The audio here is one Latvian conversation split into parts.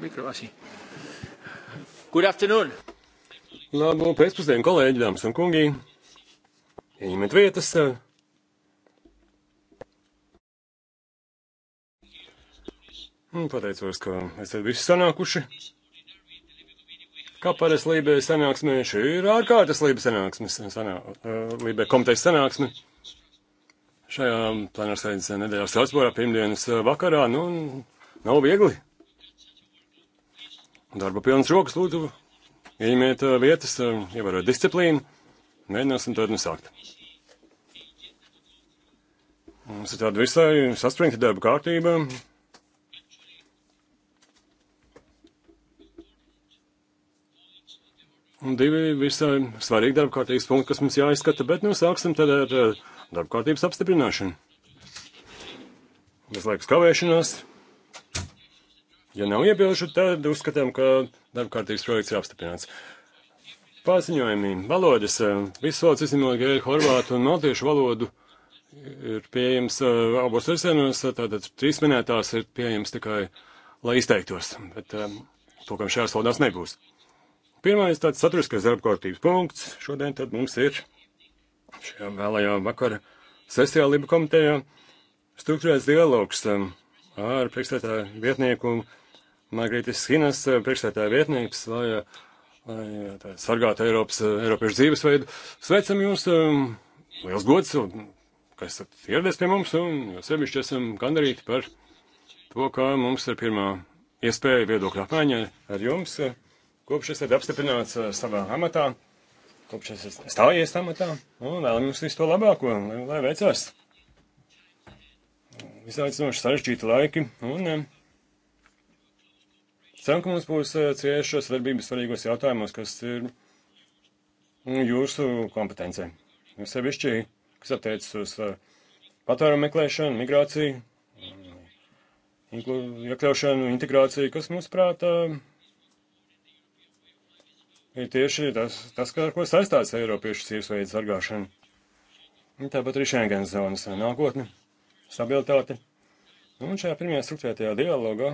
Mikro, asī. Good afternoon! Labu pēcpusdienu, kolēģi, dāmas un kungi! Ieņemiet vietas! Un pateicos, ka esat visi sanākuši. Kā parasti Lībē sanāksmē, šī ir ārkārtas Lībē sanāksmes, sanā, uh, Lībē komitejas sanāksme. Šajā plenārsēdes nedēļā Strasbūrā pirmdienas uh, vakarā, nu, nav viegli darba pilnas rokas, lūdzu, ieņemiet uh, vietas, uh, ievērot disciplīnu. Mēģināsim to nesākt. Mums ir tāda visai saspringta darba kārtība. Un divi visai svarīgi darba kārtības punkti, kas mums jāizskata, bet nu sāksim tad ar uh, darba kārtības apstiprināšanu. Bez laikas kavēšanās. Ja nav iebilžu, tad uzskatām, ka darba kārtības projekts ir apstiprināts. Paziņojumi. Valodas. Viss valodas izņemot gēļu, horvātu un maltiešu valodu ir pieejams eh, abos virsienos. Tātad trīs minētās ir pieejams tikai, lai izteiktos. Bet eh, to, kam šajās valodās nebūs. Pirmais tāds saturiskais darba kārtības punkts. Šodien tad mums ir šajā vēlajā vakara sesijā Liba komitejā struktūrēts dialogs. Um, ar priekšstādātāju vietnieku Margrītis Hinas, eh, priekšstādātāju vietnieks, lai, lai eh, tā, sargātu Eiropas, eh, Eiropiešu dzīvesveidu. Sveicam jūs, liels gods, ka esat ieradies pie mums, un jo sevišķi esam gandarīti par to, ka mums ir pirmā iespēja viedokļa apmaiņa ar jums, kopš esat apstiprināts savā amatā, kopš esat stājies amatā, un vēlam jums visu to labāko, lai, lai veicās izaicinoši sarežģīti laiki, un ceram, ka mums būs eh, cieša sadarbības svarīgos jautājumos, kas ir mm, jūsu kompetencē. Sevišķi, kas attiecas uz eh, patēru meklēšanu, migrāciju, mm, iekļaušanu, integrāciju, kas mums prātā ir tieši tas, tas ar ko saistās Eiropiešu dzīvesveidu sargāšana. Tāpat arī Schengen zonas nākotne stabilitāti. Un šajā pirmajā struktūrētajā dialogā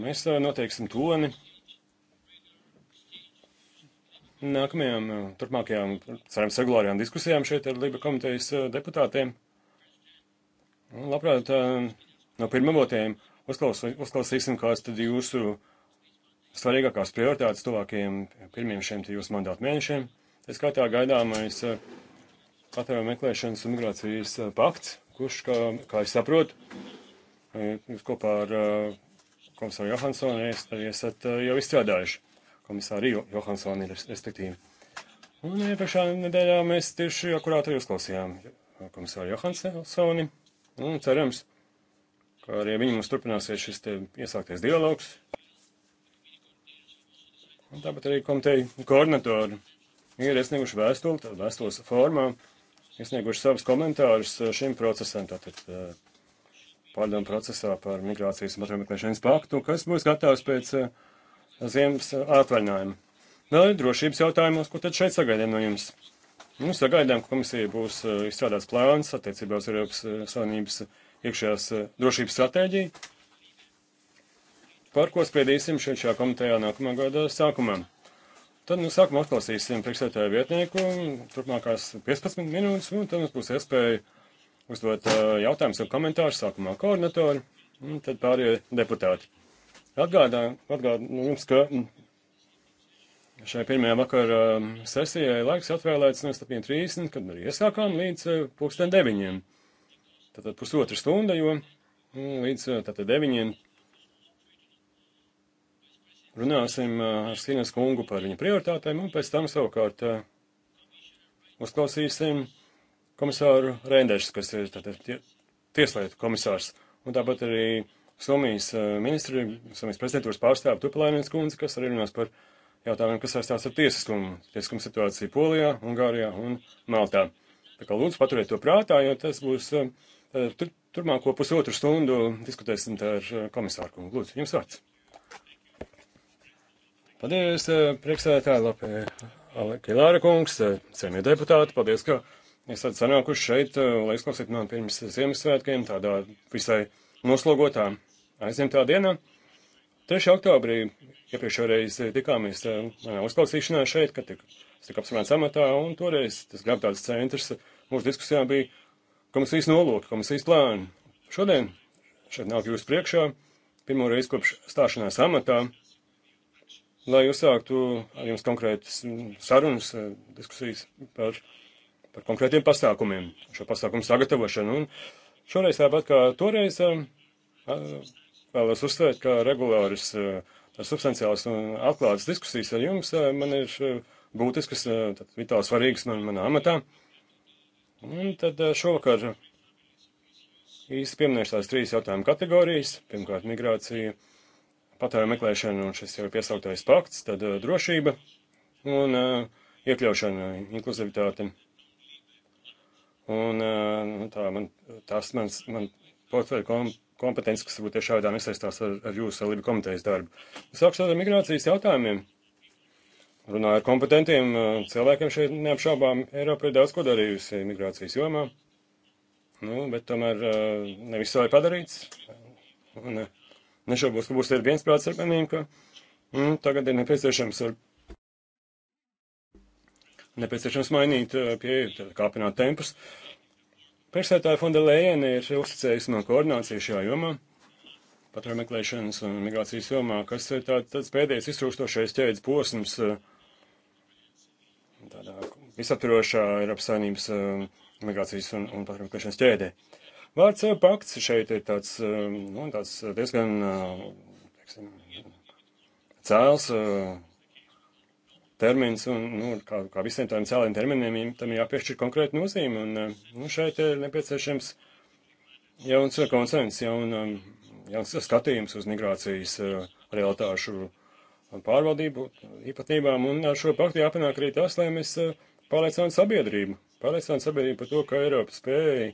mēs eh, noteiksim toni nākamajām, eh, turpmākajām, cerams, regulārajām diskusijām šeit ar Liba komitejas eh, deputātiem. Un, labprāt, no pirmavotiem uzklaus, uzklausīsim, kāds tad jūsu svarīgākās prioritātes tuvākajiem pirmiem šiem jūsu mandātu mēnešiem. Es kā tā gaidāmais. Es, patvērumu meklēšanas un migrācijas eh, pakts, kurš, kā, kā es saprotu, eh, kopā ar eh, komisāru Johansonu esat jau izstrādājuši. Komisāri Johansoni, respektīvi. Un iepriekšā nedēļā mēs tieši akurātu uzklausījām komisāru Johansoni. Un cerams, ka arī viņam mums turpināsies šis te iesāktais dialogs. Un tāpat arī komiteja koordinatori ir iesnieguši vēstuli, tādu vēstules formā iesnieguši savus komentārus eh, šim procesam, tātad eh, pārdomu procesā par migrācijas un patvērumeklēšanas paktu, kas būs gatavs pēc eh, ziemas atvaļinājuma. Vēl ir drošības jautājumos, ko tad šeit sagaidām no jums? Nu, sagaidām, ka komisija būs izstrādāts plāns attiecībā uz Eiropas Savienības iekšējās drošības stratēģiju, par ko spriedīsim šeit šajā komitejā nākamā gada sākumā. Tad nu, sākumā atklāsīsim priekšsētāju vietnieku turpmākās 15 minūtes, un tad mums būs iespēja uzdot uh, jautājumus un komentārus sākumā koordinatori, un tad pārējie deputāti. Atgādā, atgādā nu, jums, ka mm, šai pirmajā vakara uh, sesijai laiks atvēlēts no 7.30, kad arī iesākām līdz uh, pulksten 9. Tātad pusotra stunda, jo mm, līdz uh, tātad 9 runāsim ar Skinas kungu par viņa prioritātēm, un pēc tam savukārt uzklausīsim komisāru Rendešs, kas ir tātad tie, tieslietu komisārs, un tāpat arī Somijas ministri, Somijas prezidentūras pārstāvi Tupelēnijas kundze, kas arī runās par jautājumiem, kas saistās ar tiesiskumu, tiesiskumu situāciju Polijā, Ungārijā un Maltā. Tā kā lūdzu paturiet to prātā, jo tas būs tur, turmāko pusotru stundu diskutēsim ar komisāru kungu. Lūdzu, jums vārds. Paldies, eh, priekšsēdētāji, labi, eh, Kilāra kungs, eh, cienīja deputāti, paldies, ka esat sanākuši šeit, lai izklausītu man pirms Ziemassvētkiem, tādā visai noslogotā aizņemtā dienā. 3. oktobrī iepriekšējā reizē tikāmies manā uzklausīšanā šeit, kad tika, tika apsvērts amatā, un toreiz tas gravitācijas centrs mūsu diskusijā bija komisijas nolūki, komisijas plāni. Šodien šeit nav jūsu priekšā, pirmo reizi kopš stāšanās amatā lai uzsāktu ar jums konkrētas sarunas, eh, diskusijas par, par konkrētiem pasākumiem, šo pasākumu sagatavošanu. Un šoreiz tāpat kā toreiz eh, eh, vēlos uzsvērt, ka regulāras substanciālas un atklātas diskusijas ar jums man ir būtiskas, vitāli svarīgas man, manā amatā. Un tad šovakar īsti pieminēšu tās trīs jautājumu kategorijas. Pirmkārt, migrācija patēriņa meklēšana un šis jau ir piesauktais pakts, tad drošība un iekļaušana, inkluzivitāte. Un nu, tā, man, tās mans, man portfeļa kom, kompetences, kas varbūt tiešā veidā nesaistās ar, ar jūsu Libi komitejas darbu. Sākšu ar migrācijas jautājumiem. Runāju ar kompetentiem cilvēkiem šeit neapšaubām. Eiropa ir daudz ko darījusi migrācijas jomā. Nu, bet tomēr ne viss vēl ir padarīts. Un, Nešaubos, nu, ka būs ir viens prāts ar manīm, ka mm, tagad ir nepieciešams, ar, nepieciešams mainīt pieeju, kāpināt tempus. Priekšsētāja fonda Lējena ir uzticējusi man koordināciju šajā jomā, patvērumu meklēšanas un migrācijas jomā, kas ir tā, tāds pēdējais iztrūkstošais ķēdes posms tādā visaptvarošā Eiropas saimnības migrācijas un, un patvērumu meklēšanas ķēdē. Uh, Vārds eh, pakts šeit ir tāds, eh, nu, tāds diezgan, eh, teiksim, cēls termins, un, nu, kā, kā visiem tādiem cēliem terminiem, tam jāpiešķir konkrēta nozīme, un, nu, šeit ir nepieciešams jauns konsens, jauns, jauns skatījums uz migrācijas realitāšu pārvaldību īpatnībām, un ar šo paktu jāpanāk arī tas, lai mēs pārliecinātu sabiedrību, pārliecinātu sabiedrību par to, ka Eiropa spēja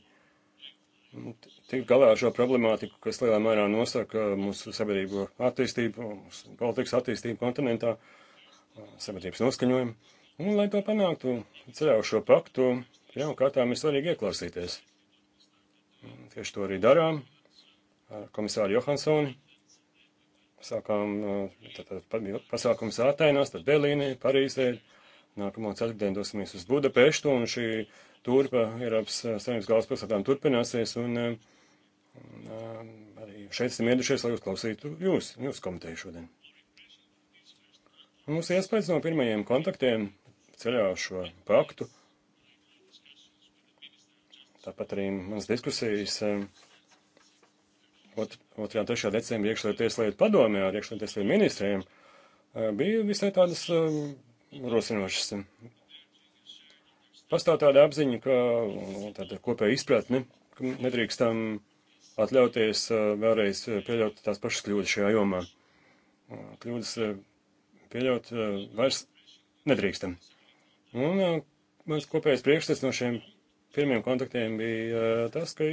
Nu, tikt galā ar šo problemātiku, kas lielā mērā nosaka mūsu sabiedrību attīstību, mūsu politikas attīstību kontinentā, sabiedrības noskaņojumu. Un, lai to panāktu, ceļā uz šo paktu, jau kārtām ir svarīgi ieklausīties. Tieši to arī darām ar komisāru Johansoni. Sākām tātad, nu, pasākums Ātainās, tad Berlīnē, Parīzē. Nākamo ceturtdienu dosimies uz Budapestu, un šī turpa Eiropas eh, Savienības galvaspilsētām turpināsies, un eh, eh, arī šeit esam ieradušies, lai uzklausītu jūs, jūs komiteju šodien. Mums iespējas no pirmajiem kontaktiem ceļā uz šo paktu. Tāpat arī manas diskusijas 2. un 3. decembrī iekšlietu tieslietu padomē ar iekšlietu tieslietu ministriem bija visai tādas rosinošas. Pastāv tāda apziņa, ka nu, tāda kopēja izpratne, ka nedrīkstam atļauties eh, vēlreiz eh, pieļaut tās pašas kļūdas šajā jomā. Eh, kļūdas pieļaut vairs nedrīkstam. Un mans kopējais priekšstats no šiem pirmiem kontaktiem bija tas, ka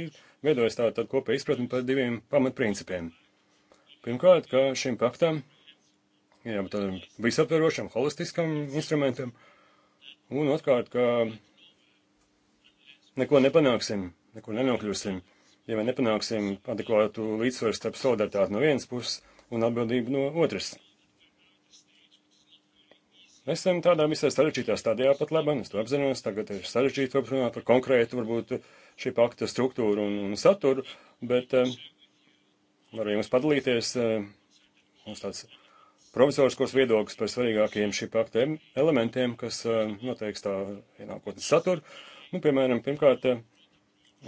veidojas tāda tā kopēja izpratne par diviem pamatprincipiem. Pirmkārt, ka šim paktam, jā, tādam visaptverošam, holistiskam instrumentam, uh, Un otrkārt, ka neko nepanāksim, neko nenokļūsim, ja mēs nepanāksim adekvātu līdzsvaru starp solidaritāti no vienas puses un atbildību no otras. Mēs esam tādā visai sarežģītā stadijā pat labam, es to apzinos, tagad ir sarežģīti aprunāt par konkrētu, varbūt šī pakta struktūru un, un saturu, bet um, varu jums padalīties, uh, mums tāds provizoriskos viedokļus par svarīgākajiem šī pakta elementiem, kas eh, noteiks tā ienākotnes saturu. Nu, piemēram, pirmkārt, eh,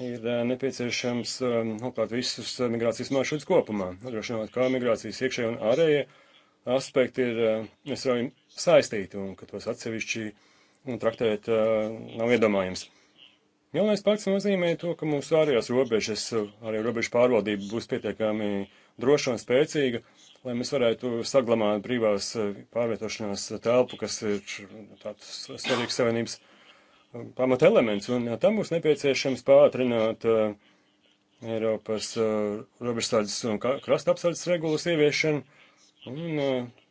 ir eh, nepieciešams noklāt visus migrācijas maršrutus kopumā, nodrošinot, kā migrācijas iekšējie un ārējie aspekti ir saviem saistīti un ka tos atsevišķi un nu, traktēt nav iedomājams. Jaunais pakts nozīmē to, ka mūsu ārējās robežas, arī robežu pārvaldība būs pietiekami uh, droša un spēcīga, lai mēs varētu saglabāt brīvās eh, pārvietošanās telpu, kas ir tāds svarīgs savienības um, pamata elements. Un jā, tam būs nepieciešams pātrināt uh, Eiropas uh, robežsardzes un krasta apsardzes regulas ieviešanu. Un uh,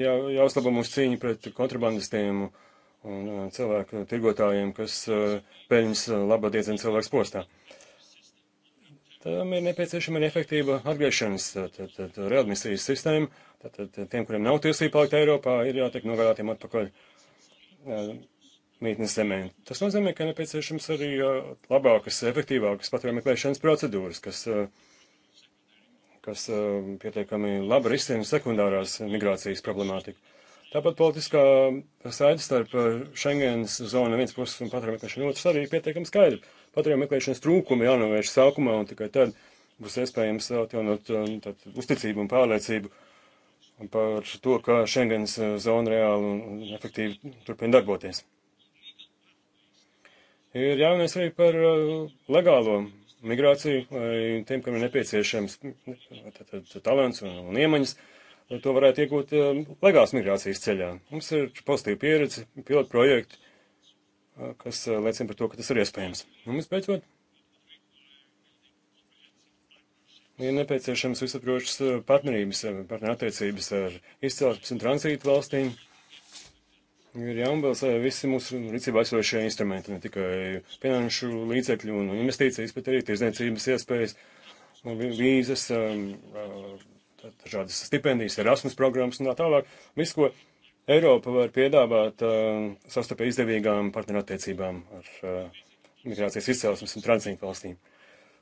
jā, jāuzlabo mūsu cīņa pret kontrabandistiem un cilvēku tirgotājiem, kas peļņas labā diezgan cilvēks postā tam ir nepieciešama arī efektīva atgriešanas tad, tad, readmisijas sistēma. Tātad tiem, kuriem nav tiesība palikt Eiropā, ir jātiek nogādātiem atpakaļ mītnes zemē. Tas nozīmē, ka nepieciešams arī labākas, efektīvākas patvērumu meklēšanas procedūras, kas, kas pietiekami labi risina sekundārās migrācijas problemātiku. Tāpat politiskā saita starp Schengens zonu viens puses un patvērumu meklēšanu otrs arī pietiekami skaidra. Patvērumu meklēšanas trūkumi jānovērš sākumā, un tikai tad būs iespējams atjaunot um, tad, uzticību un pārliecību par to, ka Schengens uh, zona reāli un efektīvi turpina darboties. Ir jāvienojas arī par uh, legālo migrāciju, lai tiem, kam ir nepieciešams tad, tad, talants un, un iemaņas, to varētu iegūt um, legālas migrācijas ceļā. Mums ir pozitīva pieredze, pilotu projekti, kas liecina par to, ka tas ir iespējams. Nu, un visbeidzot, ir ja nepieciešams visaprošas partnerības, partneru attiecības ar izcelsmes un tranzītu valstīm. Ir jāmobilizē visi mūsu rīcībā esošie instrumenti, ne tikai finanšu līdzekļu un investīcijas, bet arī tirdzniecības iespējas, vīzas, dažādas stipendijas, Erasmus programmas un tā tālāk. Visu, ko Eiropa var piedāvāt uh, eh, sastopē izdevīgām partnerattiecībām ar uh, eh, migrācijas izcelsmes un tranzītu valstīm.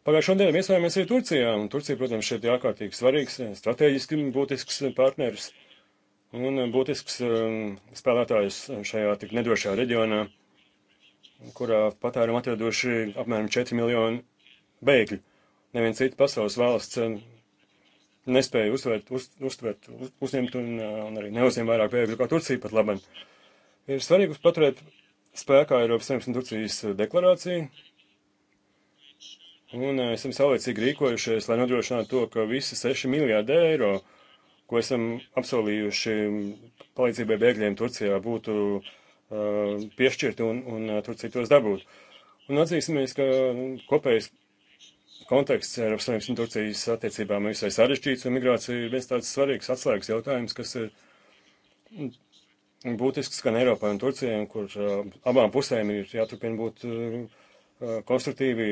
Pagājušā nedēļa viesojāmies arī Turcijā, un Turcija, protams, šeit ir ārkārtīgi svarīgs, eh, strateģiski būtisks partneris un būtisks uh, spēlētājs šajā tik nedrošajā reģionā, kurā patērumu atradoši apmēram 4 miljoni bēgļu. Neviens cits pasaules valsts nespēja uzvērt, uz, uztvert, uz, uzņemt un, uh, un arī neuzņem vairāk bēgļu kā Turcija pat labam. Ir svarīgi paturēt spēkā Eiropas Savienības un Turcijas uh, deklarāciju, un uh, esam saulēcīgi rīkojušies, lai nodrošinātu to, ka visi 6 miljārdi eiro, ko esam apsolījuši palīdzībai bēgļiem Turcijā, būtu uh, piešķirti un, un Turcija tos dabūtu. Un atzīsimies, ka nu, kopējais konteksts Eiropas Savienības un Turcijas attiecībām ir visai sarežģīts, un migrācija ir viens tāds svarīgs atslēgas jautājums, kas ir mm, būtisks gan Eiropai un Turcijai, kur uh, abām pusēm ir jāturpina būt uh, uh konstruktīvi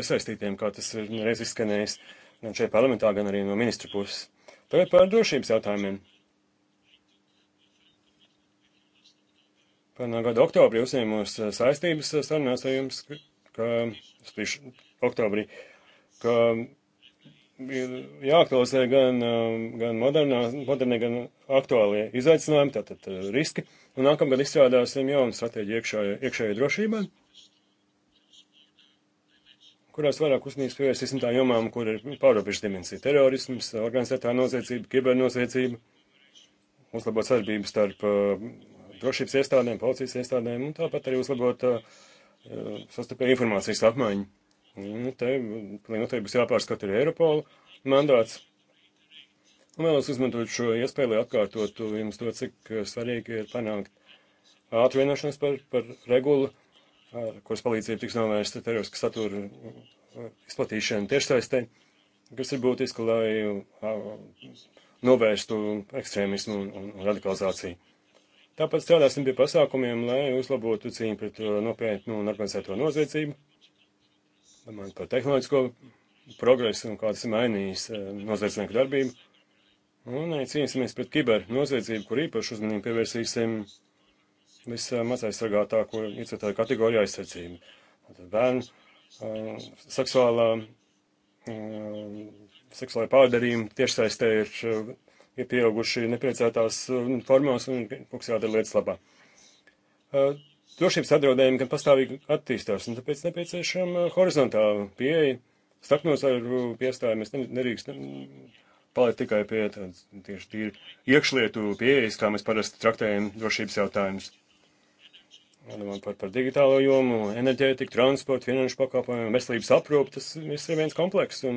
iesaistītiem, kā tas ir reiz izskanējis gan šeit parlamentā, gan arī no ministra puses. Tagad par drošības jautājumiem. Pērnā gada oktobrī uzņēmos saistības uh, sarunās ar jums, ka sprīšu oktobrī ka ir jāklausē gan, um, gan modernā, modernie, gan aktuālie izaicinājumi, tātad uh, riski, un nākamgad izstrādāsim jaunu stratēģiju iekšējai, iekšējai drošībai, kurās vairāk uzmanības pievērsīsim tā jomām, kur ir pārobežu dimensija - terorisms, organizētā noziedzība, kibernoziedzība, uzlabot sadarbību starp uh, drošības iestādēm, policijas iestādēm, un tāpat arī uzlabot uh, uh sastarpēju informācijas apmaiņu. Nu, te, vienotē nu būs jāpārskata arī Eiropola mandāts. Un vēlos izmantot šo iespēju, lai atkārtotu jums to, cik eh, svarīgi ir panākt ātru vienošanos par, par regulu, ar kuras palīdzību tiks novērsta teroriska satura eh, izplatīšana tiešsaistē, kas ir būtiski, lai eh, novērstu ekstrēmismu un, un, un radikalizāciju. Tāpat strādāsim pie pasākumiem, lai uzlabotu cīņu pret nopietnu un organizēto noziedzību man par tehnoloģisko progresu un kādas ir mainījis eh, noziedznieku darbību. Un arī eh, cīnīsimies pret kiber noziedzību, kur īpaši uzmanību pievērsīsim vismazaizsargātāko iecetāju kategoriju aizsardzību. Bērnu, eh, seksuālā, seksuālā pārdarījuma tiešsaistē ir, ir pieauguši nepriecētās formās un koks jādara lietas labā. Drošības apdraudējumi gan pastāvīgi attīstās, un tāpēc nepieciešama horizontāla pieeja. Starpnozaru piestāju mēs nerīkst palikt tikai pie tādas tieši tīri iekšlietu pieejas, kā mēs parasti traktējam drošības jautājumus. Domājam par, par digitālo jomu, enerģētiku, transportu, finanšu pakalpojumu, veselības aprūpu, tas viss ir viens komplekss, un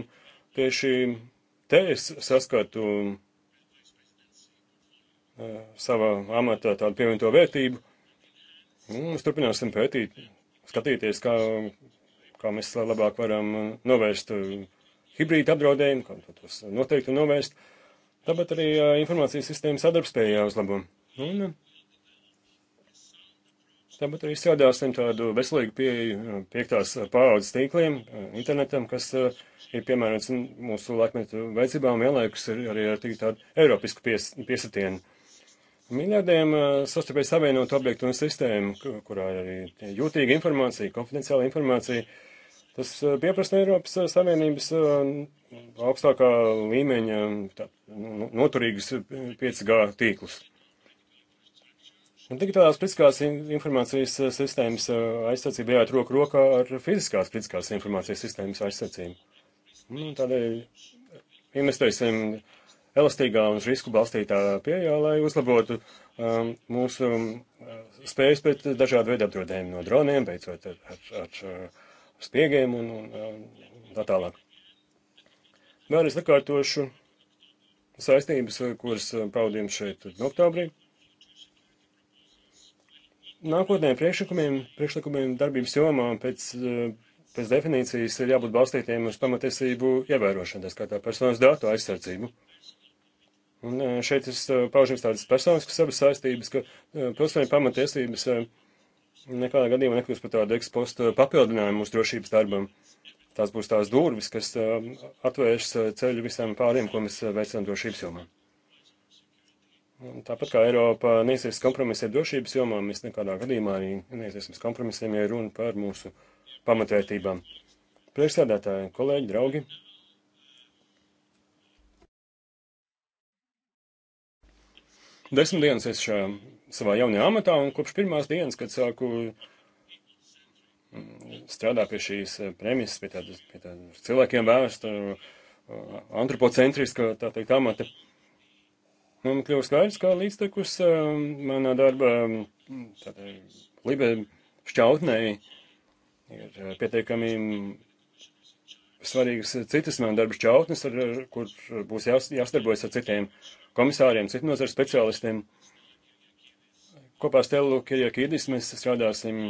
tieši te es saskatu uh, sava amata tādu pievienoto vērtību Un nu, mēs turpināsim pētīt, skatīties, kā, kā mēs labāk varam novērst eh, hibrīdu apdraudējumu, kā tos noteikti novērst. Tāpat arī eh, informācijas sistēma sadarbspējā uzlabo. Un eh, tāpat arī strādāsim tādu veselīgu pieeju piektās paaudzes tīkliem, internetam, kas ir piemērots mūsu laikmetu vajadzībām, vienlaikus ir arī ar tādu Eiropisku pies, piesatienu. Miljardiem eh, sastopēja savienotu objektu un sistēmu, kurā ir arī jūtīga informācija, konfidenciāla informācija. Tas eh, pieprasa Eiropas eh, Savienības augstākā līmeņa tā, noturīgus 5G tīklus. Un digitālās kritiskās informācijas sistēmas aizsardzība jāiet roku rokā ar fiziskās kritiskās informācijas sistēmas aizsardzību. Nu, tādēļ investēsim. Ja elastīgā un uz risku balstītā pieejā, lai uzlabotu um, mūsu um, spējas pret dažādu veidu apdraudējumu no droniem, beidzot ar, ar, ar spiegiem un, un, un tā tālāk. Vēlreiz atkārtošu saistības, kuras um, paudījām šeit oktobrī. Nākotnē priekšlikumiem, priekšlikumiem darbības jomā pēc, uh, pēc definīcijas ir jābūt balstītiem uz pamatiesību ievērošanu, tā kā tā personas datu aizsardzību. Un eh, šeit es eh, paužams tādas personiskas savas saistības, ka eh, pilsoņu pamatiesības nekādā gadījumā nekļūst par tādu ekspostu papildinājumu mūsu drošības darbam. Tās būs tās durvis, kas atvērš ceļu visām pāriem, ko mēs veicam drošības jomā. Tāpat kā Eiropa neiesies kompromisiem drošības jomā, mēs nekādā gadījumā arī neiesies kompromisiem, ja runa par mūsu pamatvērtībām. Priekšsēdētāji, kolēģi, draugi, Desmit dienas es šā, savā jaunajā amatā, un kopš pirmās dienas, kad sāku mm, strādāt pie šīs eh, premises, pie tādas, pie tādas cilvēkiem vērsta, eh, antropocentriska, tā teikt, amata, nu, man kļuva skaidrs, ka līdztekus eh, manā darba, mm, tāda, libe šķautnei ir pietiekami svarīgas eh, citas man darba šķautnes, ar, eh, kur eh, būs jās, jāstarbojas ar citiem komisāriem, citu nozaru speciālistiem. Kopā ar Stelu Kirjakīdis mēs strādāsim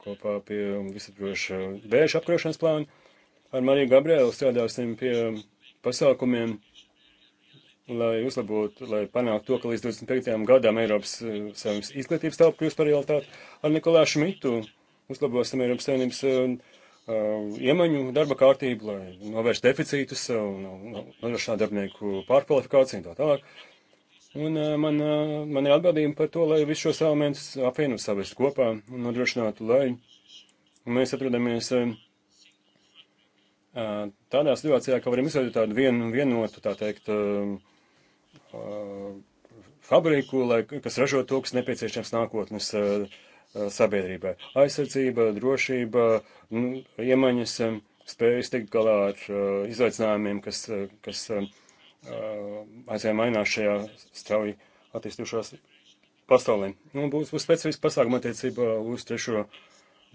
kopā pie visaptroša vēža apkarošanas plāna. Ar Mariju Gabrielu strādāsim pie pasākumiem, lai uzlabotu, lai panāktu to, ka līdz 25. gadam Eiropas Savienības izglītības telpa kļūst par realitāti. Ar Nikolāšu Mitu uzlabosim Eiropas Savienības uh, Ehm, iemaņu darba kārtību, lai novērstu deficītus un ehm, nodrošinātu darbinieku pārkvalifikāciju un tā tālāk. Un ehm, man, man ir atbildība par to, lai visus šos elementus apvienot savest kopā un nodrošinātu, lai mēs atrodamies tādā situācijā, ka varam izveidot tādu vienu, vienotu, tā teikt, fabriku, lai, kas ražo to, kas nepieciešams nākotnes uh, Eh, sabiedrībai. Aizsardzība, drošība, nu, iemaņas, eh, spējas tikt galā ar eh, izaicinājumiem, kas, kas aizvien mainās šajā strauji attīstušās pasaulē. Nu, būs, būs specifiski pasākuma attiecībā uz trešo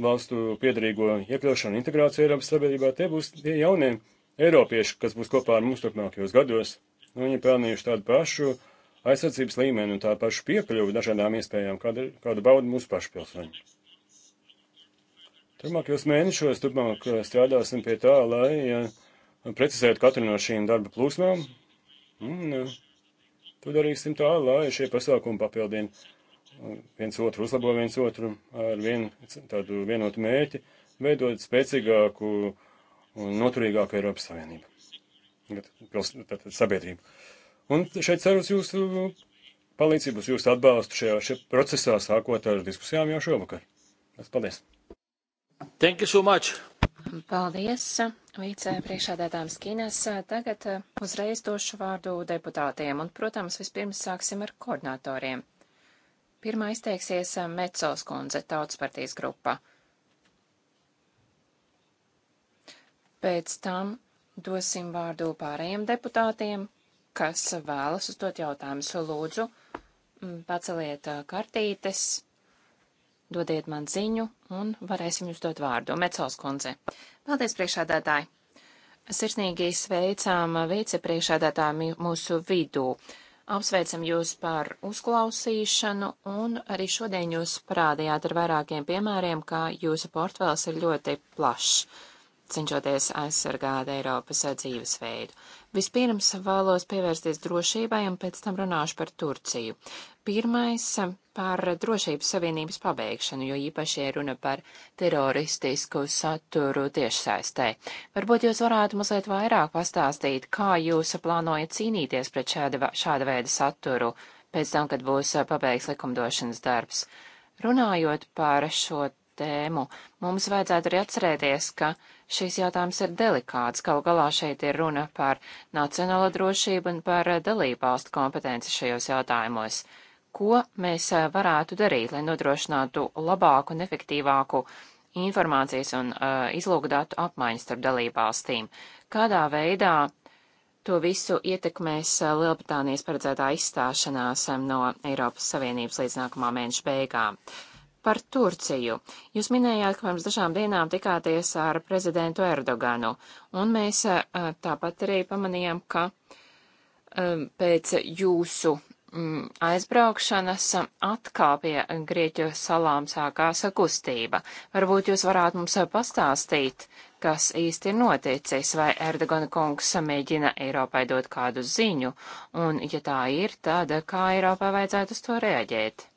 valstu piedarīgo iekļaušanu integrāciju Eiropas sabiedrībā. Tie būs tie jaunie eiropieši, kas būs kopā ar mums turpmākajos gados. Nu, viņi pelnījuši tādu pašu uh, aizsardzības līmeni un tā pašu piekļuvi dažādām iespējām, kāda, kāda bauda mūsu pašu pilsoņi. Turmākajos mēnešos turpmāk eh, strādāsim pie tā, lai ja, eh, precizētu katru no šīm darba plūsmām. Un, ja, eh, to darīsim tā, lai šie pasākumi papildina viens otru, uzlabo viens otru ar vien, tādu vienotu mērķi, veidot spēcīgāku un noturīgāku Eiropas Savienību. Tātad sabiedrību. Un šeit ceru uz jūsu palīdzību, uz jūsu atbalstu šajā, šajā procesā, sākot ar diskusijām jau šovakar. Paldies! Thank you so much! Paldies, vicepriekšādētājiem Skinas. Tagad eh, uzreiz došu vārdu deputātiem, un, protams, vispirms sāksim ar koordinatoriem. Pirmā izteiksies eh, Mecels kundze, Tautas partijas grupa. Pēc tam dosim vārdu pārējiem deputātiem, kas vēlas uzdot jautājumus, lūdzu, mm, paceliet kartītes, dodiet man ziņu un varēsim jūs dot vārdu. Mecels kundze. Paldies, priekšādātāji! Sirsnīgi sveicām vicepriekšādātāju mūsu vidū. Apsveicam jūs par uzklausīšanu, un arī šodien jūs parādījāt ar vairākiem piemēriem, ka jūsu portfels ir ļoti plašs cenšoties aizsargāt Eiropas dzīvesveidu. Vispirms vēlos pievērsties drošībai un pēc tam runāšu par Turciju. Pirmais par drošības savienības pabeigšanu, jo īpaši ir runa par teroristisku saturu tiešsaistē. Varbūt jūs varētu mazliet vairāk pastāstīt, kā jūs plānojat cīnīties pret šāda, šāda veida saturu pēc tam, kad būs pabeigts likumdošanas darbs. Runājot par šo tēmu. Mums vajadzētu arī atcerēties, ka šīs jautājums ir delikāts. Galu galā šeit ir runa par nacionālo drošību un par dalībvalstu kompetenci šajos jautājumos. Ko mēs eh, varētu darīt, lai nodrošinātu labāku un efektīvāku informācijas un uh, eh, izlūgdātu apmaiņas starp dalībvalstīm? Kādā veidā To visu ietekmēs eh, Lielbritānijas paredzētā izstāšanās no Eiropas Savienības līdz nākamā mēneša beigām. Par Turciju. Jūs minējāt, ka pirms dažām dienām tikāties ar prezidentu Erdoganu, un mēs eh, tāpat arī pamanījām, ka eh, pēc jūsu mm, aizbraukšanas atkal pie Grieķu salām sākās kustība. Varbūt jūs varētu mums pastāstīt, kas īsti ir noticis, vai Erdogana kungs mēģina Eiropai dot kādu ziņu, un, ja tā ir, tad kā Eiropai vajadzētu uz to reaģēt?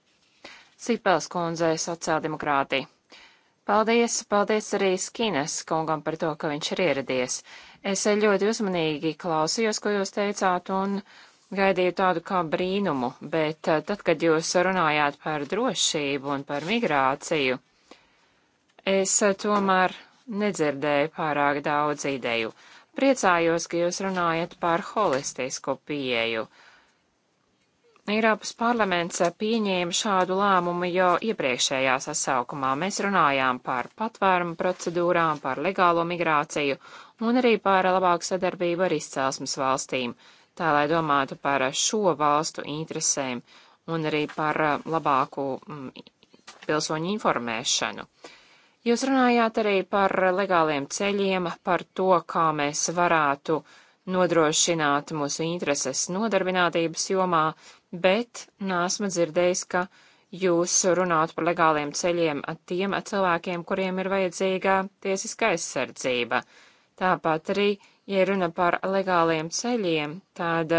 Cipels kundzei sociāldemokrātī. Paldies, paldies arī Skines kungam par to, ka viņš ir ieradies. Es ļoti uzmanīgi klausījos, ko jūs teicāt, un gaidīju tādu kā brīnumu, bet eh, tad, kad jūs runājāt par drošību un par migrāciju, es eh, tomēr nedzirdēju pārāk daudz ideju. Priecājos, ka jūs runājat par holistisku pieeju. Eiropas parlaments eh, pieņēma šādu lēmumu jau iepriekšējā sasaukumā. Mēs runājām par patvērumu procedūrām, par legālo migrāciju un arī par labāku sadarbību ar izcelsmes valstīm, tā lai domātu par šo valstu interesēm un arī par eh, labāku mm, pilsoņu informēšanu. Jūs runājāt arī par legāliem ceļiem, par to, kā mēs varētu nodrošināt mūsu intereses nodarbinātības jomā bet nesmu dzirdējis, ka jūs runātu par legāliem ceļiem tiem cilvēkiem, kuriem ir vajadzīga tiesiska aizsardzība. Tāpat arī, ja runa par legāliem ceļiem, tad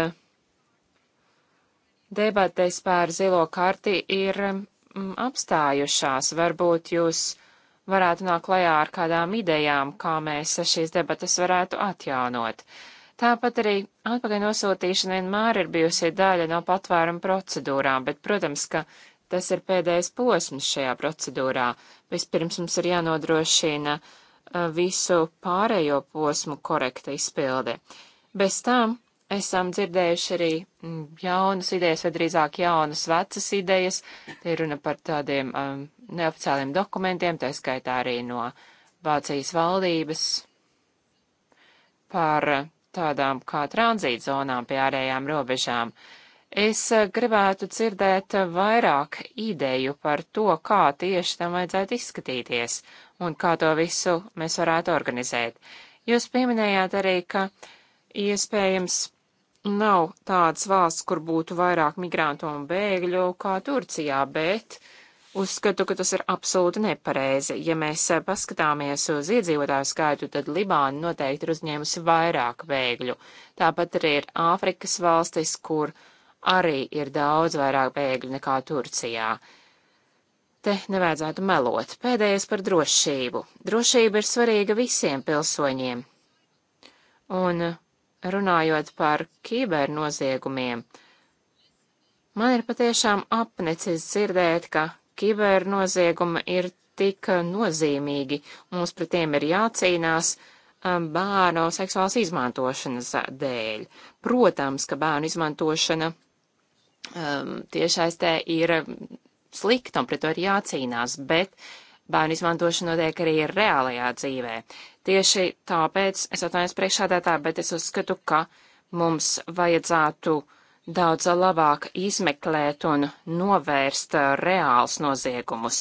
debatēs pār zilo karti ir mm, apstājušās. Varbūt jūs varētu nākt klajā ar kādām idejām, kā mēs šīs debatas varētu atjaunot. Tāpat arī atpakaļ nosūtīšana vienmēr ir bijusi daļa no patvēruma procedūrām, bet, protams, ka tas ir pēdējais posms šajā procedūrā. Vispirms mums ir jānodrošina uh, visu pārējo posmu korekta izpilde. Bez tam esam dzirdējuši arī mm, jaunas idejas, vai drīzāk jaunas vecas idejas. Te ir runa par tādiem um, neoficiāliem dokumentiem, tā skaitā arī no Vācijas valdības par uh, tādām kā tranzītzonām pie ārējām robežām. Es eh, gribētu dzirdēt eh, vairāk ideju par to, kā tieši tam vajadzētu izskatīties un kā to visu mēs varētu organizēt. Jūs pieminējāt arī, ka iespējams nav tādas valsts, kur būtu vairāk migrantu un bēgļu kā Turcijā, bet uh, Uzskatu, ka tas ir absolūti nepareizi. Ja mēs eh, paskatāmies uz iedzīvotāju skaitu, tad Libāna noteikti ir uzņēmusi vairāk bēgļu. Tāpat arī ir Āfrikas valstis, kur arī ir daudz vairāk bēgļu nekā Turcijā. Te nevajadzētu melot. Pēdējais par drošību. Drošība ir svarīga visiem pilsoņiem. Un eh, runājot par kibernoziegumiem, man ir patiešām apnicis dzirdēt, ka kibernozieguma ir tik nozīmīgi. Mums pret tiem ir jācīnās um, bērnu seksuālas izmantošanas dēļ. Protams, ka bērnu izmantošana um, tiešaistē ir slikta un pret to ir jācīnās, bet bērnu izmantošana notiek arī reālajā dzīvē. Tieši tāpēc es atvainojos priekšādētā, bet es uzskatu, ka mums vajadzētu uh, daudz labāk izmeklēt un novērst uh, reāls noziegumus,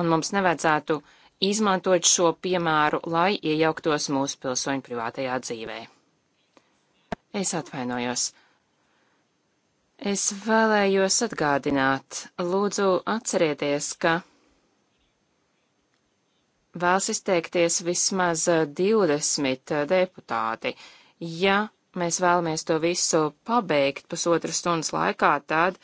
un mums nevajadzētu izmantot šo piemēru, lai iejauktos mūsu pilsoņu privātajā dzīvē. Es atvainojos. Es vēlējos atgādināt, lūdzu atcerieties, ka vēlas izteikties vismaz 20 uh, uh, deputāti. Ja mēs vēlamies to visu pabeigt pusotras stundas laikā, tad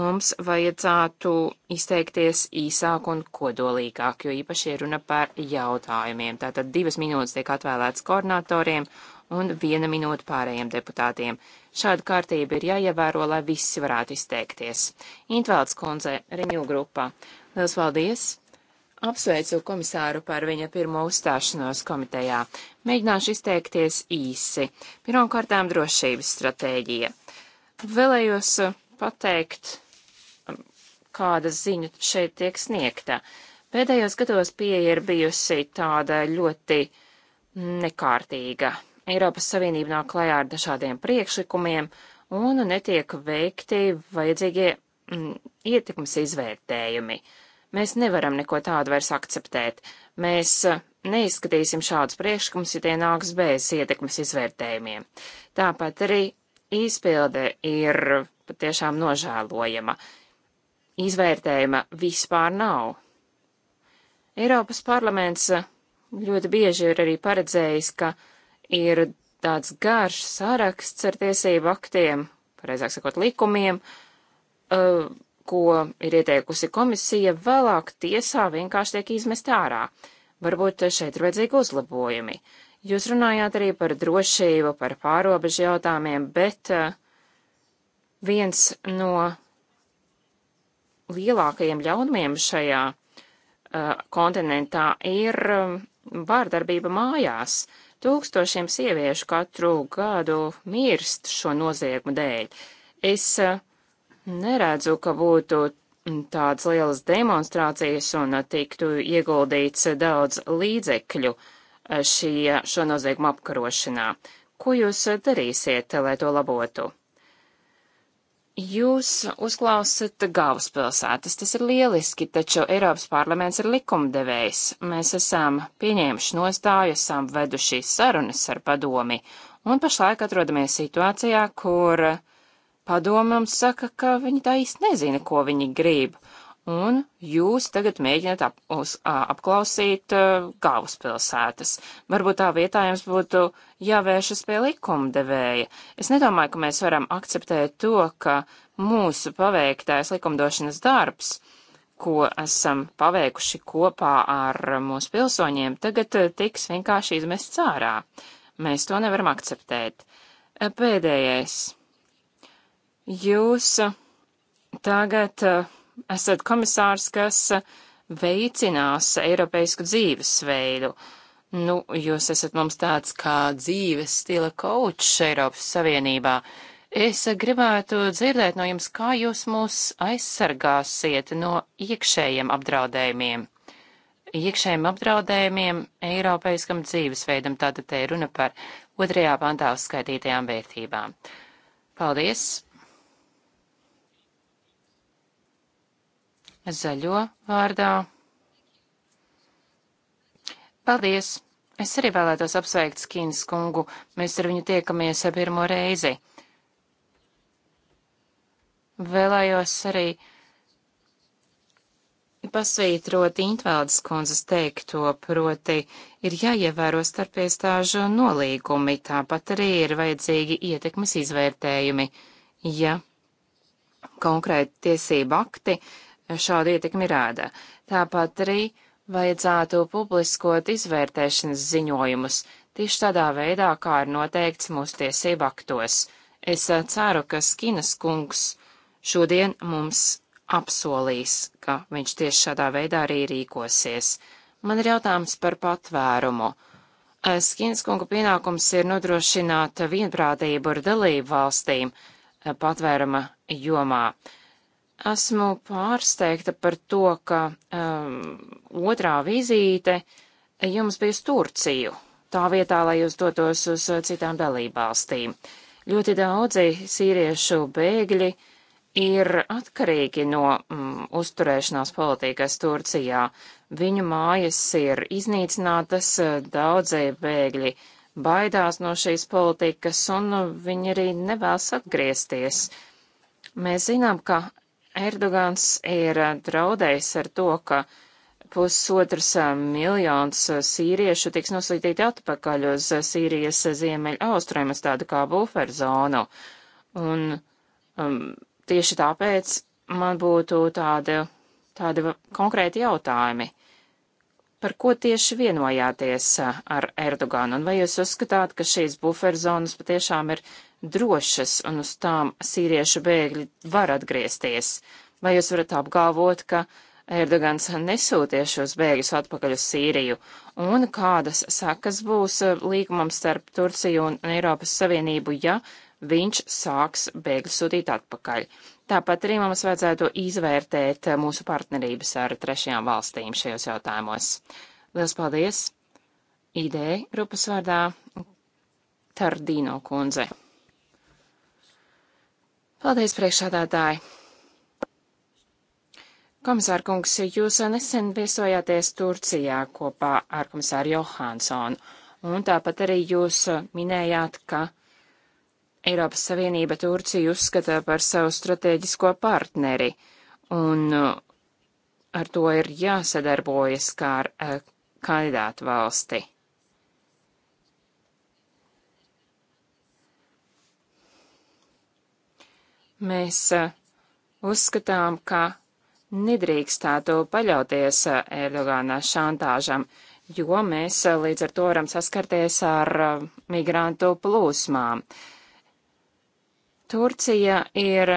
mums vajadzētu izteikties īsāk un kodolīgāk, jo īpaši ir runa par jautājumiem. Tātad divas minūtes tiek atvēlētas koordinatoriem un viena minūte pārējiem deputātiem. Šāda kārtība ir jāievēro, lai visi varētu izteikties. Intvēlts kundze, Reņū grupā. Liels paldies! Apsveicu komisāru par viņa pirmo uzstāšanos komitejā. Mēģināšu izteikties īsi. Pirmkārtām drošības stratēģija. Vēlējos uh, pateikt, um, kāda ziņa šeit tiek sniegta. Pēdējos gados pieeja ir bijusi tāda ļoti nekārtīga. Eiropas Savienība nāk klajā ar dažādiem priekšlikumiem un netiek veikti vajadzīgie mm, ietekmes izvērtējumi. Uh, Mēs nevaram neko tādu vairs akceptēt. Mēs eh, neizskatīsim šādus priekšlikumus, ja tie nāks bez ietekmes izvērtējumiem. Tāpat arī izpilde ir patiešām nožēlojama. Izvērtējuma vispār nav. Eiropas parlaments eh, ļoti bieži ir arī paredzējis, ka ir tāds garš saraksts ar tiesību aktiem, pareizāk sakot, likumiem, uh, ko ir ieteikusi komisija, vēlāk tiesā vienkārši tiek izmest ārā. Varbūt šeit ir vajadzīgi uzlabojumi. Jūs runājāt arī par drošību, par pārobežu jautājumiem, bet eh, viens no lielākajiem ļaunumiem šajā uh, kontinentā ir eh, vārdarbība mājās. Tūkstošiem sieviešu katru gadu mirst šo noziegumu dēļ. Es uh, neredzu, ka būtu tādas lielas demonstrācijas un tiktu ieguldīts daudz līdzekļu eh, šī, šo noziegumu apkarošanā. Ko jūs darīsiet, lai to labotu? Jūs uzklausat galvaspilsētas, tas ir lieliski, taču Eiropas parlaments ir likumdevējs. Mēs esam pieņēmuši nostāju, esam veduši sarunas ar padomi, un pašlaik atrodamies situācijā, kur uh, padomam saka, ka viņi tā īsti nezina, ko viņi grib. Un jūs tagad mēģināt ap, uz, apklausīt uh, galvaspilsētas. Varbūt tā vietā jums būtu jāvēršas pie likumdevēja. Es nedomāju, ka mēs varam akceptēt to, ka mūsu paveiktais likumdošanas darbs, ko esam paveikuši kopā ar mūsu pilsoņiem, tagad tiks vienkārši izmests ārā. Mēs to nevaram akceptēt. Pēdējais Jūs uh, tagad uh, esat komisārs, kas uh, veicinās eiropeisku dzīvesveidu. Nu, jūs esat mums tāds kā dzīves stila kočs Eiropas Savienībā. Es gribētu dzirdēt no jums, kā jūs mūs aizsargāsiet no iekšējiem apdraudējumiem. Iekšējiem apdraudējumiem Eiropaiskam dzīvesveidam tātad te runa par otrajā pantā uzskaitītajām vērtībām. Paldies! zaļo vārdā. Paldies! Es arī vēlētos apsveikt Skīnas kungu. Mēs ar viņu tiekamies pirmo reizi. Vēlējos arī pasvītrot Intvēldas kundzes teikto, proti ir jāievēro starpiestāžu nolīgumi, tāpat arī ir vajadzīgi ietekmes izvērtējumi, ja konkrēti tiesība akti šāda ietekmi rāda. Tāpat arī vajadzētu publiskot izvērtēšanas ziņojumus tieši tādā veidā, kā ir noteikts mūsu tiesību aktos. Es eh, ceru, ka Skinas kungs šodien mums apsolīs, ka viņš tieši šādā veidā arī rīkosies. Man ir jautājums par patvērumu. Eh, Skins kunga pienākums ir nodrošināt vienprātību ar dalību valstīm eh, patvēruma jomā. Esmu pārsteigta par to, ka um, otrā vizīte eh, jums bija uz Turciju, tā vietā, lai jūs dotos uz eh, citām dalībvalstīm. Ļoti daudzi sīriešu bēgļi ir atkarīgi no mm, uzturēšanās politikas Turcijā. Viņu mājas ir iznīcinātas, eh, daudzie bēgļi baidās no šīs politikas, un viņi arī nevēlas atgriezties. Mēs zinām, ka Erdogans ir uh, draudējis ar to, ka pusotrs uh, miljons uh, sīriešu tiks nosūtīti atpakaļ uz Sīrijas ziemeļa austrumus, tādu kā buferzonu. Un um, tieši tāpēc man būtu tādi, tādi konkrēti jautājumi. Par ko tieši vienojāties ar Erdoganu, un vai jūs uzskatāt, ka šīs buferzonas patiešām ir drošas un uz tām sīriešu bēgļi var atgriezties? Vai jūs varat apgalvot, ka Erdogans nesūties šos bēgļus atpakaļ uz Sīriju? Un kādas sakas būs eh, līgumam starp Turciju un Eiropas Savienību, ja viņš sāks bēgļus sūtīt atpakaļ? Tāpat arī mums vajadzētu izvērtēt eh, mūsu partnerības ar trešajām valstīm šajos jautājumos. Lielas paldies! Ideja grupas vārdā Tardīno kundze. Paldies, priekšādātāji! Komisāra kungs, jūs nesen viesojāties Turcijā kopā ar komisāru Johansonu, un tāpat arī jūs minējāt, ka Eiropas Savienība Turciju uzskata par savu strateģisko partneri, un uh, ar to ir jāsadarbojas kā ar uh, kandidātu valsti. Mēs eh, uzskatām, ka nedrīkstētu paļauties eh, Erdogāna šantāžam, jo mēs eh, līdz ar to varam saskarties ar migrantu plūsmām. Turcija ir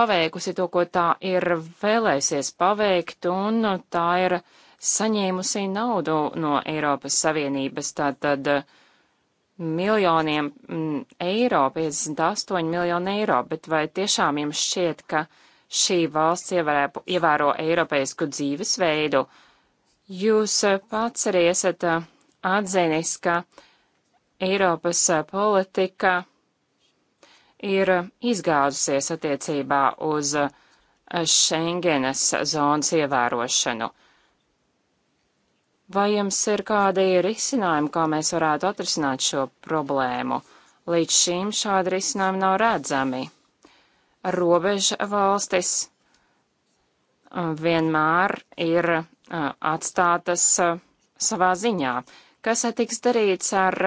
paveikusi to, ko tā ir vēlēsies paveikt, un tā ir saņēmusi naudu no Eiropas Savienības. Tātad uh, miljoniem mm, eiro, 58 miljonu eiro, bet vai tiešām jums šķiet, ka šī valsts ievēro, ievēro eiropeisku dzīvesveidu? Jūs eh, pats arī esat eh, atzinis, ka Eiropas eh, politika ir izgāzusies attiecībā uz Schengenas zonas ievērošanu. Vai jums ir kādi risinājumi, kā mēs varētu atrisināt šo problēmu? Līdz šim šādi risinājumi nav redzami. Robeža valstis uh, vienmēr ir uh, atstātas uh, savā ziņā. Kas tiks darīts ar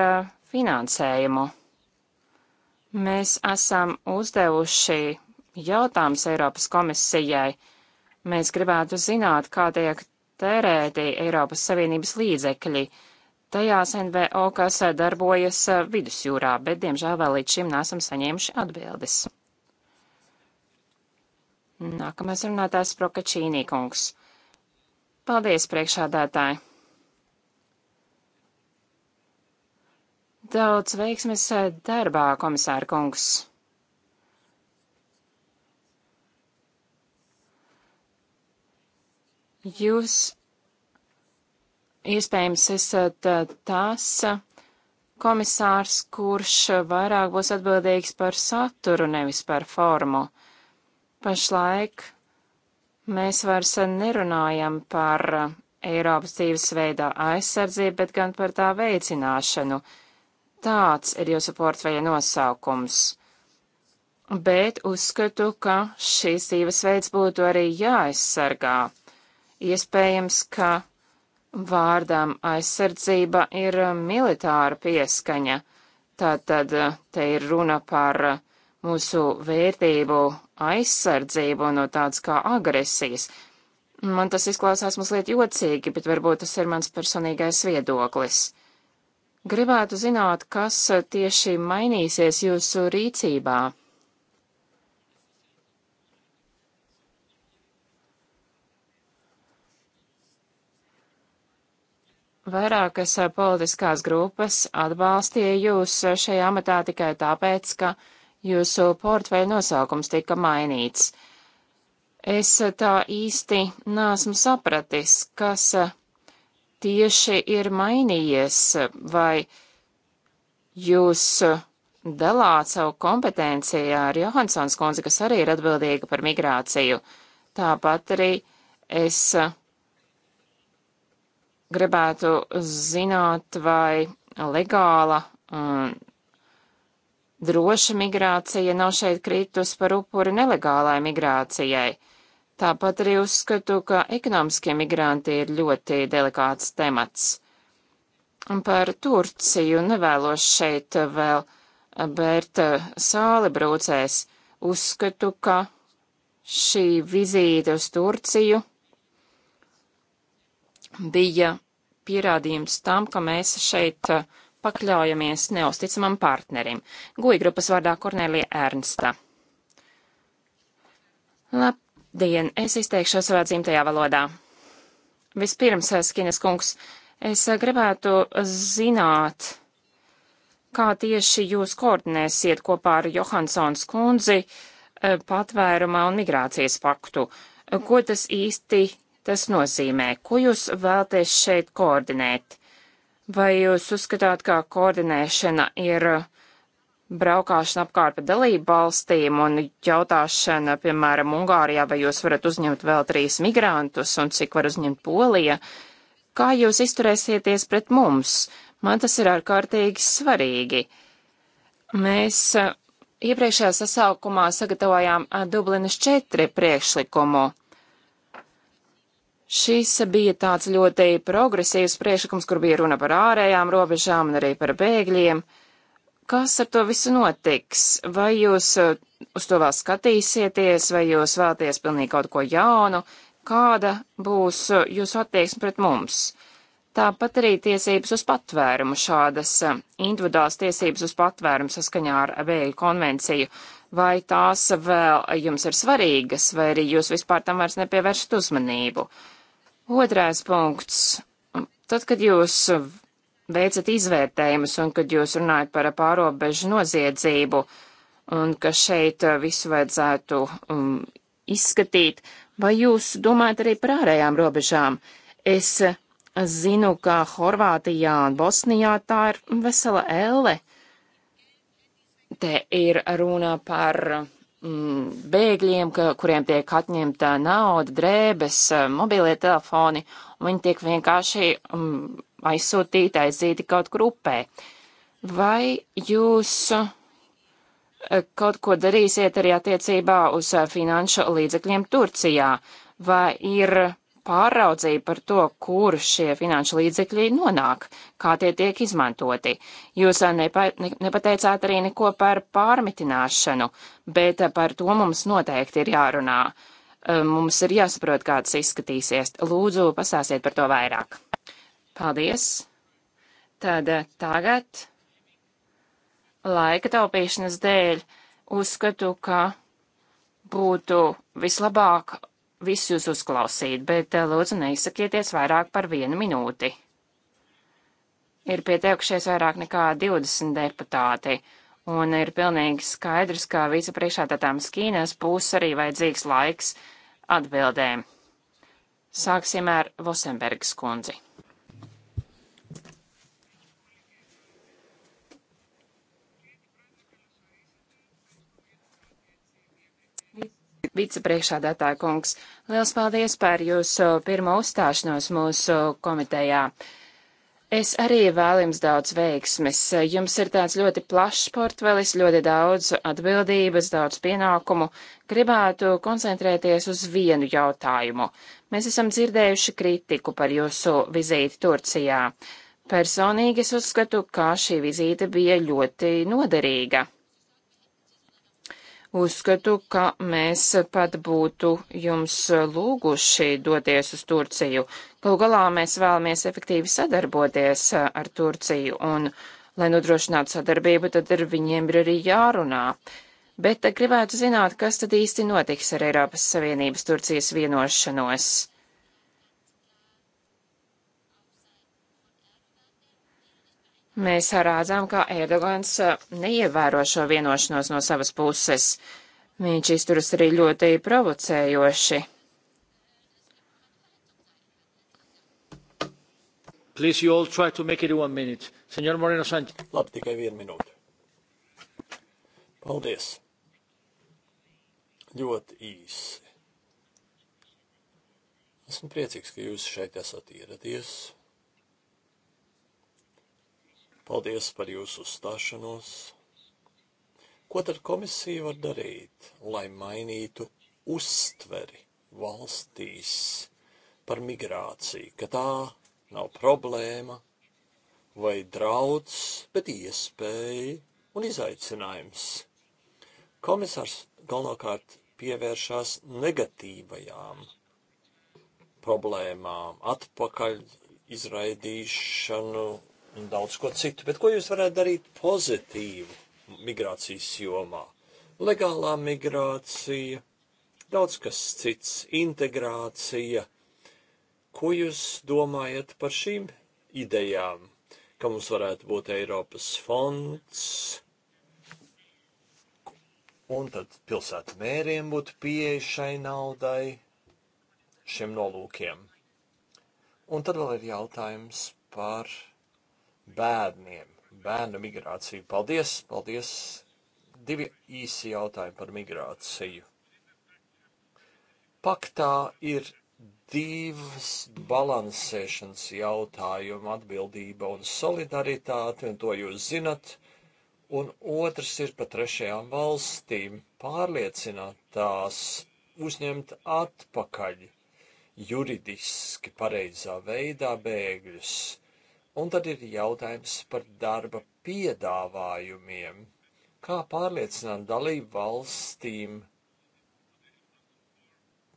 finansējumu? Mēs esam uzdevuši jautājums Eiropas komisijai. Mēs gribētu zināt, kā tiek tērēti Eiropas Savienības līdzekļi. Tajās NVO, kas darbojas vidusjūrā, bet diemžēl vēl līdz šim nesam saņēmuši atbildes. Nākamais runātājs Prokačīnī kungs. Paldies, priekšādātāji! Daudz veiksmes darbā, komisāra kungs! Jūs iespējams esat eh, tas eh, komisārs, kurš vairāk būs atbildīgs par saturu, nevis par formu. Pašlaik mēs vairs nerunājam par eh, Eiropas dzīvesveidā aizsardzību, bet gan par tā veicināšanu. Tāds ir jūsu portfeļa nosaukums. Bet uzskatu, ka šīs dzīvesveids būtu arī jāaizsargā. Iespējams, ka vārdām aizsardzība ir uh, militāra pieskaņa. Tātad uh, te ir runa par uh, mūsu vērtību aizsardzību no tādas kā agresijas. Man tas izklausās mazliet jocīgi, bet varbūt tas ir mans personīgais viedoklis. Gribētu zināt, kas tieši mainīsies jūsu rīcībā. Vairākas eh, politiskās grupas atbalstīja jūs eh, šajā amatā tikai tāpēc, ka jūsu portfeļa nosaukums tika mainīts. Es eh, tā īsti nāsmu sapratis, kas tieši ir mainījies, vai jūs dalāt savu kompetenci ar Johansons kundzi, kas arī ir atbildīga par migrāciju. Tāpat arī es uh, gribētu zināt, vai legāla un droša migrācija nav šeit kritus par upuri nelegālai migrācijai. Tāpat arī uzskatu, ka ekonomiskie migranti ir ļoti delikāts temats. Un par Turciju nevēlos šeit vēl bērt sāli brūcēs. Uzskatu, ka šī vizīte uz Turciju bija pierādījums tam, ka mēs šeit eh, pakļaujamies neusticamam partnerim. Guja grupas vārdā Kornelija Ernsta. Labdien, es izteikšos savā dzimtajā valodā. Vispirms, eh, Skinas kungs, es eh, gribētu zināt, kā tieši jūs koordinēsiet kopā ar Johansons kundzi patvērumā un migrācijas paktu. Ko tas īsti tas nozīmē? Ko jūs vēlties šeit koordinēt? Vai jūs uzskatāt, ka koordinēšana ir uh, braukāšana apkārt pa dalību valstīm un jautāšana, piemēram, Ungārijā, vai jūs varat uzņemt vēl trīs migrantus un cik var uzņemt Polija? Kā jūs izturēsieties pret mums? Man tas ir ārkārtīgi svarīgi. Mēs uh, iepriekšējā sasaukumā sagatavojām uh, Dublinas 4 priekšlikumu. Šis bija tāds ļoti progresīvs priekšlikums, kur bija runa par ārējām robežām un arī par bēgļiem. Kas ar to visu notiks? Vai jūs uh, uz to vēl skatīsieties, vai jūs vēlaties pilnīgi kaut ko jaunu? Kāda būs uh, jūsu attieksme pret mums? Tāpat arī tiesības uz patvērumu šādas uh, individuālas tiesības uz patvērumu saskaņā ar Vēju konvenciju. Vai tās vēl jums ir svarīgas, vai arī jūs vispār tam vairs nepievēršat uzmanību? Otrais punkts. Tad, kad jūs veicat izvērtējumus un kad jūs runājat par pārobežu noziedzību un ka šeit uh, visu vajadzētu um, izskatīt, vai jūs domājat arī par ārējām robežām? Es uh, zinu, ka Horvātijā un Bosnijā tā ir vesela elle. Te ir runa par Mm, bēgļiem, ka, kuriem tiek atņemta nauda, drēbes, eh, mobilie telefoni, un viņi tiek vienkārši um, aizsūtīti, aizīti kaut kur upē. Vai jūs eh, kaut ko darīsiet arī attiecībā uz eh, finanšu līdzekļiem Turcijā? Vai ir pārraudzību par to, kur šie finanšu līdzekļi nonāk, kā tie tiek izmantoti. Jūs eh, nepa, ne, nepateicāt arī neko par pārmitināšanu, bet eh, par to mums noteikti ir jārunā. Eh, mums ir jāsaprot, kā tas izskatīsies. Lūdzu, pasāsiet par to vairāk. Paldies! Tad tagad laika taupīšanas dēļ uzskatu, ka būtu vislabāk visus jūs uzklausīt, bet eh, lūdzu neizsakieties vairāk par vienu minūti. Ir pieteikušies vairāk nekā 20 deputāti, un ir pilnīgi skaidrs, ka vicepriekšādātām skīnēs būs arī vajadzīgs laiks atbildēm. Sāksim ar Vosenbergas kundzi. vicepriekšādātāja kungs. Liels paldies par jūsu uh, pirmo uzstāšanos mūsu komitejā. Es arī vēlu jums daudz veiksmes. Uh, jums ir tāds ļoti plašs portfelis, ļoti daudz atbildības, daudz pienākumu. Gribētu koncentrēties uz vienu jautājumu. Mēs esam dzirdējuši kritiku par jūsu vizīti Turcijā. Personīgi es uzskatu, ka šī vizīte bija ļoti noderīga. Uzskatu, ka mēs pat būtu jums lūguši doties uz Turciju. Galu galā mēs vēlamies efektīvi sadarboties ar Turciju, un, lai nodrošinātu sadarbību, tad ar viņiem ir arī jārunā. Bet gribētu zināt, kas tad īsti notiks ar Eiropas Savienības Turcijas vienošanos. Mēs rādzām, ka Erdogans uh, neievēro šo vienošanos no savas puses. Viņš izturas arī ļoti provocējoši. Please, you all try to make it one minute. Senor Moreno Sanchez. Labi, tikai vienu minūti. Paldies. Ļoti īsi. Esmu priecīgs, ka jūs šeit esat ieradies. Paldies par jūsu uzstāšanos. Ko tad komisija var darīt, lai mainītu uztveri valstīs par migrāciju, ka tā nav problēma vai drauds, bet iespēja un izaicinājums? Komisārs galvenokārt pievēršās negatīvajām problēmām, atpakaļ izraidīšanu, un daudz ko citu. Bet ko jūs varētu darīt pozitīvu migrācijas jomā? Legālā migrācija, daudz kas cits, integrācija. Ko jūs domājat par šīm idejām? Ka mums varētu būt Eiropas fonds, un tad pilsētu mēriem būtu pieeja šai naudai, šiem nolūkiem. Un tad vēl ir jautājums par bērniem, bērnu migrāciju. Paldies, paldies! Divi īsi jautājumi par migrāciju. Paktā ir divas balansēšanas jautājumi - atbildība un solidaritāte, un to jūs zinat. Un otrs ir par trešajām valstīm - pārliecināt tās uzņemt atpakaļ juridiski pareizā veidā bēgļus Un tad ir jautājums par darba piedāvājumiem. Kā pārliecināt dalību valstīm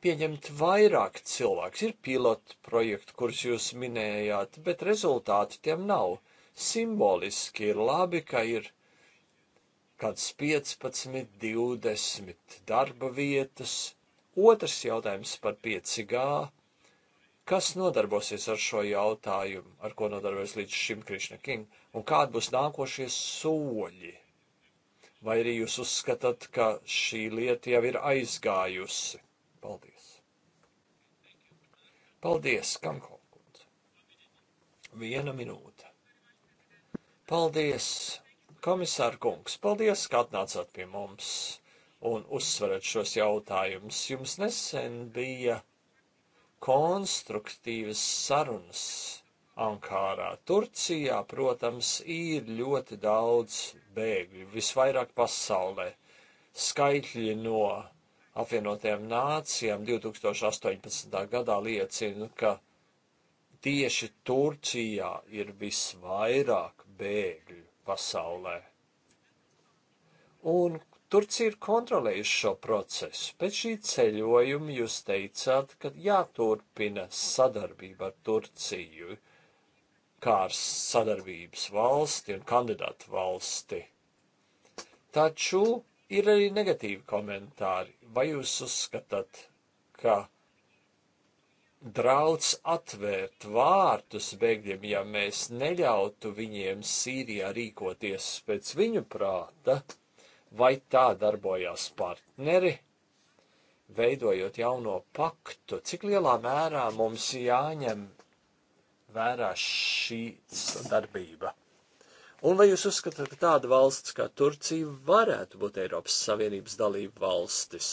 pieņemt vairāk cilvēkus? Ir pilotu projekti, kurus jūs minējāt, bet rezultātu tiem nav. Simboliski ir labi, ka ir kāds 15, 20 darba vietas. Otrs jautājums par 5G Kas nodarbosies ar šo jautājumu, ar ko nodarbojas līdz šim Krišna King, un kādi būs nākošie soļi? Vai arī jūs uzskatāt, ka šī lieta jau ir aizgājusi? Paldies! Paldies, Kankolkundze! Viena minūte. Paldies, komisār kungs! Paldies, ka atnācāt pie mums un uzsverat šos jautājumus. Jums nesen bija konstruktīvas sarunas Ankārā. Turcijā, protams, ir ļoti daudz bēgļu, visvairāk pasaulē. Skaitļi no apvienotajām nācijām 2018. gadā liecina, ka tieši Turcijā ir visvairāk bēgļu pasaulē. Un Turcija ir kontrolējusi šo procesu. Pēc šī ceļojuma jūs teicāt, ka jāturpina sadarbība ar Turciju, kā ar sadarbības valsti un kandidātu valsti. Taču ir arī negatīvi komentāri. Vai jūs uzskatāt, ka draudz atvērt vārtus bēgļiem, ja mēs neļautu viņiem Sīrijā rīkoties pēc viņu prāta, vai tā darbojās partneri, veidojot jauno paktu, cik lielā mērā mums jāņem vērā šī darbība. Un vai jūs uzskatāt, ka tāda valsts kā Turcija varētu būt Eiropas Savienības dalība valstis?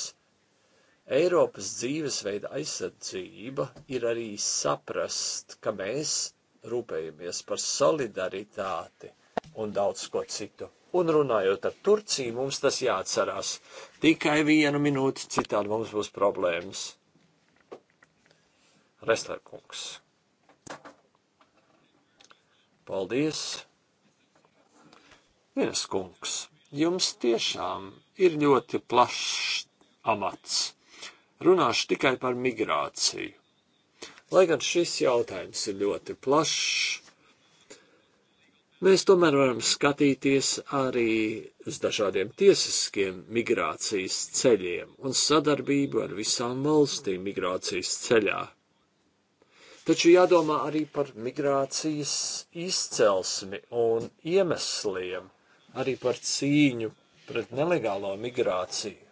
Eiropas dzīvesveida aizsardzība ir arī saprast, ka mēs rūpējamies par solidaritāti un daudz ko citu. Un runājot ar Turciju, mums tas jāatcerās. Tikai vienu minūti, citādi mums būs problēmas. Restārkungs. Paldies! Ines kungs, jums tiešām ir ļoti plašs amats. Runāšu tikai par migrāciju. Lai gan šis jautājums ir ļoti plašs, Mēs tomēr varam skatīties arī uz dažādiem tiesiskiem migrācijas ceļiem un sadarbību ar visām valstīm migrācijas ceļā. Taču jādomā arī par migrācijas izcelsmi un iemesliem, arī par cīņu pret nelegālo migrāciju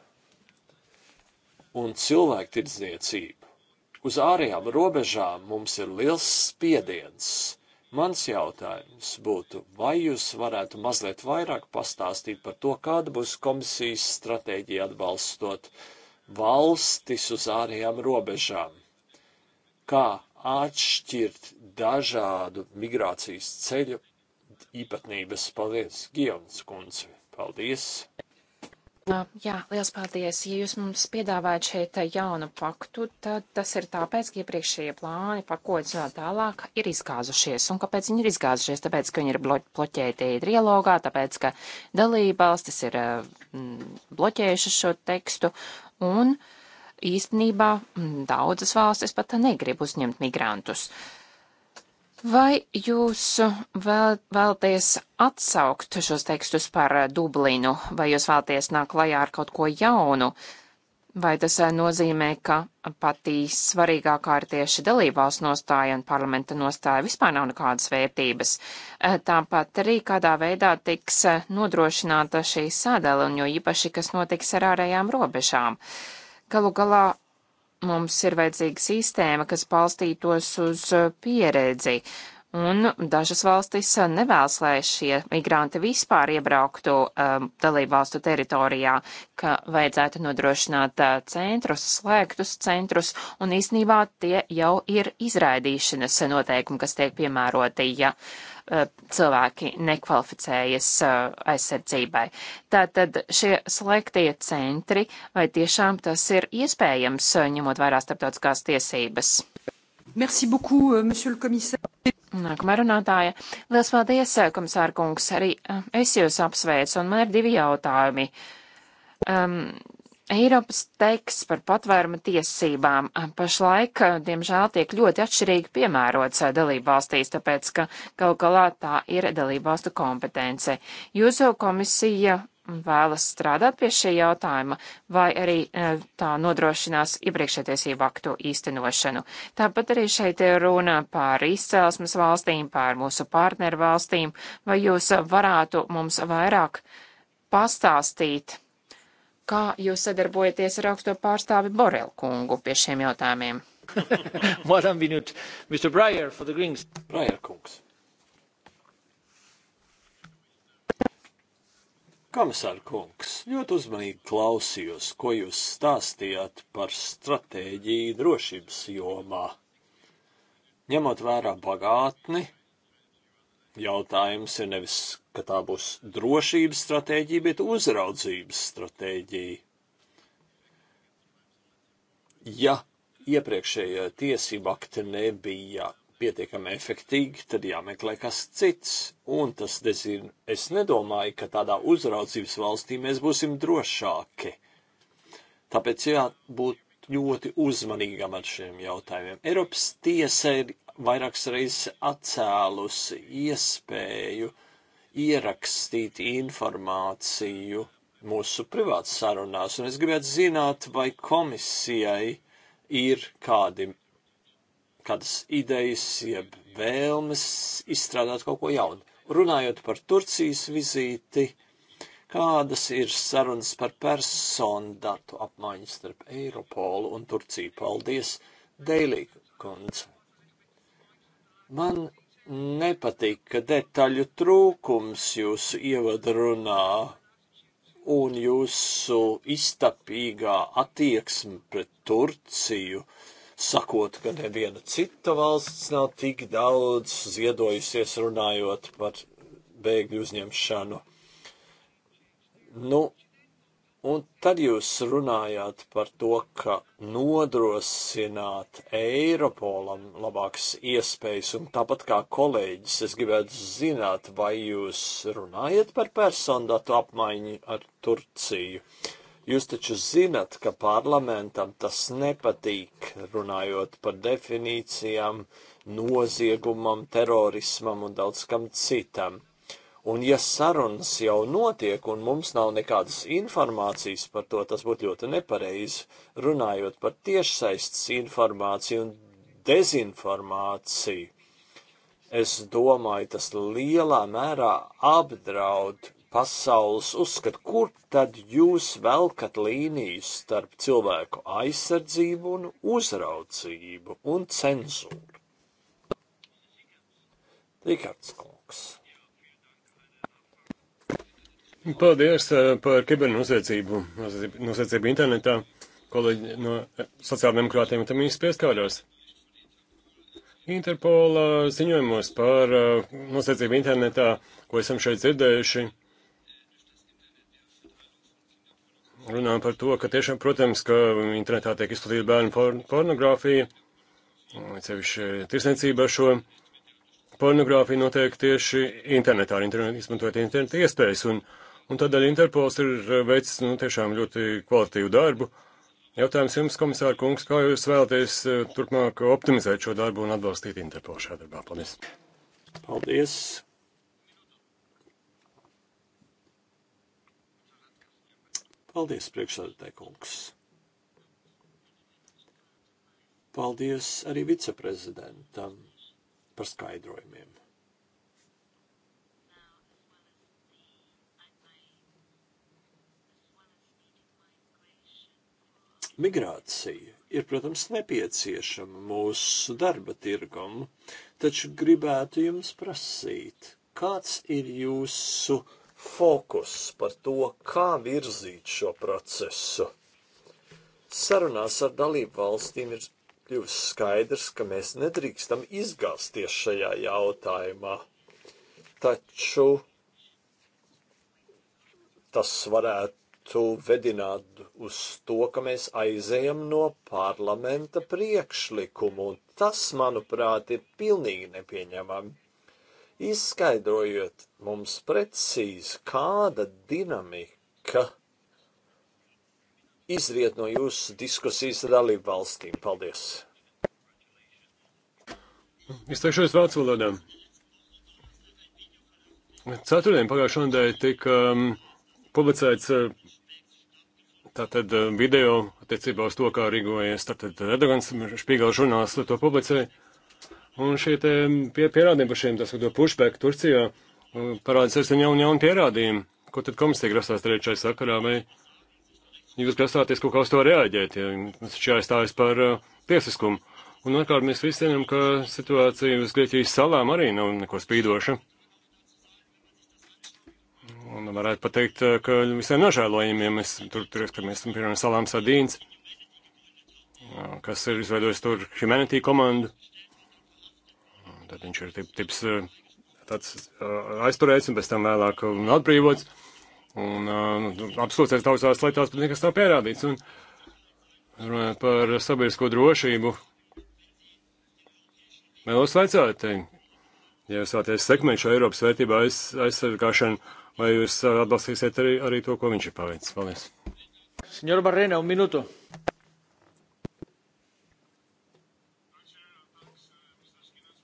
un cilvēktirdzniecību. Uz ārējām robežām mums ir liels spiediens Mans jautājums būtu, vai jūs varētu mazliet vairāk pastāstīt par to, kāda būs komisijas stratēģija atbalstot valstis uz ārējām robežām? Kā atšķirt dažādu migrācijas ceļu īpatnības? Paldies, Gions kundze! Paldies! Jā, liels paldies. Ja jūs mums piedāvājat šeit jaunu paktu, tad tas ir tāpēc, ka iepriekšējie plāni, pakodas vēl tālāk, ir izgāzušies. Un kāpēc viņi ir izgāzušies? Tāpēc, ka viņi ir bloķēti trilogā, tāpēc, ka dalībvalstis ir eh, bloķējušas šo tekstu. Un īstenībā daudzas valstis pat negrib uzņemt migrantus. Uh, Vai jūs vēl, vēlties atsaukt šos tekstus par eh, Dublinu, vai jūs vēlties nāk klajā ar kaut ko jaunu? Vai tas eh, nozīmē, ka patī svarīgākā ir tieši dalībvalsts nostāja un parlamenta nostāja vispār nav nekādas vērtības? Eh, tāpat arī kādā veidā tiks nodrošināta šī sadala un jo īpaši, kas notiks ar ārējām robežām. Galu galā Mums ir vajadzīga sistēma, kas balstītos uz uh, pieredzi, un dažas valstis uh, nevēlas, lai šie migranti vispār iebrauktu um, dalībvalstu teritorijā, ka vajadzētu nodrošināt uh, centrus, slēgtus centrus, un īsnībā tie jau ir izraidīšanas noteikumi, kas tiek piemēroti, ja uh, Eh, cilvēki nekvalificējas eh, aizsardzībai. Tātad šie slēgtie centri, vai tiešām tas ir iespējams, eh, ņemot vairāk starptautiskās tiesības? Merci beaucoup, euh, monsieur le commissaire. Nākamā runātāja. Lielas paldies, komisāra kungs. Arī es jūs apsveicu, un man ir divi jautājumi. Um, Eiropas teksts par patvērumu tiesībām pašlaik, diemžēl, tiek ļoti atšķirīgi piemērots dalību valstīs, tāpēc, ka galu galā tā ir dalību valstu kompetence. Jūsu komisija vēlas strādāt pie šī jautājuma, vai arī tā nodrošinās iepriekšētiesību aktu īstenošanu. Tāpat arī šeit ir runa par izcelsmes valstīm, par mūsu partneru valstīm, vai jūs varētu mums vairāk pastāstīt kā jūs sadarbojaties ar augsto pārstāvi Borelu kungu pie šiem jautājumiem? One minute, Mr. Breyer for the Greens. Breyer kungs. Komisār kungs, ļoti uzmanīgi klausījos, ko jūs stāstījāt par stratēģiju drošības jomā. Ņemot vērā pagātni, jautājums ir nevis ka tā būs drošības stratēģija, bet uzraudzības stratēģija. Ja iepriekšējie tiesību akti nebija pietiekami efektīgi, tad jāmeklē kas cits, un tas dezin, es nedomāju, ka tādā uzraudzības valstī mēs būsim drošāki. Tāpēc jābūt ļoti uzmanīgam ar šiem jautājumiem. Eiropas tiesa ir vairākas reizes atcēlusi iespēju uh, ierakstīt informāciju mūsu privātas sarunās, un es gribētu zināt, vai komisijai ir kādi, kādas idejas, jeb vēlmes izstrādāt kaut ko jaunu. Runājot par Turcijas vizīti, kādas ir sarunas par personu datu apmaiņu starp Eiropolu un Turciju? Paldies, Deilī kundze! Man nepatika detaļu trūkums jūsu ievadrunā un jūsu iztapīgā attieksme pret Turciju, sakot, ka neviena cita valsts nav tik daudz ziedojusies runājot par bēgļu uzņemšanu. Nu, Un tad jūs runājāt par to, ka nodrošināt Eiropolam labākas iespējas, un tāpat kā kolēģis, es gribētu zināt, vai jūs runājat par personu datu apmaiņu ar Turciju. Jūs taču zinat, ka parlamentam tas nepatīk, runājot par definīcijām, noziegumam, terorismam un daudz kam citam. Un ja sarunas jau notiek un mums nav nekādas informācijas par to, tas būtu ļoti nepareizi, runājot par tiešsaistes informāciju un dezinformāciju. Es domāju, tas lielā mērā apdraud pasaules uzskatu, kur tad jūs velkat līniju starp cilvēku aizsardzību un uzraucību un cenzūru. Rikards Kungs. Paldies eh, par kibernosacību, nosacību internetā. Kolēģi no eh, sociāldemokrātiem tam īsti pieskāros. Interpola ziņojumos par eh, nosacību internetā, ko esam šeit dzirdējuši, runā par to, ka tiešām, protams, ka internetā tiek izplatīta bērnu porn pornogrāfija, cevišķi tirsniecība ar šo pornogrāfiju notiek tieši internetā, internet, izmantojot internetu iespējas. Un, uh, Un tādēļ Interpols ir eh, veicis nu, tiešām ļoti kvalitīvu darbu. Jautājums jums, komisāra kungs, kā jūs vēlaties eh, turpmāk optimizēt šo darbu un atbalstīt Interpolu šajā darbā? Paldies! Paldies! Paldies, priekšsēdētāji kungs! Paldies arī viceprezidentam par skaidrojumiem. Migrācija ir, protams, nepieciešama mūsu darba tirgum, taču gribētu jums prasīt, kāds ir jūsu fokus par to, kā virzīt šo procesu. Sarunās ar dalību valstīm ir kļuvis skaidrs, ka mēs nedrīkstam izgāzties šajā jautājumā. Taču tas varētu varētu vedināt uz to, ka mēs aizējam no parlamenta priekšlikumu, un tas, manuprāt, ir pilnīgi nepieņemami. Izskaidrojiet mums precīzi, kāda dinamika izriet no jūsu diskusijas ar dalību valstīm. Paldies! Izteikšos vācu valodā. Ceturtdien pagājušā nedēļa tika um, publicēts uh, Tātad eh, video attiecībā uz to, kā rīkojies tātad eh, Erdogans, Špīgala žurnāls to publicēja. Un šie te mm, pie, pierādījumi par šiem, tas, to pushback Turcijā eh, parādās ar jaunu, jaunu pierādījumu. Ko tad komisija grasās darīt šai sakarā, vai jūs grasāties kaut kā uz to reaģēt, ja mums taču jāizstājas par uh, tiesiskumu? Un, atkārt, mēs visi zinām, ka situācija uz Grieķijas salām arī nav neko spīdoša. Un varētu pateikt, eh, ka visiem nožēlojumiem ja mēs tur turies, ka mēs esam piemēram Salām Sardīns, eh, kas ir izveidojis tur Humanity komandu. Tad viņš ir tip, tips eh, tāds aizturēts un pēc tam vēlāk atbrīvots. Un nu, nu absolūtais daudzās lietās pat nekas nav pierādīts. Un runājot par sabiedrisko drošību, vēlos vaicāt, ja jūs vēlaties sekmēt šo Eiropas vērtību aiz, aizsargāšanu vai jūs uh, atbalstīsiet arī, arī to, ko viņš ir paveicis? Paldies. Senjora Barrena, un minūtu.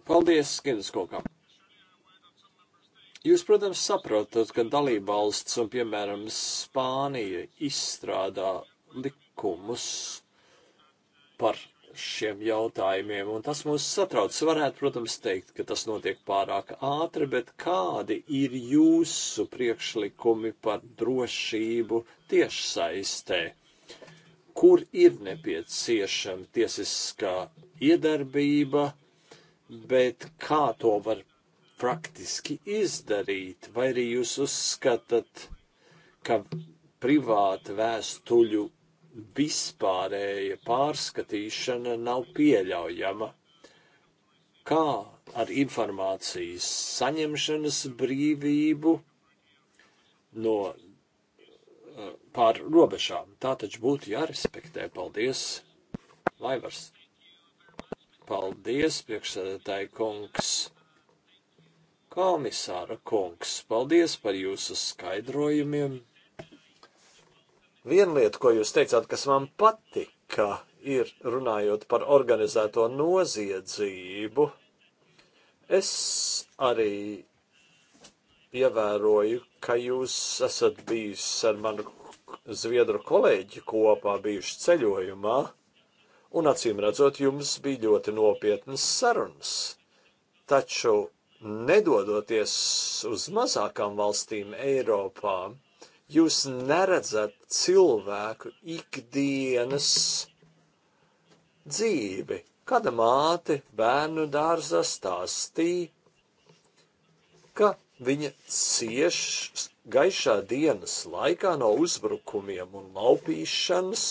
Paldies, Skinas kokam. Jūs, protams, saprotat, ka dalībvalsts un, piemēram, Spānija izstrādā likumus par šiem jautājumiem, un tas mūs satrauc. Varētu, protams, teikt, ka tas notiek pārāk ātri, bet kādi ir jūsu priekšlikumi par drošību tiešsaistē? Kur ir nepieciešama tiesiskā iedarbība, bet kā to var praktiski izdarīt? Vai arī jūs uzskatat, ka privāta vēstuļu vispārēja pārskatīšana nav pieļaujama. Kā ar informācijas saņemšanas brīvību no eh, pār robežām? Tā taču būtu jārespektē. Paldies, Laivars! Paldies, priekšsēdētāji kungs! Komisāra kungs, paldies par jūsu skaidrojumiem! Viena lieta, ko jūs teicāt, kas man patika, ir runājot par organizēto noziedzību. Es arī ievēroju, ka jūs esat bijis ar manu zviedru kolēģi kopā bijuši ceļojumā, un acīm redzot, jums bija ļoti nopietnas sarunas. Taču, nedodoties uz mazākām valstīm Eiropā, Jūs neredzat cilvēku ikdienas dzīvi. Kāda māte bērnu dārzā stāstīja, ka viņa cieš gaišā dienas laikā no uzbrukumiem un laupīšanas,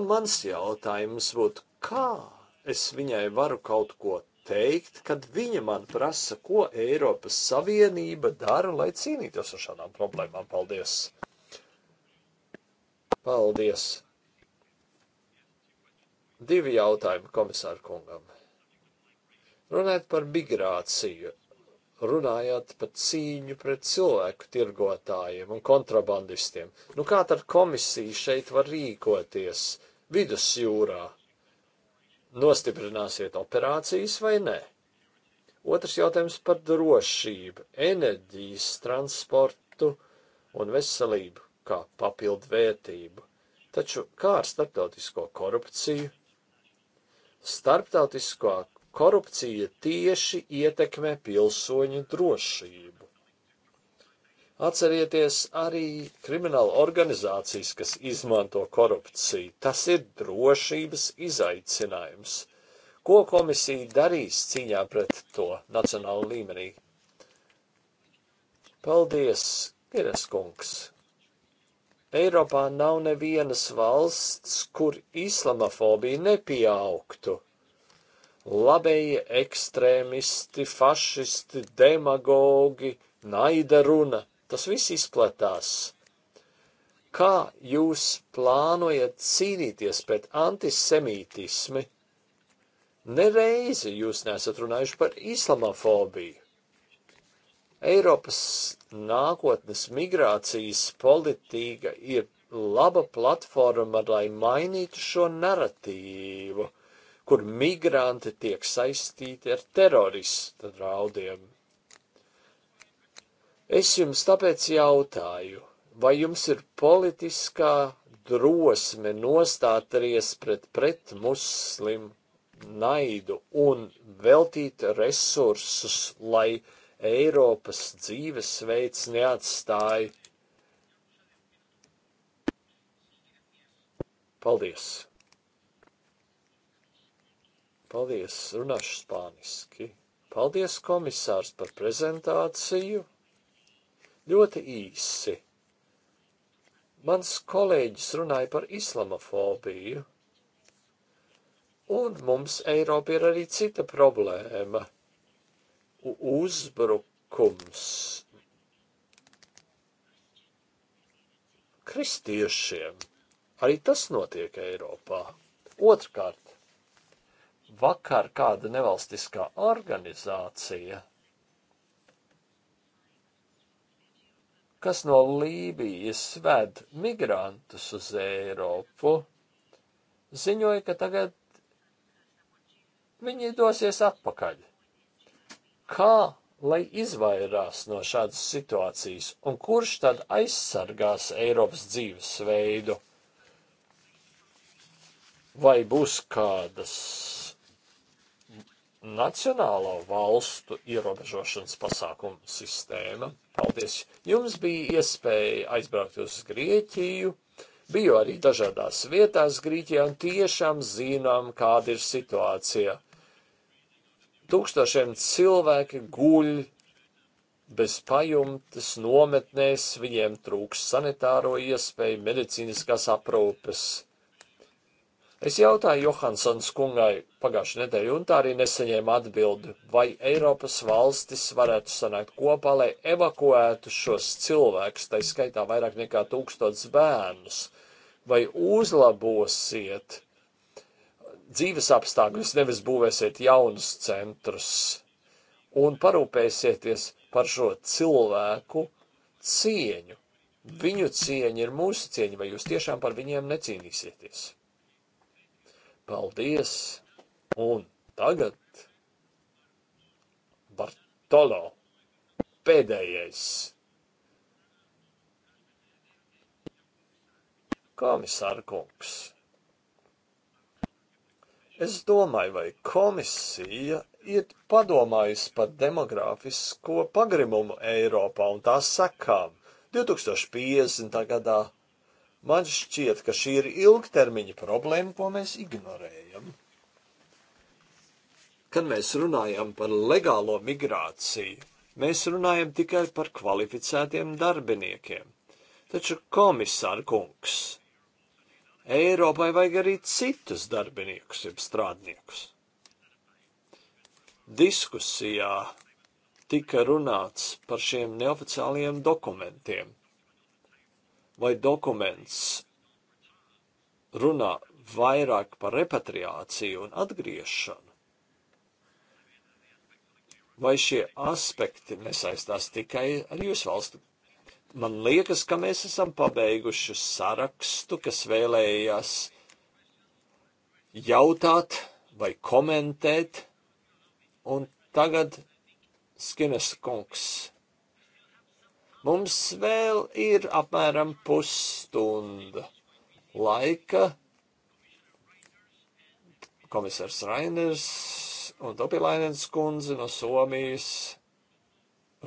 un mans jautājums būtu, kā es viņai varu kaut ko teikt, kad viņa man prasa, ko Eiropas Savienība dara, lai cīnītos ar šādām problēmām. Paldies! Paldies! Divi jautājumi komisāru kungam. Runājot par migrāciju, runājot par cīņu pret cilvēku tirgotājiem un kontrabandistiem. Nu kā tad komisija šeit var rīkoties vidusjūrā? nostiprināsiet operācijas vai nē? Otrs jautājums par drošību, enerģijas, transportu un veselību kā papildu vērtību. Taču kā ar starptautisko korupciju? Starptautiskā korupcija tieši ietekmē pilsoņu drošību. Atcerieties arī krimināla organizācijas, kas izmanto korupciju. Tas ir drošības izaicinājums. Ko komisija darīs cīņā pret to nacionālu līmenī? Paldies, Giras kungs! Eiropā nav nevienas valsts, kur islamofobija nepieaugtu. Labējie ekstrēmisti, fašisti, demagogi, naida runa Tas viss izplatās. Kā jūs plānojat cīnīties pret antisemītismi? Nereizi jūs nesat runājuši par islamofobiju. Eiropas nākotnes migrācijas politika ir laba platforma, lai mainītu šo naratīvu, kur migranti tiek saistīti ar teroristu draudiem. Es jums tāpēc jautāju, vai jums ir politiskā drosme nostāties pret pret muslim naidu un veltīt resursus, lai Eiropas dzīvesveids neatstāja. Paldies! Paldies, runāšu spāniski. Paldies, komisārs, par prezentāciju. Ļoti īsi. Mans kolēģis runāja par islamofobiju. Un mums Eiropā ir arī cita problēma - uzbrukums kristiešiem. Arī tas notiek Eiropā. Otrkārt, vakar kāda nevalstiskā organizācija kas no Lībijas ved migrantus uz Eiropu, ziņoja, ka tagad viņi dosies atpakaļ. Kā lai izvairās no šādas situācijas, un kurš tad aizsargās Eiropas dzīvesveidu? Vai būs kādas nacionālo valstu ierobežošanas pasākumu sistēma. Paldies! Jums bija iespēja aizbraukt uz Grieķiju, biju arī dažādās vietās Grieķijā un tiešām zinām, kāda ir situācija. Tūkstošiem cilvēki guļ bez pajumtes nometnēs, viņiem trūks sanitāro iespēju, medicīniskās aprūpes Es jautāju Johansons kungai pagājušajā nedēļā, un tā arī nesaņēma atbildi, vai Eiropas valstis varētu sanākt kopā, lai evakuētu šos cilvēkus, tai skaitā vairāk nekā tūkstots bērnus, vai uzlabosiet dzīves apstākļus, nevis būvēsiet jaunus centrus, un parūpēsieties par šo cilvēku cieņu. Viņu cieņa ir mūsu cieņa, vai jūs tiešām par viņiem necīnīsieties? Paldies! Un tagad Bartolo pēdējais. Komisārkungs. Es domāju, vai komisija ir padomājusi par demogrāfisko pagrimumu Eiropā un tās sekām 2050. gadā Man šķiet, ka šī ir ilgtermiņa problēma, ko mēs ignorējam. Kad mēs runājam par legālo migrāciju, mēs runājam tikai par kvalificētiem darbiniekiem. Taču komisāra kungs, Eiropai vajag arī citus darbiniekus, jeb strādniekus. Diskusijā tika runāts par šiem neoficiālajiem dokumentiem vai dokuments runā vairāk par repatriāciju un atgriešanu? Vai šie aspekti nesaistās tikai ar jūsu valstu? Man liekas, ka mēs esam pabeiguši sarakstu, kas vēlējās jautāt vai komentēt, un tagad Skines kungs Mums vēl ir apmēram pusstunda laika. Komisārs Rainers un Topilainens kundze no Somijas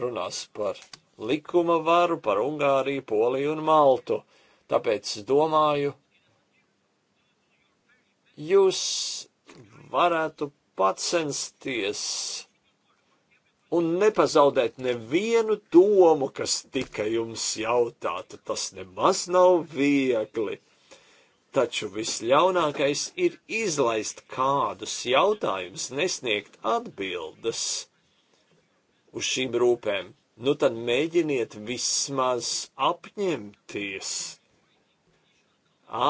runās par likuma varu, par Ungāriju, Poliju un Maltu. Tāpēc domāju, jūs varētu pacensties un nepazaudēt nevienu domu, kas tika jums jautāta. Tas nemaz nav viegli. Taču visļaunākais ir izlaist kādus jautājumus, nesniegt atbildes uz šīm rūpēm. Nu tad mēģiniet vismaz apņemties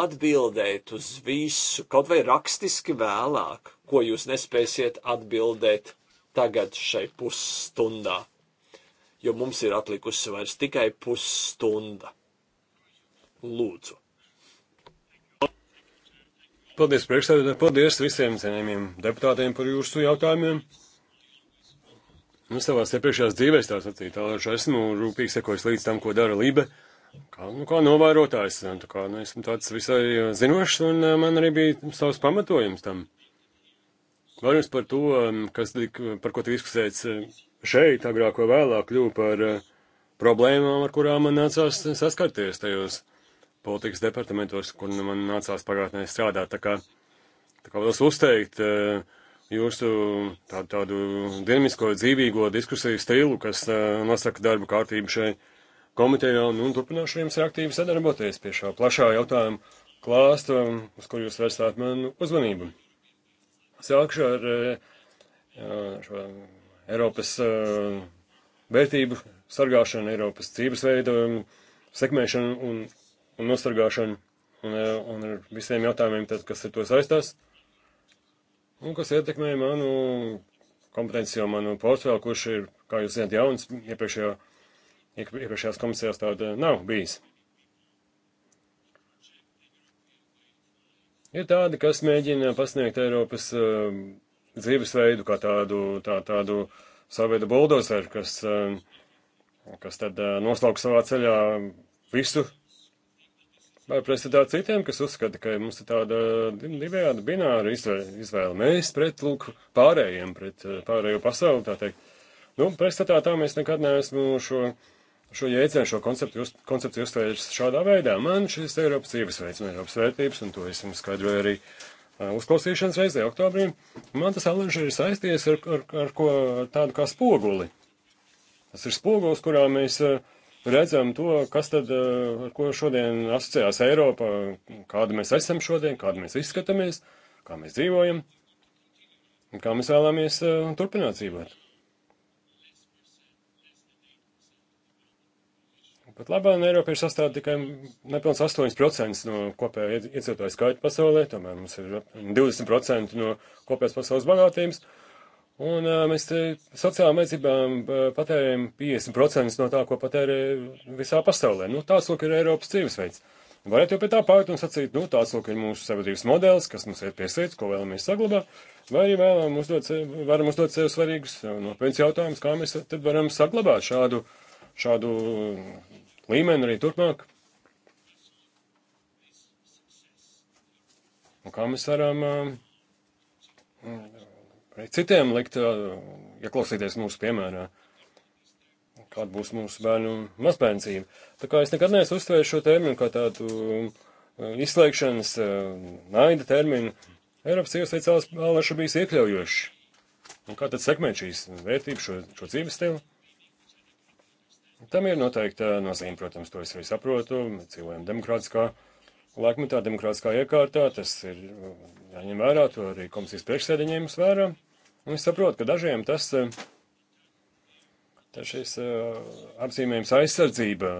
atbildēt uz visu, kaut vai rakstiski vēlāk, ko jūs nespēsiet atbildēt tagad šai pusstundā, jo mums ir atlikusi vairs tikai pusstunda. Lūdzu. Paldies, priekšsēdētāji, paldies visiem cienījumiem deputātiem par jūsu jautājumiem. Nu, savās iepriekšējās dzīvēs tā sacīt, tālāk esmu rūpīgi sekojis līdz tam, ko dara Lībe. Kā, nu, kā novērotājs, nu, tā kā, nu, esmu tāds visai zinošs, un man arī bija savs pamatojums tam. Vārds par to, um, kas, par ko tika diskusēts uh, šeit, agrāk vai vēlāk, kļūpa par uh, problēmām, ar kurām man nācās saskarties tajos politikas departamentos, kur nu man nācās pagātnē strādāt. Tā kā, tā kā vēlos uzteikt uh, jūsu tādu, tādu dinamisko, dzīvīgo diskusiju stilu, kas nosaka darbu kārtību šai komitejā, un, un turpināšu jums aktīvi sadarboties pie šā plašā jautājuma klāsta, um, uz kur jūs vērstāt manu uzmanību. Sākšu ar eh, šo Eiropas eh, vērtību sargāšanu, Eiropas dzīvesveidu sekmēšanu un, un nosargāšanu un, eh, un ar visiem jautājumiem, tad, kas ar to saistās un kas ietekmē manu kompetenci, jo manu portfēlu, kurš ir, kā jūs zināt, jauns, iepriekšējā, iepriekšējās komisijās tāda nav bijis. Ir tādi, kas mēģina pasniegt Eiropas uh, dzīvesveidu kā tādu, tā, tādu savveidu buldozeru, kas, uh, kas tad uh, noslauka savā ceļā visu. Vai pretstatā citiem, kas uzskata, ka mums ir tāda divējāda bināra izvēle. Mēs pret lūk pārējiem, pret uh, pārējo pasauli, tā teikt. Nu, pretstatā tā mēs nekad neesmu šo. Uh, šo jēdzienu, šo konceptu, uz, konceptu uztvērs šādā veidā. Man šis Eiropas dzīvesveids un Eiropas vērtības, un to es jums skaidroju arī uzklausīšanas reizē oktobrī, man tas alenži ir saistījies ar, ar, ar ko tādu kā spoguli. Tas ir spogulis, kurā mēs redzam to, kas tad, ar ko šodien asociējās Eiropa, kāda mēs esam šodien, kāda mēs izskatamies, kā mēs dzīvojam un kā mēs vēlamies turpināt dzīvot. Pat labāk Eiropieši sastāv tikai nepilns 8% no kopējā iedzīvotāju skaita pasaulē, tomēr mums ir 20% no kopējās pasaules bagātības. Un uh, mēs sociālām vajadzībām patērējam 50% no tā, ko patērē visā pasaulē. Nu, tāds lūk ir Eiropas dzīvesveids. Varētu jau pie tā pāriet un sacīt, nu, tāds lūk ir mūsu sabiedrības modelis, kas mums ir piesīts, ko vēlamies saglabāt, vai arī vēlam uzdot, varam uzdot sev svarīgus nopietnus jautājumus, kā mēs tad varam saglabāt šādu, šādu līmeni arī turpmāk. Un kā mēs varam eh, arī citiem likt, eh, ieklausīties ja mūsu piemērā, kāda būs mūsu bērnu mazbērncība. Tā kā es nekad neesmu uztvērts šo terminu kā tādu eh, izslēgšanas naida terminu, Eiropas iesveicās vēlašu bijis iekļaujoši. Un kā tad sekmēt šīs vērtības, šo, šo dzīves stilu? Tam ir noteikta nozīme, protams, to es arī saprotu. Mēs dzīvojam demokrātiskā laikmetā, demokrātiskā iekārtā, tas ir uh, jāņem vērā, to arī komisijas priekšsēdiņiem svērā. Un es saprotu, ka dažiem tas, uh, tas šis uh, apzīmējums aizsardzība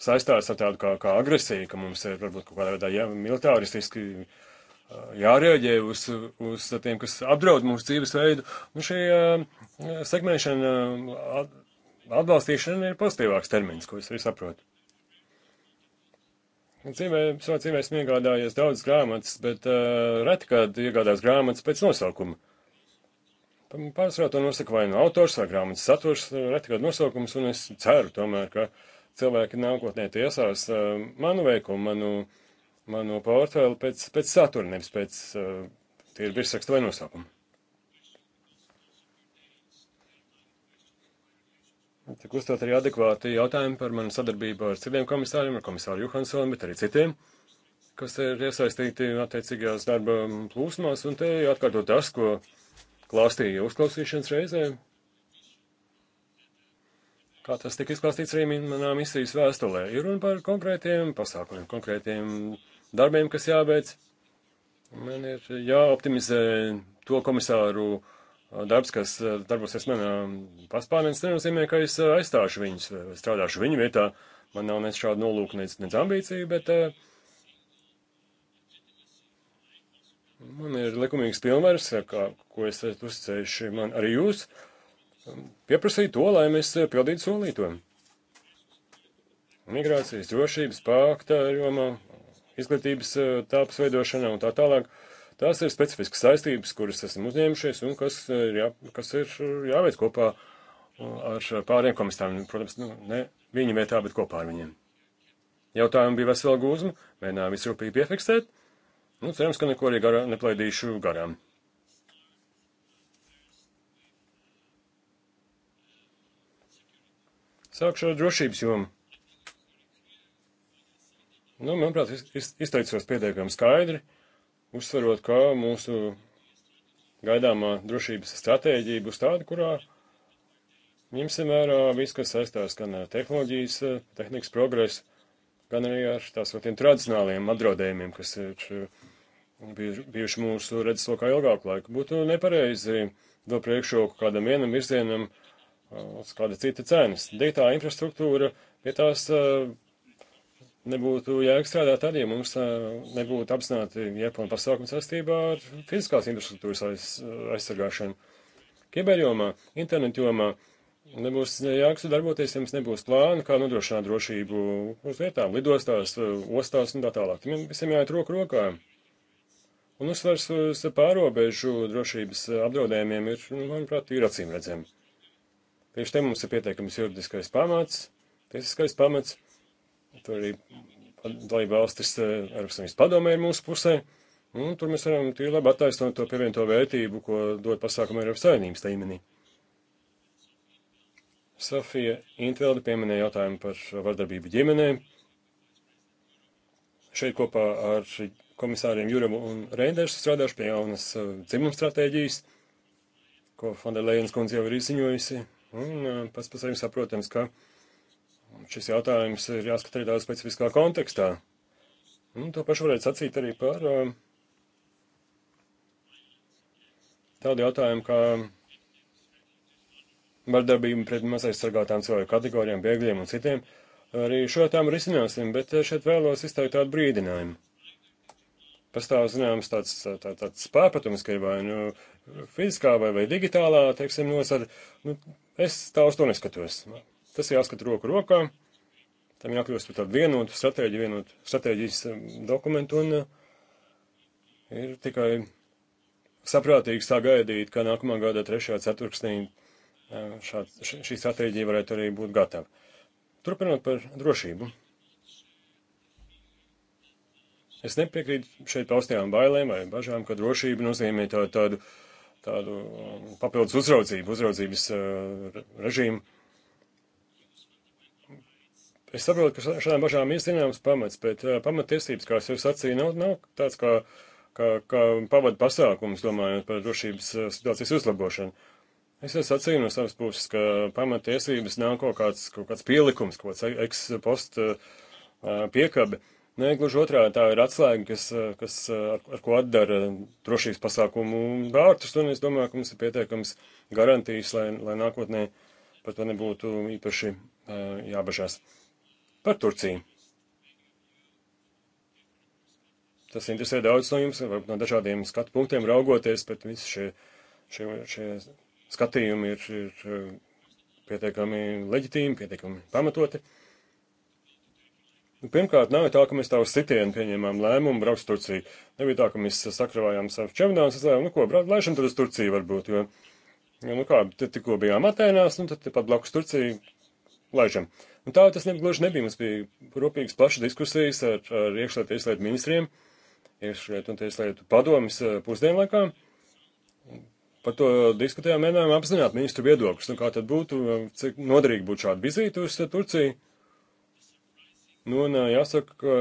saistās ar tādu kā, kā agresiju, ka mums ir varbūt kaut kādā veidā jā, militaristiski jārēģē uz, uz tiem, kas apdraud mūsu dzīvesveidu. Un šī segmentēšana atbalstīšana ir pozitīvāks termins, ko es arī saprotu. Dzīvē, savā dzīvē esmu iegādājies daudz grāmatas, bet uh, reti kād iegādās grāmatas pēc nosaukuma. Pārsvarā to nosaka vai nu no autors vai grāmatas saturs, reti kād nosaukums, un es ceru tomēr, ka cilvēki nākotnē tiesās uh, manu veikumu, manu, manu portfeli pēc, pēc satura, nevis pēc uh, eh, tīri virsrakstu vai nosaukumu. Tik uzdot arī adekvāti jautājumi par manu sadarbību ar citiem komisāriem, ar komisāru Johansonu, bet arī citiem, kas ir iesaistīti attiecīgajās darba plūsmās, un te atkārtot tas, ko klāstīja uzklausīšanas reizē. Kā tas tika izklāstīts arī manā misijas vēstulē, ir runa par konkrētiem pasākumiem, konkrētiem darbiem, kas jāveic. Man ir jāoptimizē to komisāru uh, darbs, kas eh, darbosies manā paspārnē, nenozīmē, ka es eh, aizstāšu viņus, strādāšu viņu vietā. Man nav nec šāda nolūka, nec, nec ambīcija, bet eh, man ir likumīgs pilnvars, kā, ko es uzticējuši man arī jūs, um, pieprasīt to, lai mēs pildītu solītojumu. Migrācijas drošības pakta jomā, izglītības tāpas veidošanā un tā tālāk. Uh, Tās ir specifiskas saistības, kuras esam uzņēmušies un kas e, ir, jā, kas ir jāveic kopā e, ar pāriem komisāriem. Protams, nu, ne viņa vietā, bet kopā ar viņiem. Jautājumi bija vesela gūzma, mēģināju visu rūpīgi piefiksēt. Nu, cerams, ka neko arī garā, neplaidīšu garām. Sākšu ar drošības jomu. Nu, manuprāt, izteicos pietiekami skaidri. Uh, uzsverot, ka mūsu gaidāmā drošības stratēģija būs tāda, kurā ņemsim vērā visu, kas saistās gan ar tehnoloģijas, tehnikas progresu, gan arī ar tās vēl tiem tradicionāliem apdraudējumiem, kas ir eh, bijuši mūsu redzeslokā ilgāku laiku. Būtu nepareizi dot priekšroku kādam vienam virzienam eh, uz kāda cita cenas. Digitālā infrastruktūra pie tās eh, nebūtu jāstrādā tad, ja mums nebūtu apzināti Japāna pasākumi saistībā ar fiziskās infrastruktūras aiz, aizsargāšanu. Kiberjomā, internetjomā nebūs jākstu darboties, ja mums nebūs plāna, kā nodrošināt drošību uz vietām, lidostās, ostās un tā tālāk. Tam visiem jāiet roku rokā. Un uzsvars uz pārobežu drošības apdraudējumiem ir, nu, manuprāt, ir acīm redzami. Tieši te mums ir pietiekams juridiskais pamats, tiesiskais pamats Tur arī dalība valstis eh, Eiropas Savienības padomē ir mūsu pusē. Un tur mēs varam tīri labi attaisnot to pievienoto vērtību, ko dod pasākumu Eiropas Savienības līmenī. Sofija Intvelda pieminēja jautājumu par vardarbību ģimenē. Šeit kopā ar komisāriem Jurevu un Reindersu strādāšu pie jaunas eh, dzimuma stratēģijas, ko Fonda Lejens kundze jau ir izziņojusi. Un eh, pats pēc saviem saprotams, ka šis jautājums ir jāskat arī daudz specifiskā kontekstā. Un to pašu varētu sacīt arī par uh, tādu jautājumu, kā vardarbība pret mazais sargātām cilvēku kategorijām, bēgļiem un citiem. Arī šo tām risināsim, bet uh, šeit vēlos izteikt tādu brīdinājumu. Pastāv, zināms, tāds, tā, tāds pārpratums, ka ir vai nu fiziskā vai, vai digitālā, teiksim, nosada. Nu, es tā uz to neskatos. Tas jāskat roku rokā. Tam jākļūst par tādu vienotu stratēģiju, vienotu stratēģijas um, dokumentu, un uh, ir tikai saprātīgi sagaidīt, ka nākamā gada trešajā ceturksnī uh, šā, šī stratēģija varētu arī būt gatava. Turpinot par drošību. Es nepiekrītu šeit paustajām bailēm vai bažām, ka drošība nozīmē tādu, tādu, tādu um, papildus uzraudzību, uzraudzības uh, režīmu. Es saprotu, ka šādām bažām ir zināms pamats, bet uh, pamatiesības, kā jau sacīju, nav, nav tāds kā, kā, kā pavada pasākums, domājot par drošības uh, situācijas uzlabošanu. Es jau sacīju no savas puses, ka pamatiesības nav kaut kāds, kaut kāds pielikums, kaut kāds ekspost uh, piekabi. Nē, gluži otrādi tā ir atslēga, kas, kas ar, ar ko atdara drošības pasākumu vārtus, un es domāju, ka mums ir pietiekams garantijas, lai, lai nākotnē par to nebūtu īpaši jābažās. Par Turciju. Tas interesē daudz no jums, varbūt no dažādiem skatu punktiem raugoties, bet visi šie, šie, šie skatījumi ir, ir eh, pietiekami leģitīmi, pietiekami pamatoti. Nu, pirmkārt, nav tā, ka mēs tā uz sitienu pieņēmām lēmumu braukt uz Turciju. Nebija tā, ka mēs sakravājām savus čemodānus, aizlēmām, nu ko, brauc, laišam tad uz Turciju varbūt, jo, jo nu kā, te tikko bijām Atēnās, nu tad tepat blakus Turciju laišam. Uh, Un tā tas ne, gluži nebija. Mums bija rūpīgas plašas diskusijas ar, ar iekšlietu tieslietu ministriem, iekšlietu un tieslietu padomis eh, pusdienlaikā. Par to diskutējām, mēģinājām apzināt ministru viedokļus. Nu, kā tad būtu, eh, cik noderīgi būtu šāda vizīte uz eh, Turciju? Nu, un jāsaka, ka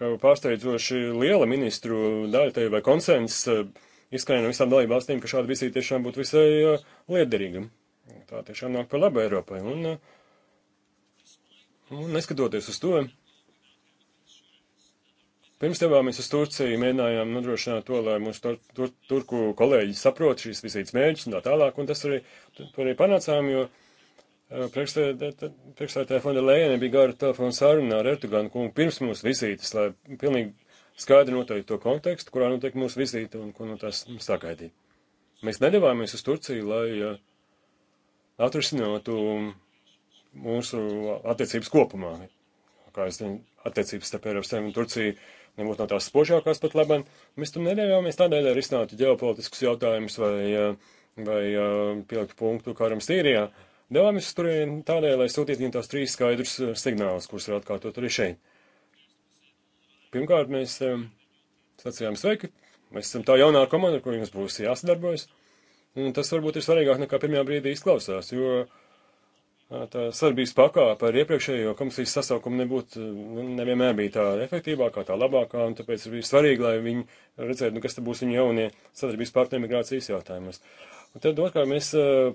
ka pārsteidzoši liela ministru daļa tevi vai konsens izskanēja no visām dalību valstīm, ka šāda visī tiešām būtu visai liederīga. Tā tiešām nāk par labu Eiropai. Un Un nu, neskatoties uz to, pirms devāmies uz Turciju, mēģinājām nodrošināt to, lai mūsu tur, tur, turku kolēģi saprot šīs vizītes mērķus un tā tālāk, un tas arī, to arī panācām, jo eh, priekšstādātāja Fonda Lējana bija gara telefona saruna ar Ertuganu kungu pirms mūsu vizītes, lai pilnīgi skaidri noteikti to kontekstu, kurā notiek mūsu vizīte un ko no tās sagaidīt. Mēs nedavāmies uz Turciju, lai uh, atrisinātu mūsu attiecības kopumā. Kā es zinu, attiecības starp Eiropas Savienību un Turciju nebūtu no tās spožākās pat labam. Mēs tam nedēļāmies tādēļ, lai risinātu ģeopolitiskus jautājumus vai, eh, vai eh, pieliktu punktu karam Sīrijā. Devāmies tur tādēļ, lai sūtītu viņiem tās trīs skaidrus eh, signālus, kurus var atkārtot arī šeit. Pirmkārt, mēs sacījām sveiki, mēs esam tā jaunā komanda, ar kur jums būs jāsadarbojas. Un tas varbūt ir svarīgāk nekā pirmajā brīdī izklausās, jo uh, tā sadarbības pakāpe ar iepriekšējo komisijas sasaukumu nebūtu, nu, nevienmēr bija tā efektīvākā, tā labākā, un tāpēc ir svarīgi, lai viņi redzētu, nu, kas te būs viņu jaunie sadarbības partneri migrācijas jautājumus. Un tad otrkārt mēs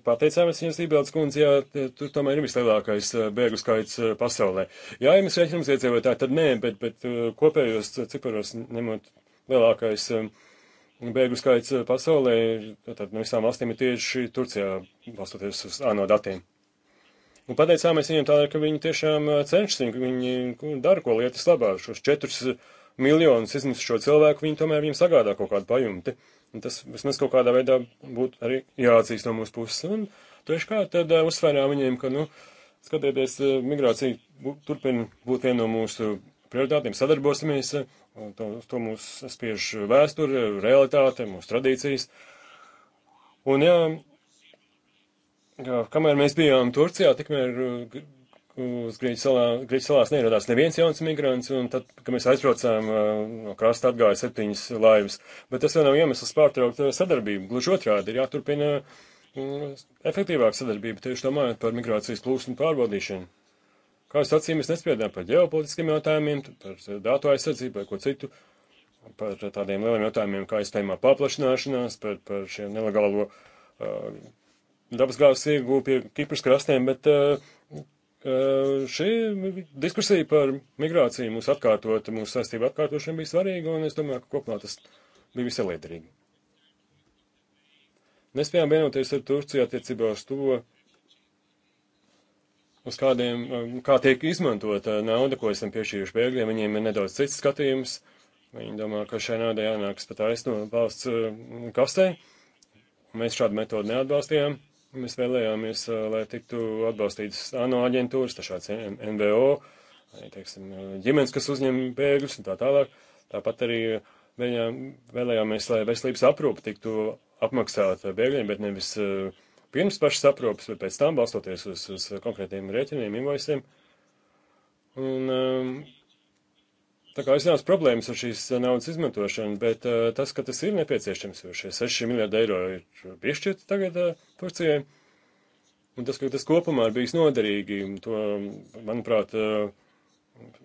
pateicāmies viņas Lībeldes kundze, jā, tur tomēr ir vislielākais bēgu skaits pasaulē. Jā, ja mēs rēķinām iedzīvotāji, tad nē, bet, bet kopējos ciparos ņemot lielākais bēgu skaits pasaulē, tad no visām valstīm ir tieši Turcijā, balstoties uz ANO datiem. Un pateicāmies viņiem tādēļ, ka viņi tiešām eh, cenšas, viņi, viņi nu, dara ko lietas labā. Šos četrus miljonus izmisušo cilvēku viņi tomēr viņiem sagādā kaut kādu pajumti. Un tas vismaz kaut kādā veidā būtu arī jāatzīst no mūsu puses. Un tieši kā tad eh, uzsvērām viņiem, ka, nu, skatieties, eh, migrācija turpina būt viena no mūsu prioritātiem, sadarbosimies, to, to mūs spiež vēsture, realitāte, mūsu tradīcijas. Un jā, Jā, kamēr mēs bijām Turcijā, tikmēr uh, uz Grieķu salā, Grieķu salās neieradās neviens jauns migrants, un tad, kad mēs aizbraucām uh, no krasta, atgāja septiņas laivas. Bet tas vēl nav iemesls pārtraukt uh, sadarbību. Gluži otrādi ir jāturpina efektīvāk sadarbība, tieši domājot par migrācijas plūsmu pārbaudīšanu. Kā es sacīju, mēs nespiedām par ģeopolitiskiem jautājumiem, par datu aizsardzību vai ko citu, par tādiem lieliem jautājumiem, kā izpējamā paplašināšanās, par, par šiem nelegālo uh, dabasgāzes ieguvu pie Kipras krastiem, bet eh, eh, šī diskusija par migrāciju mūsu atkārtot, mūsu saistību atkārtošana bija svarīga, un es domāju, ka kopumā tas bija visai liederīgi. Nespējām vienoties ar Turciju attiecībā uz to, uz kādiem, eh, kā tiek izmantota nauda, ko esam piešķīruši bēgļiem, viņiem ir nedaudz cits skatījums. Viņi domā, ka šai naudai jānāks pat aizno valsts kastē. Mēs šādu metodu neatbalstījām. Mēs vēlējāmies, lai tiktu atbalstītas ANO aģentūras, tašāds NVO, arī, teiksim, ģimenes, kas uzņem bēgļus un tā tālāk. Tāpat arī vēlējāmies, lai veselības aprūpe tiktu apmaksāta bēgļiem, bet nevis pirms pašas aprūpes, bet pēc tam balstoties uz, uz konkrētiem rēķiniem, invoisiem. Un Tā kā es neesmu problēmas ar šīs eh, naudas izmantošanu, bet uh, tas, ka tas ir nepieciešams, jo šie 6 miljardi eiro ir piešķirti tagad uh, Turcijai, un tas, ka tas kopumā ir bijis noderīgi, to, manuprāt, uh,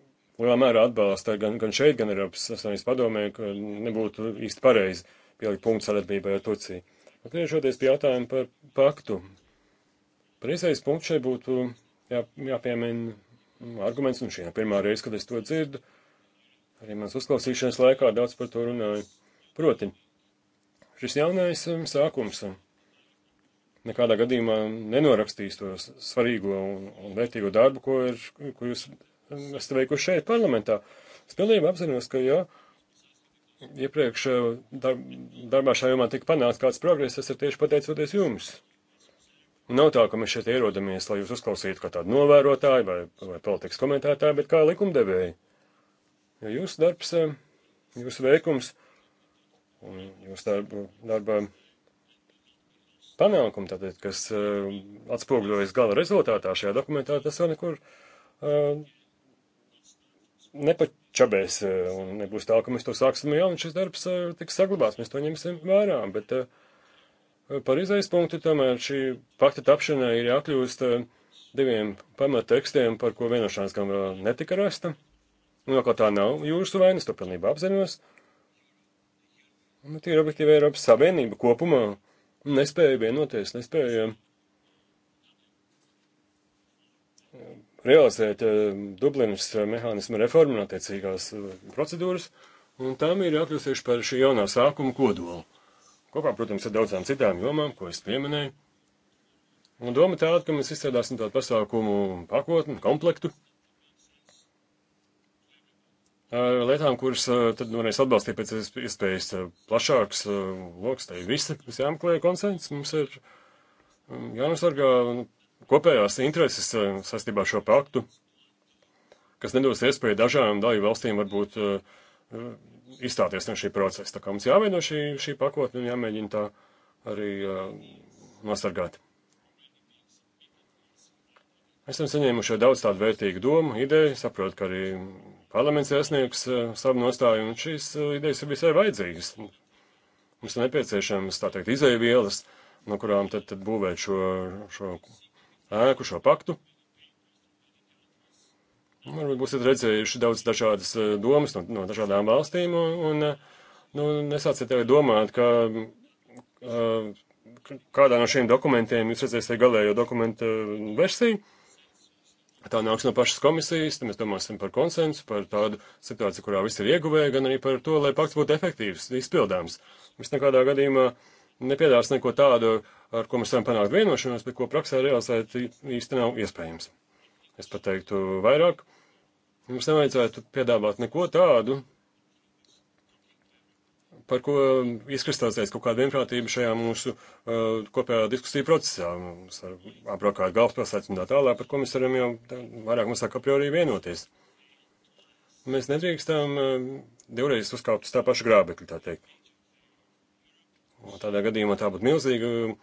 lielā mērā atbalsta gan, gan šeit, gan Eiropas Savienības padomē, ka nebūtu īsti pareizi pielikt punktu sadarbībai ar Turciju. Un griežoties pie jautājuma par paktu, pareizais punkts šeit būtu jā, jāpiemina arguments, un šī ir pirmā reize, kad es to dzirdu. Uh, Arī mans uzklausīšanas laikā daudz par to runāju. Proti, šis jaunais um, sākums um, nekādā gadījumā nenorakstīs to svarīgo un, un vērtīgo darbu, ko, ir, ko jūs um, esat veikuši šeit parlamentā. Es pilnībā apzinos, ka, ja iepriekš uh, darb, darbā šajā jomā tika panākts kāds progress, tas ir tieši pateicoties jums. Nav tā, ka mēs šeit ierodamies, lai jūs uzklausītu kā tādu novērotāju vai, vai politikas komentētāju, bet kā likumdevēju. Jo jūsu darbs, eh, jūsu veikums un jūsu darba, darba panākumi, tātad, kas eh, atspoguļojas gala rezultātā šajā dokumentā, tas vēl nekur uh, nepačabēs un nebūs tā, ka mēs to sāksim jau, un šis darbs uh, tiks saglabāts, mēs to ņemsim vērā, bet uh, par izējas punktu tomēr šī pakta tapšanai ir jākļūst diviem pamattekstiem, par ko vienošanās gan vēl netika rasta. Un nu, vēl kaut tā nav jūsu vainas, to pilnībā apzinos. Bet nu, ir objektīva Eiropas Savienība kopumā nespēja vienoties, nespēja eh, realizēt eh, Dublinas eh, mehānismu reformu un attiecīgās procedūras, un tam ir jākļūstieši par šī jaunā sākuma kodolu. Kopā, protams, ar daudzām citām jomām, ko es pieminēju. Un doma tāda, ka mēs izstrādāsim tādu pasākumu pakotni, komplektu, lietām, kuras tad nu, varēs atbalstīt pēc iespējas plašāks lokus. Tā ir visi, mums jāmeklē konsens, mums ir jānosargā nu, kopējās intereses saistībā ar šo paktu, kas nedos iespēju dažām dalību valstīm varbūt izstāties no šī procesa. Tā kā mums jāveido šī, šī pakotne un jāmēģina tā arī nosargāt. Esam saņēmuši daudz tādu vērtīgu domu, ideju, saprotu, ka arī Parlaments iesniegs eh, savu nostāju, un šīs eh, idejas ir visai vajadzīgas. Mums ir nepieciešams, tā teikt, izēvielas, no kurām tad, tad būvēt šo, šo ēku, šo paktu. Nu, varbūt būsiet redzējuši daudz dažādas eh, domas no, no dažādām valstīm, un, un nu, nesāciet jau domāt, ka uh, kādā no šiem dokumentiem jūs redzēsiet galējo dokumentu versiju tā nāks no pašas komisijas, tad mēs domāsim par konsensu, par tādu situāciju, kurā visi ir ieguvēji, gan arī par to, lai pakts būtu efektīvs, izpildāms. Mēs nekādā gadījumā nepiedāvās neko tādu, ar ko mēs varam panākt vienošanos, bet ko praksē realizēt īsti nav iespējams. Es pateiktu vairāk, mums nevajadzētu piedāvāt neko tādu, par ko izkristalizēs kaut kāda vienprātība šajā mūsu uh, kopējā diskusiju procesā. Mums ar apbraukāt galvaspilsētas un tā tālāk, par ko mēs varam jau tā, vairāk mums sāk apriorī vienoties. Mēs nedrīkstam uh, divreiz uzkāpt uz tā paša grābekļa, tā teikt. Un tādā gadījumā tā būtu milzīga uh,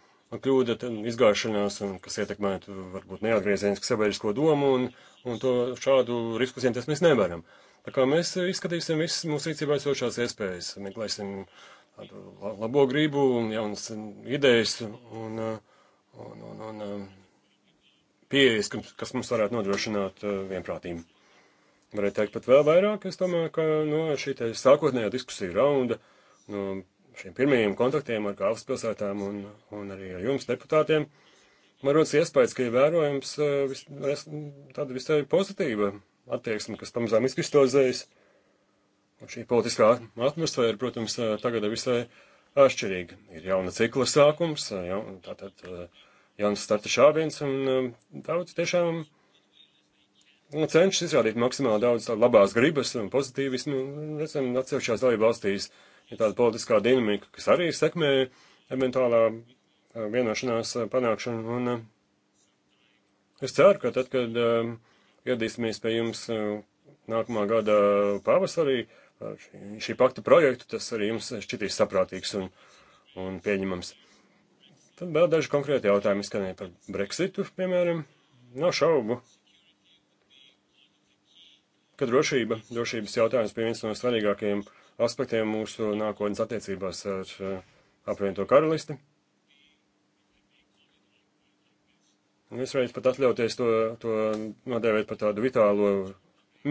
kļūda, izgāšanās, un kas ietekmētu varbūt neatgriezienisku sabiedrisko domu, un, un to šādu risku uzņemties mēs nevaram. Uh, Tā kā mēs izskatīsim visas mūsu rīcībā esošās iespējas, meklēsim labo gribu un jaunas idejas un, un, un, un um, pieejas, kas mums varētu nodrošināt uh, vienprātību. Varētu teikt pat vēl vairāk, es domāju, ka no nu, šī te sākotnējā diskusija raunda, no nu, šiem pirmajiem kontaktiem ar galvaspilsētām un, un arī ar jums deputātiem, man rodas iespējas, ka ievērojams uh, vis, tāda visai pozitīva attieksme, kas pamazām izkristalizējas. Un šī politiskā atmosfēra, protams, eh, tagad ir visai atšķirīga. Ir jauna cikla sākums, eh, ja, tātad eh, jauns starta šāviens, un daudz tiešām nu, cenšas izrādīt maksimāli daudz labās gribas un pozitīvismu. Redzam, atsevišķās dalība valstīs ir tāda politiskā dinamika, kas arī sekmē eventuālā vienošanās panākšanu. Un es ceru, ka tad, kad iedīsimies pie jums e, nākamā gada pavasarī šī, šī pakta projektu, tas arī jums šķitīs saprātīgs un, un pieņemams. Tad vēl daži konkrēti jautājumi skanēja par Brexitu, piemēram. Nav šaubu, ka drošība, drošības jautājums bija viens no svarīgākajiem aspektiem mūsu nākotnes attiecībās ar e, apvienoto karalisti. Un es varētu pat atļauties to, to nodēvēt par tādu vitālo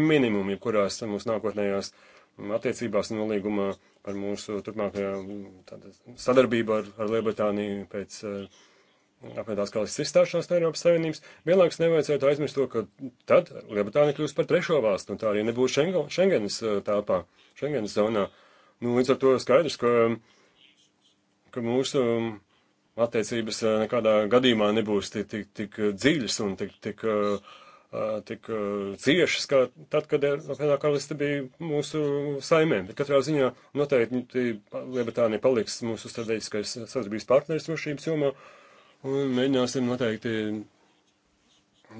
minimumu, jebkurās mūsu nākotnējās attiecībās un nolīgumā par mūsu turpmākajā sadarbību ar, ar Lielbritāniju pēc uh, eh, apvienotās karalistes izstāšanās no Eiropas Savienības. Vienlaikus nevajadzētu aizmirst to, ka tad Lielbritānija kļūs par trešo valstu, un tā arī nebūs Schengenas šengen, eh, telpā, Schengenas zonā. Nu, līdz ar to skaidrs, ka, ka mūsu attiecības eh, nekādā gadījumā nebūs tik, tik, tik dziļas un tik, tik, eh, eh, tik ciešas, kā tad, kad apvienotā karaliste bija mūsu saimē. Bet katrā ziņā noteikti Lielbritānija paliks mūsu strateģiskais sadarbības partneris drošības jomā un mēģināsim noteikti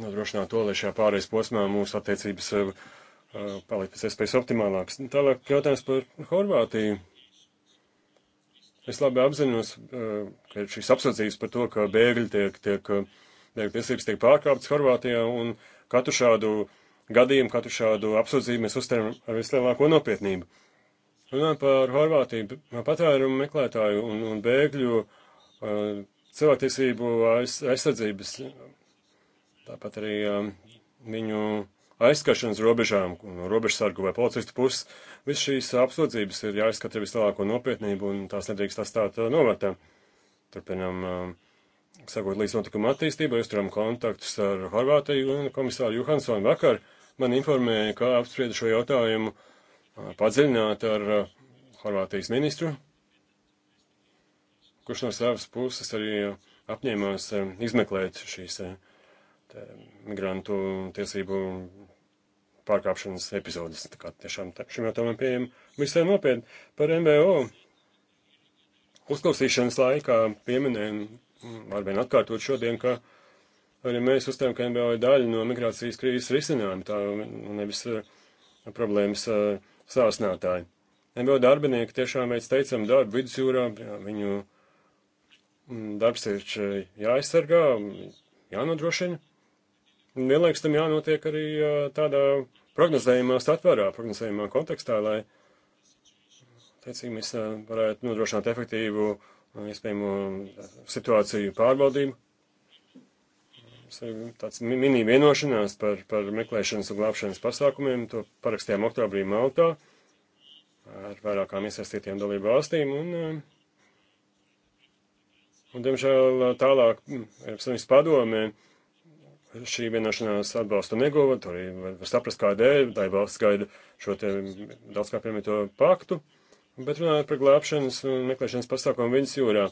nodrošināt to, lai šajā pārējais posmā mūsu attiecības palikt pēc iespējas optimālākas. Tālāk jautājums par Horvātiju. Es labi apzinos, eh, ka ir šīs apsūdzības par to, ka bēgļi tiek, tiek, eh, bēgļu tiesības tiek pārkāptas Horvātijā, un katru šādu gadījumu, katru šādu apsūdzību mēs uztveram ar vislielāko nopietnību. Runājot par Horvātiju, patvērumu meklētāju un, un bēgļu eh, cilvēktiesību aiz, aizsardzības, tāpat arī viņu aizskaršanas robežām, no robežsargu vai policistu puses, visas šīs apsūdzības ir jāizskata vislielāko nopietnību un tās nedrīkst atstāt uh, novērtā. Turpinam uh, sakot līdz notikuma attīstībai, uzturam kontaktus ar Horvātiju un komisāru Johansonu vakar. Man informēja, kā apsprieda šo jautājumu uh, padziļināt ar Horvātijas ministru, kurš no savas puses arī apņēmās izmeklēt šīs uh, migrantu tiesību pārkāpšanas epizodes. Tā kā tiešām šim jautājumam pieejam visai nopietni. Par MBO uzklausīšanas laikā pieminējam mm, arvien atkārtot šodien, ka arī mēs uzstājam, ka MBO ir daļa no migrācijas krīzes risinājuma, tā nevis eh, problēmas eh, sāsnātāji. MBO darbinieki tiešām veic teicam darbu vidusjūrā, jā, viņu mm, darbs ir eh, jāaizsargā, jānodrošina. Un vienlaikus tam jānotiek arī tādā prognozējumā satvarā, prognozējumā kontekstā, lai, teicīgi, mēs varētu nodrošināt efektīvu, iespējamo situāciju pārbaudību. Mums ir tāds mini vienošanās par, par meklēšanas un glābšanas pasākumiem. To parakstījām oktobrī Maltā ar vairākām iesaistītiem dalību valstīm. Un, un, diemžēl, tālāk Eiropas Savienības padomē šī vienošanās atbalsta neguva, tur arī var saprast, kādēļ, tā ir valsts gaida šo te daudzkā piemīto paktu, bet runājot par glābšanas un meklēšanas pasākumu viņas jūrā.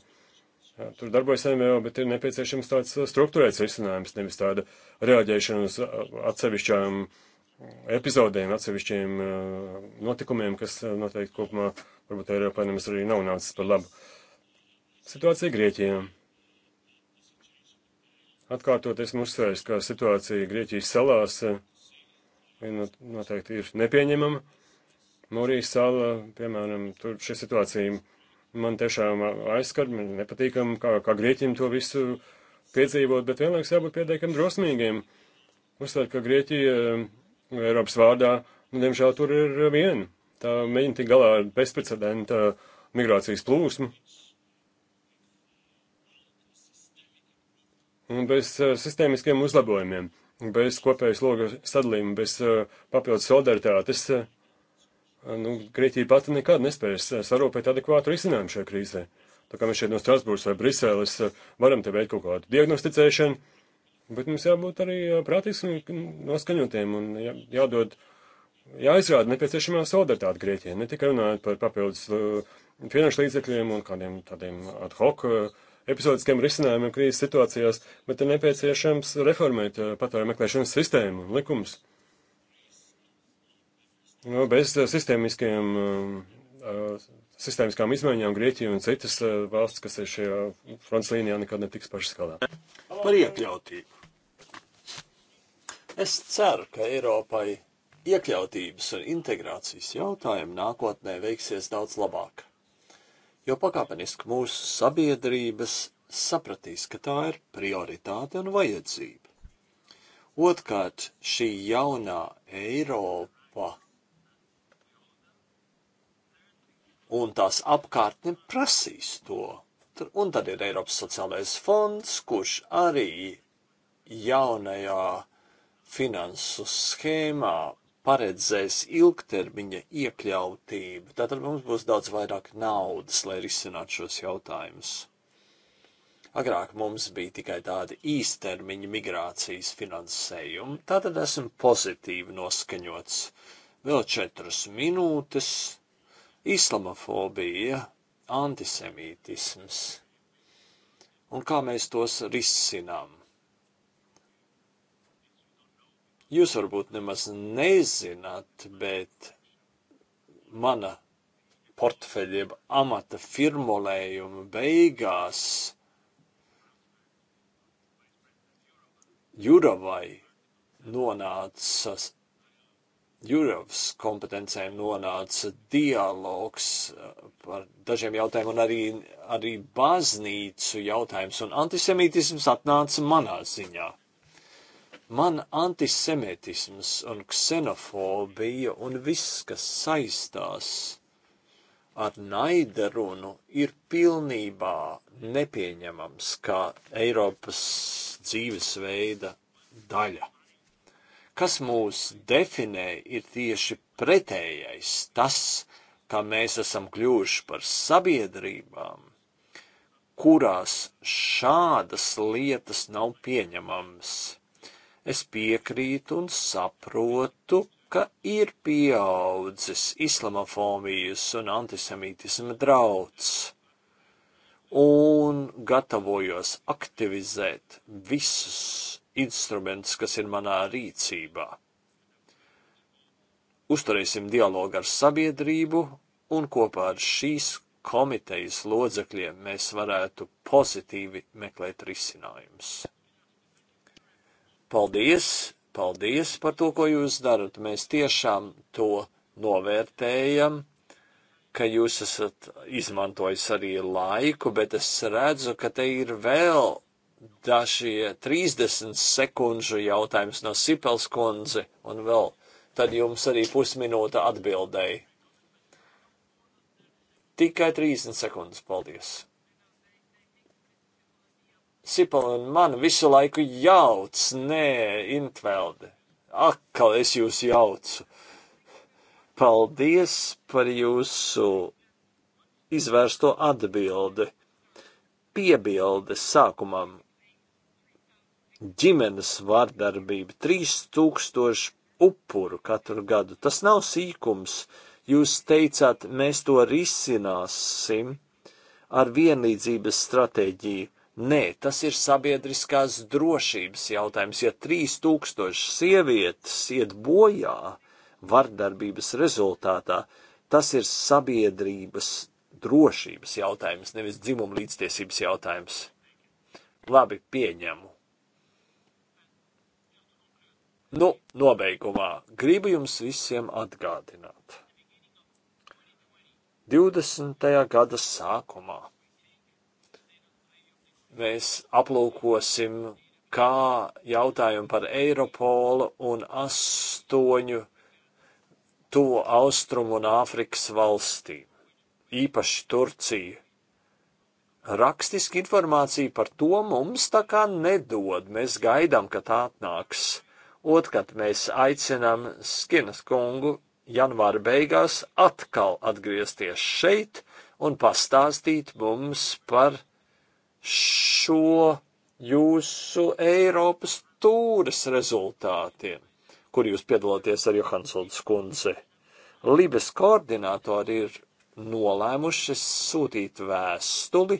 Tur darbojas NVO, bet ir nepieciešams tāds struktūrēts risinājums, nevis tāda reaģēšana uz atsevišķām epizodēm, atsevišķiem notikumiem, kas noteikti kopumā varbūt Eiropā nemaz arī nav nācis par labu. Situācija Grieķijā atkārtot, esmu uzsvērts, ka situācija Grieķijas salās eh, noteikti ir nepieņemama. Morijas sala, piemēram, tur šī situācija man tiešām aizskar, man nepatīkam, kā, kā Grieķim to visu piedzīvot, bet vienlaiks jābūt pietiekam drosmīgiem. Uzsver, ka Grieķija eh, Eiropas vārdā, nu, diemžēl tur ir viena. Tā mēģina tik galā ar bezprecedenta migrācijas plūsmu. bez uh, sistēmiskiem uzlabojumiem, bez kopējas logas sadalījuma, bez uh, papildus solidaritātes, uh, nu, Grieķija pati nekad nespēs sarūpēt adekvātu risinājumu šajā krīzē. Tā kā mēs šeit no Strasbūras vai Briseles varam te veikt kaut kādu diagnosticēšanu, bet mums jābūt arī prātīgiem noskaņotiem un jā, jādod, jāizrāda nepieciešamā solidaritāte Grieķijai, ne tikai runājot par papildus finanšu līdzekļiem un kādiem tādiem ad hoc uh, episodiskiem risinājumiem krīzes situācijās, bet ir nepieciešams reformēt eh, patvēru meklēšanas sistēmu un likumus. No, nu, bez eh, sistēmiskiem, eh, sistēmiskām izmaiņām Grieķija un citas valsts, kas ir šajā fronts līnijā, nekad netiks pašas skalā. Par iekļautību. Es ceru, ka Eiropai iekļautības un integrācijas jautājumi nākotnē veiksies daudz labāk jo pakāpeniski mūsu sabiedrības sapratīs, ka tā ir prioritāte un vajadzība. Otkārt, šī jaunā Eiropa un tās apkārtne prasīs to. Un tad ir Eiropas sociālais fonds, kurš arī jaunajā finansu schēmā paredzēs ilgtermiņa iekļautību. Tātad mums būs daudz vairāk naudas, lai risinātu šos jautājumus. Agrāk mums bija tikai tādi īstermiņa migrācijas finansējumi, tātad esmu pozitīvi noskaņots. Vēl četras minūtes - islamofobija, antisemītisms un kā mēs tos risinām. Jūs varbūt nemaz nezināt, bet mana portfeļa jeb amata firmolējuma beigās Juravai nonāca, Juravs kompetencē nonāca dialogs uh, par dažiem jautājumiem, un arī, arī baznīcu jautājums, un antisemītisms atnāca manā ziņā. Man antisemitisms un ksenofobija un viss, kas saistās ar naida runu, ir pilnībā nepieņemams kā Eiropas dzīvesveida daļa. Kas mūs definē, ir tieši pretējais tas, kā mēs esam kļuvuši par sabiedrībām, kurās šādas lietas nav pieņemamas. Es piekrītu un saprotu, ka ir pieaudzis islamofobijas un antisemītisma drauds un gatavojos aktivizēt visus instrumentus, kas ir manā rīcībā. Uzturēsim dialogu ar sabiedrību un kopā ar šīs komitejas lodzekļiem mēs varētu pozitīvi meklēt risinājumus. Paldies! Paldies par to, ko jūs darat. Mēs tiešām to novērtējam, ka jūs esat izmantojis arī laiku, bet es redzu, ka te ir vēl dažie 30 sekundžu jautājums no Sipels kundze un vēl tad jums arī pusminūte atbildēji. Tikai 30 sekundes, paldies! Sipala un man visu laiku jauc, nē, Intvelde, atkal es jūs jaucu. Paldies par jūsu izvērsto atbildi. Piebilde sākumam. Ģimenes vardarbība, 3000 upuru katru gadu, tas nav sīkums. Jūs teicāt, mēs to risināsim ar vienlīdzības stratēģiju Nē, tas ir sabiedriskās drošības jautājums. Ja 3000 sievietes iet bojā vardarbības rezultātā, tas ir sabiedrības drošības jautājums, nevis dzimuma līdztiesības jautājums. Labi, pieņemu. Nu, nobeigumā gribu jums visiem atgādināt. 20. gada sākumā mēs aplūkosim, kā jautājumu par Eiropolu un astoņu tuvo austrumu un Āfrikas valstīm, īpaši Turciju. Rakstiski informācija par to mums tā kā nedod, mēs gaidām, kad tā atnāks. Otkārt mēs aicinām Skinas kungu janvāra beigās atkal atgriezties šeit un pastāstīt mums par šo jūsu Eiropas tūres rezultātiem, kur jūs piedalāties ar Johansons kundzi. Libes koordinātori ir nolēmuši sūtīt vēstuli,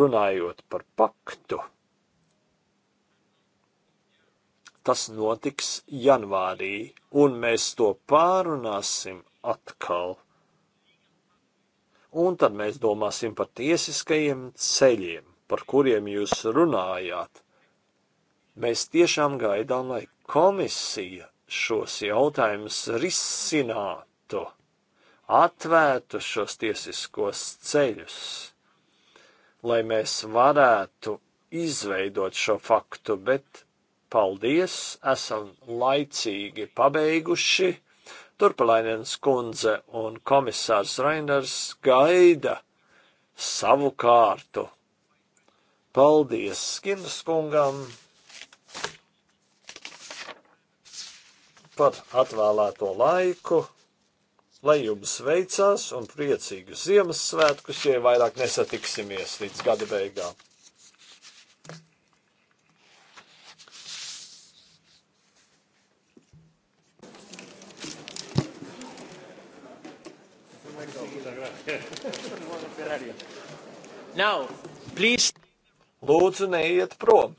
runājot par paktu. Tas notiks janvārī, un mēs to pārunāsim atkal. Un tad mēs domāsim par tiesiskajiem ceļiem par kuriem jūs runājāt, mēs tiešām gaidām, lai komisija šos jautājumus risinātu, atvērtu šos tiesiskos ceļus, lai mēs varētu izveidot šo faktu, bet paldies, esam laicīgi pabeiguši. Turpalainens kundze un komisārs Rainers gaida savu kārtu Paldies Skinas kungam par atvēlēto laiku. Lai jums veicās un priecīgu Ziemassvētkus, ja vairāk nesatiksimies līdz gada beigām. Now, please. Lūdzu, neiet prom!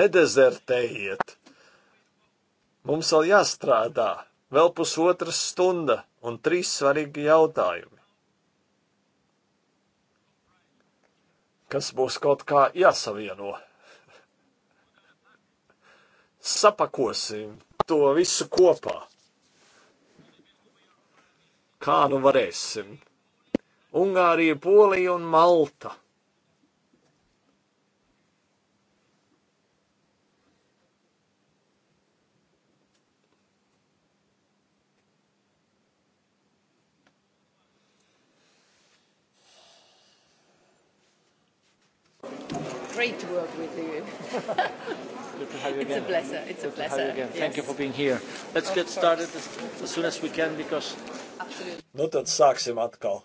Nedezertējiet! Mums vēl jāstrādā, vēl pusotras stunda un trīs svarīgi jautājumi. Kas būs kaut kā jāsavieno? Sapakosim to visu kopā. Kā nu varēsim? Ungārija, Polija un Malta. great to work with you. Good to have you it's again. It's a pleasure. It's Good a pleasure. To have you again. Yes. Thank you for being here. Let's get started as, as soon as we can because. Absolutely. Nu tad sāksim atkal.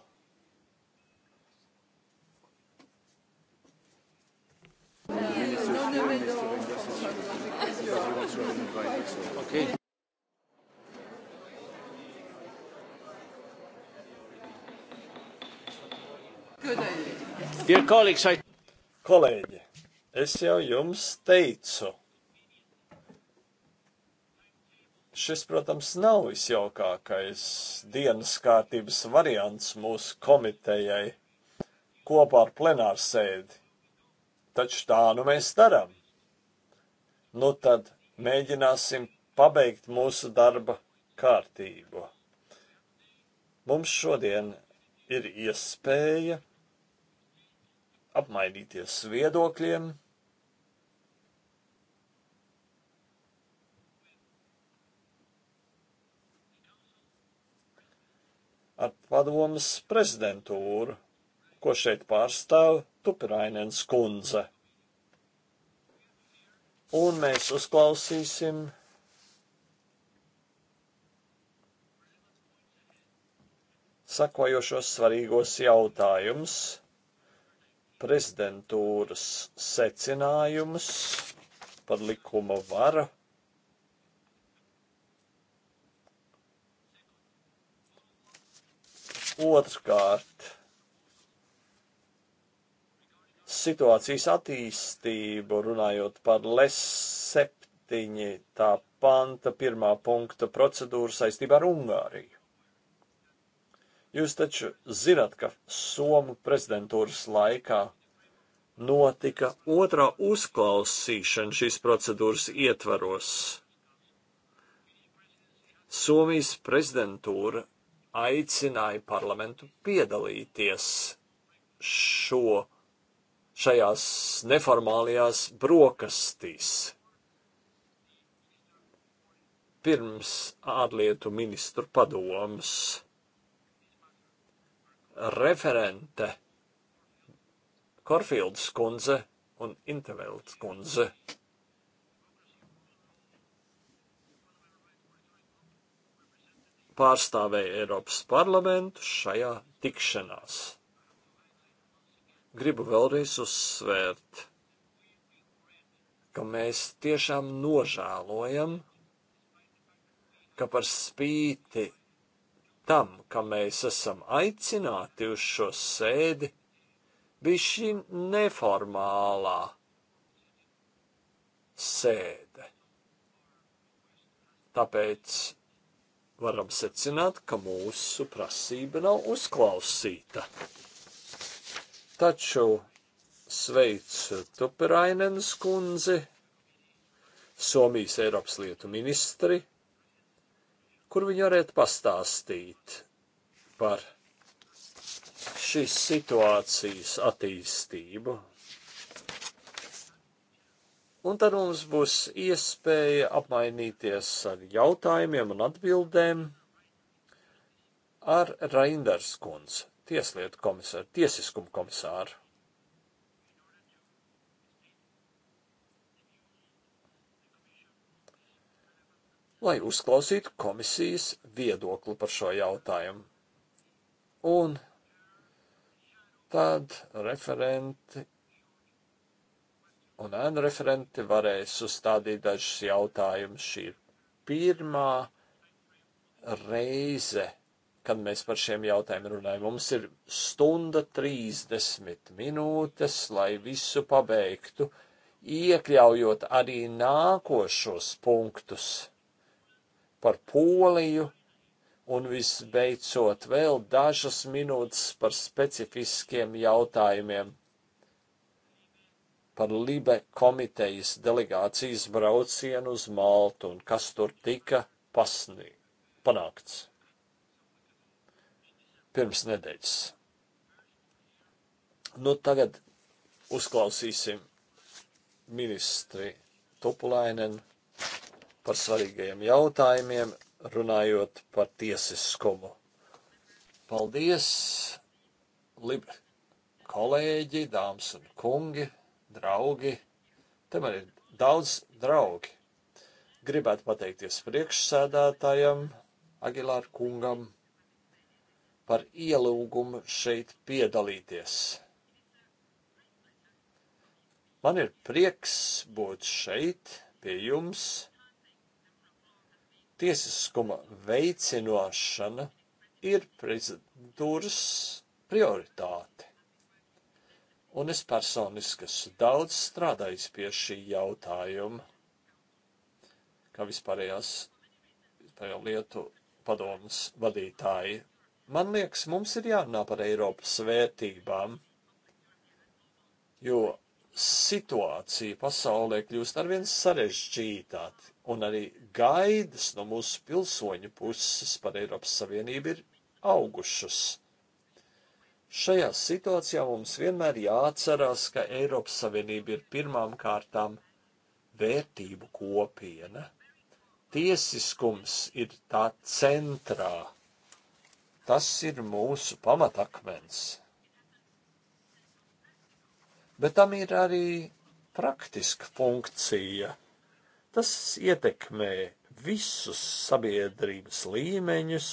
Okay. Dear colleagues, I Kolēģi, es jau jums teicu, šis, protams, nav visjaukākais dienas kārtības variants mūsu komitejai kopā ar plenārsēdi, taču tā nu mēs darām. Nu tad mēģināsim pabeigt mūsu darba kārtību. Mums šodien ir iespēja apmainīties viedokļiem. ar padomas prezidentūru, ko šeit pārstāv Tupirainens kundze. Un mēs uzklausīsim sakojošos svarīgos jautājumus prezidentūras secinājumus par likuma varu. Otrkārt, situācijas attīstību runājot par LES 7, tā panta pirmā punkta procedūru saistībā ar Ungāriju. Jūs taču zinat, ka Somu prezidentūras laikā notika otrā uzklausīšana šīs procedūras ietvaros. Somijas prezidentūra aicināja parlamentu piedalīties šo, šajās neformālajās brokastīs. Pirms ārlietu ministru padomas referente Korfields kundze un Intervelds kundze. Pārstāvēja Eiropas parlamentu šajā tikšanās. Gribu vēlreiz uzsvērt, ka mēs tiešām nožēlojam, ka par spīti tam, ka mēs esam aicināti uz šo sēdi, bija šī neformālā sēde. Tāpēc varam secināt, ka mūsu prasība nav uzklausīta. Taču sveicu Tuperainens kundzi, Somijas Eiropas lietu ministri, kur viņi varētu pastāstīt par šīs situācijas attīstību. Un tad mums būs iespēja apmainīties ar jautājumiem un atbildēm ar Reinders kundz, tieslietu komisāru, tiesiskumu komisāru. lai uzklausītu komisijas viedokli par šo jautājumu. Un tad referenti un ēnu referenti varēs uzstādīt dažus jautājumus. Šī ir pirmā reize, kad mēs par šiem jautājumiem runājam. Mums ir stunda 30 minūtes, lai visu pabeigtu, iekļaujot arī nākošos punktus par Poliju un visbeidzot vēl dažas minūtes par specifiskiem jautājumiem. Par Libe komitejas delegācijas braucienu uz Maltu un kas tur tika pasnī, panākts pirms nedēļas. Nu, tagad uzklausīsim ministri Tupulainen par svarīgajiem jautājumiem, runājot par tiesiskumu. Paldies, lib kolēģi, dāmas un kungi, draugi. Te man ir daudz draugi. Gribētu pateikties priekšsēdētājam, Agilāru kungam, par ielūgumu šeit piedalīties. Man ir prieks būt šeit pie jums tiesiskuma veicinošana ir prezidentūras prioritāte. Un es personiski esmu daudz strādājis pie šī jautājuma, kā vispārējās tajā lietu padomas vadītāji. Man liekas, mums ir jārunā par Eiropas vērtībām, jo situācija pasaulē kļūst arvien sarežģītāk un arī gaidas no mūsu pilsoņu puses par Eiropas Savienību ir augušas. Šajā situācijā mums vienmēr jāatcerās, ka Eiropas Savienība ir pirmām kārtām vērtību kopiena. Tiesiskums ir tā centrā. Tas ir mūsu pamatakmens. Bet tam ir arī praktiska funkcija Tas ietekmē visus sabiedrības līmeņus,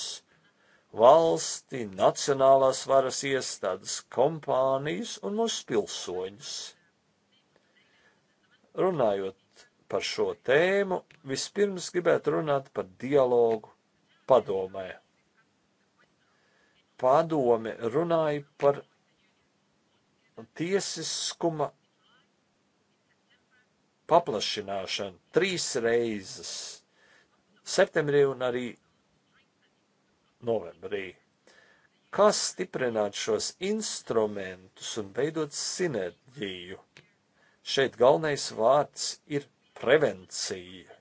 valsti, nacionālās varas iestādes, kompānijas un mūsu pilsoņus. Runājot par šo tēmu, vispirms gribētu runāt par dialogu padomē. Padome runāja par tiesiskuma paplašināšanu trīs reizes septembrī un arī novembrī. Kā stiprināt šos instrumentus un veidot sinerģiju? Šeit galvenais vārds ir prevencija.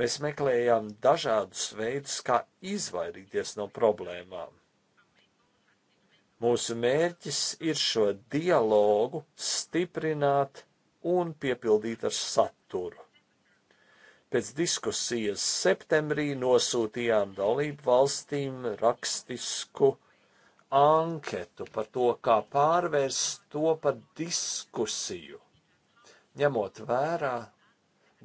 Mēs meklējām dažādus veidus, kā izvairīties no problēmām. Mūsu mērķis ir šo dialogu stiprināt un piepildīt ar saturu. Pēc diskusijas septembrī nosūtījām dalību valstīm rakstisku anketu par to, kā pārvērst to par diskusiju, ņemot vērā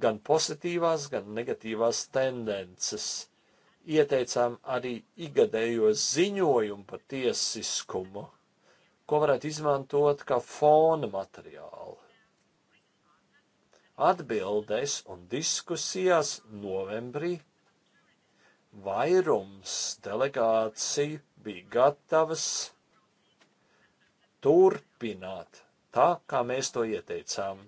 gan pozitīvās, gan negatīvās tendences. Ieteicām arī igadējo ziņojumu par tiesiskumu, ko varētu izmantot kā fona materiālu. Atbildēs un diskusijās novembrī vairums delegāciju bija gatavas turpināt tā, kā mēs to ieteicām.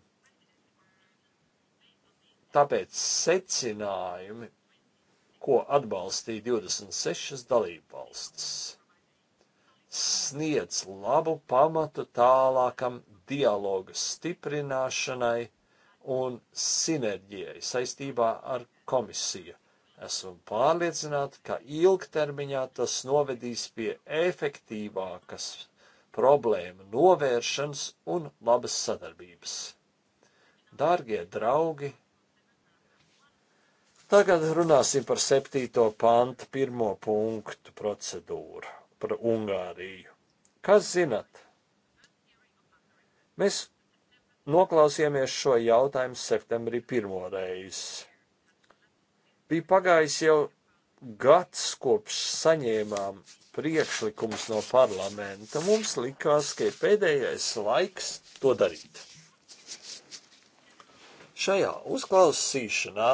Tāpēc secinājumi, ko atbalstīja 26 dalībvalsts, sniedz labu pamatu tālākam dialogu stiprināšanai un sinerģijai saistībā ar komisiju. Esmu pārliecināta, ka ilgtermiņā tas novedīs pie efektīvākas problēmu novēršanas un labas sadarbības. Dārgie draugi, tagad runāsim par 7. pantu, 1. punktu procedūru par Ungāriju. Kas zinat? Mēs Noklausījāmies šo jautājumu septembrī pirmoreiz. Bija pagājis jau gads, kopš saņēmām priekšlikumus no parlamenta. Mums likās, ka ir pēdējais laiks to darīt. Šajā uzklausīšanā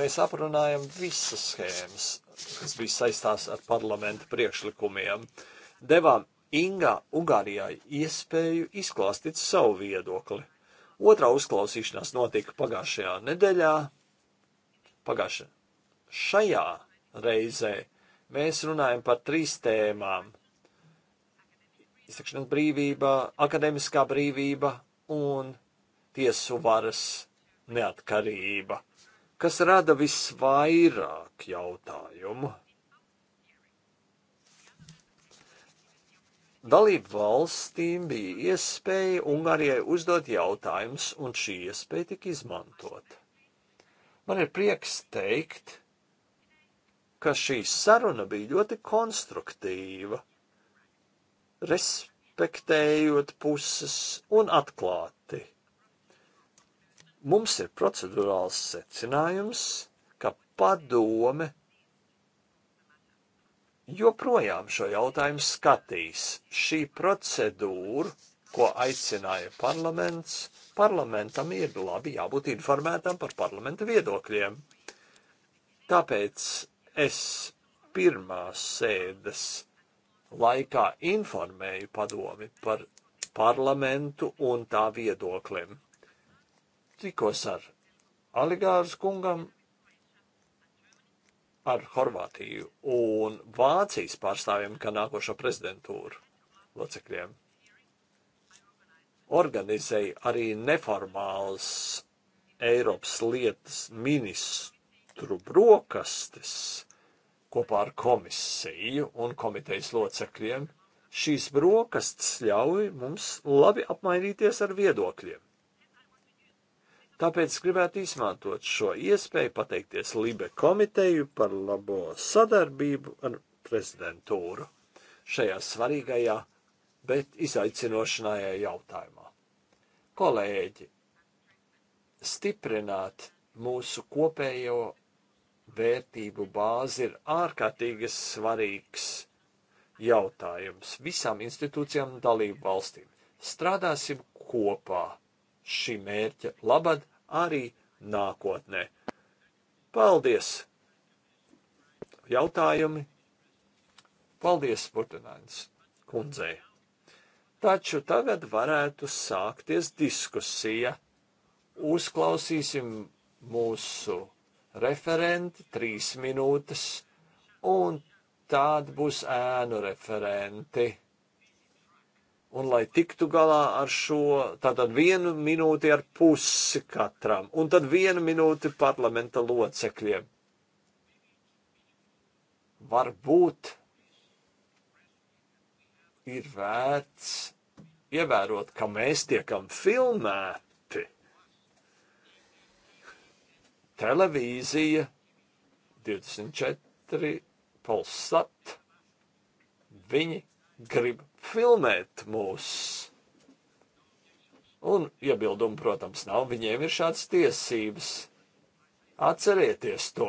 mēs aprunājam visas schēmas, kas bija saistās ar parlamenta priekšlikumiem. Devām Ingā Ugārijai iespēju izklāstīt savu viedokli. Otrā uzklausīšanās notika pagājušajā nedēļā. Pagājušajā šajā reizē mēs runājam par trīs tēmām - izsakšanas brīvība, akademiskā brīvība un tiesu varas neatkarība, kas rada visvairāk jautājumu. Dalību valstīm bija iespēja Ungārijai uzdot jautājumus, un šī iespēja tika izmantot. Man ir prieks teikt, ka šī saruna bija ļoti konstruktīva, respektējot puses un atklāti. Mums ir procedurāls secinājums, ka padome joprojām šo jautājumu skatīs. Šī procedūra, ko aicināja parlaments, parlamentam ir labi jābūt informētam par parlamenta viedokļiem. Tāpēc es pirmās sēdes laikā informēju padomi par parlamentu un tā viedoklim. Tikos ar Aligārs kungam ar Horvātiju un Vācijas pārstāvjiem, kā nākošo prezidentūru locekļiem. Organizēja arī neformāls Eiropas lietas ministru brokastis kopā ar komisiju un komitejas locekļiem. Šīs brokastis ļauj mums labi apmainīties ar viedokļiem Tāpēc gribētu izmantot šo iespēju pateikties Libe komiteju par labo sadarbību ar prezidentūru šajā svarīgajā, bet izaicinošajā jautājumā. Kolēģi, stiprināt mūsu kopējo vērtību bāzi ir ārkārtīgi svarīgs jautājums visām institūcijām un dalību valstīm. Strādāsim kopā šī mērķa labad arī nākotnē. Paldies! Jautājumi? Paldies, Burtunājums kundzei! Taču tagad varētu sākties diskusija. Uzklausīsim mūsu referenti trīs minūtes, un tāda būs ēnu referenti Un, lai tiktu galā ar šo, tātad vienu minūti ar pusi katram, un tad vienu minūti parlamenta locekļiem. Varbūt ir vērts ievērot, ka mēs tiekam filmēti. Televīzija 24, Polsat, viņi grib filmēt mūs. Un iebildumu, protams, nav, viņiem ir šāds tiesības. Atcerieties to!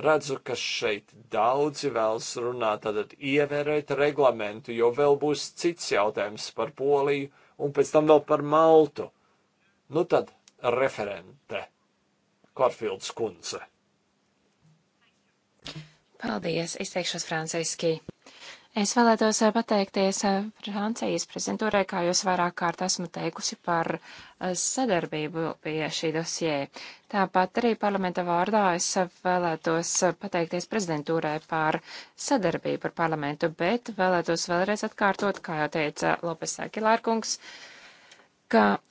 Redzu, ka šeit daudzi vēlas runāt, tad ievērēt reglamentu, jo vēl būs cits jautājums par Poliju un pēc tam vēl par Maltu. Nu tad referente Korfields kundze. Paldies, izteikšos franciski. Es vēlētos eh, pateikties eh, Francijas prezidentūrai, kā jūs vairāk kārt esmu teikusi par eh, sadarbību pie šī dosjē. Tāpat arī parlamenta vārdā es vēlētos pateikties prezidentūrai par sadarbību ar parlamentu, bet vēlētos vēlreiz atkārtot, kā jau teica Lopes Akilārkungs, uh, ka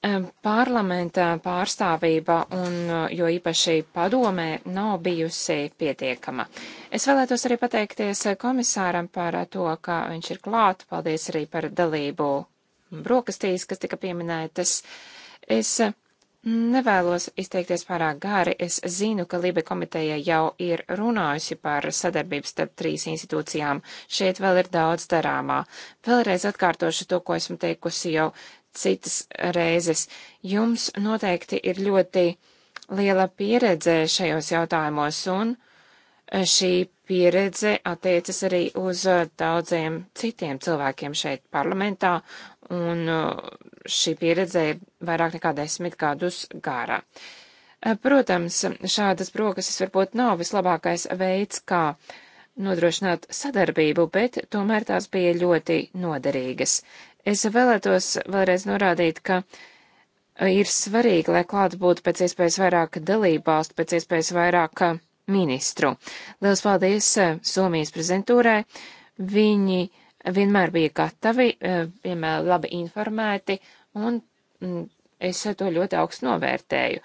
parlamentā pārstāvība un e, jo īpaši padomē nav bijusi pietiekama. Es vēlētos arī pateikties komisāram par to, ka viņš ir klāt. Paldies arī par dalību brokastīs, kas tika pieminētas. Es e, nevēlos izteikties pārāk gāri. Es zinu, ka Libe komiteja jau ir runājusi par sadarbību starp trīs institūcijām. Šeit vēl ir daudz darāmā. Vēlreiz atkārtošu to, ko esmu teikusi jau citas reizes. Jums noteikti ir ļoti liela pieredze šajos jautājumos, un e, šī pieredze attiecas arī uz e, daudziem citiem cilvēkiem šeit parlamentā, un e, šī pieredze ir vairāk nekā desmit gadus gārā. Protams, šādas brokastis varbūt nav vislabākais veids, kā nodrošināt sadarbību, bet tomēr tās bija ļoti noderīgas. Es vēlētos vēlreiz norādīt, ka ir svarīgi, lai klāt būtu pēc iespējas vairāk dalībvalstu, pēc iespējas vairāk uh, ministru. Lielas paldies uh, Somijas prezentūrai. Viņi vienmēr bija gatavi, uh, vienmēr labi informēti, un mm, es to ļoti augstu novērtēju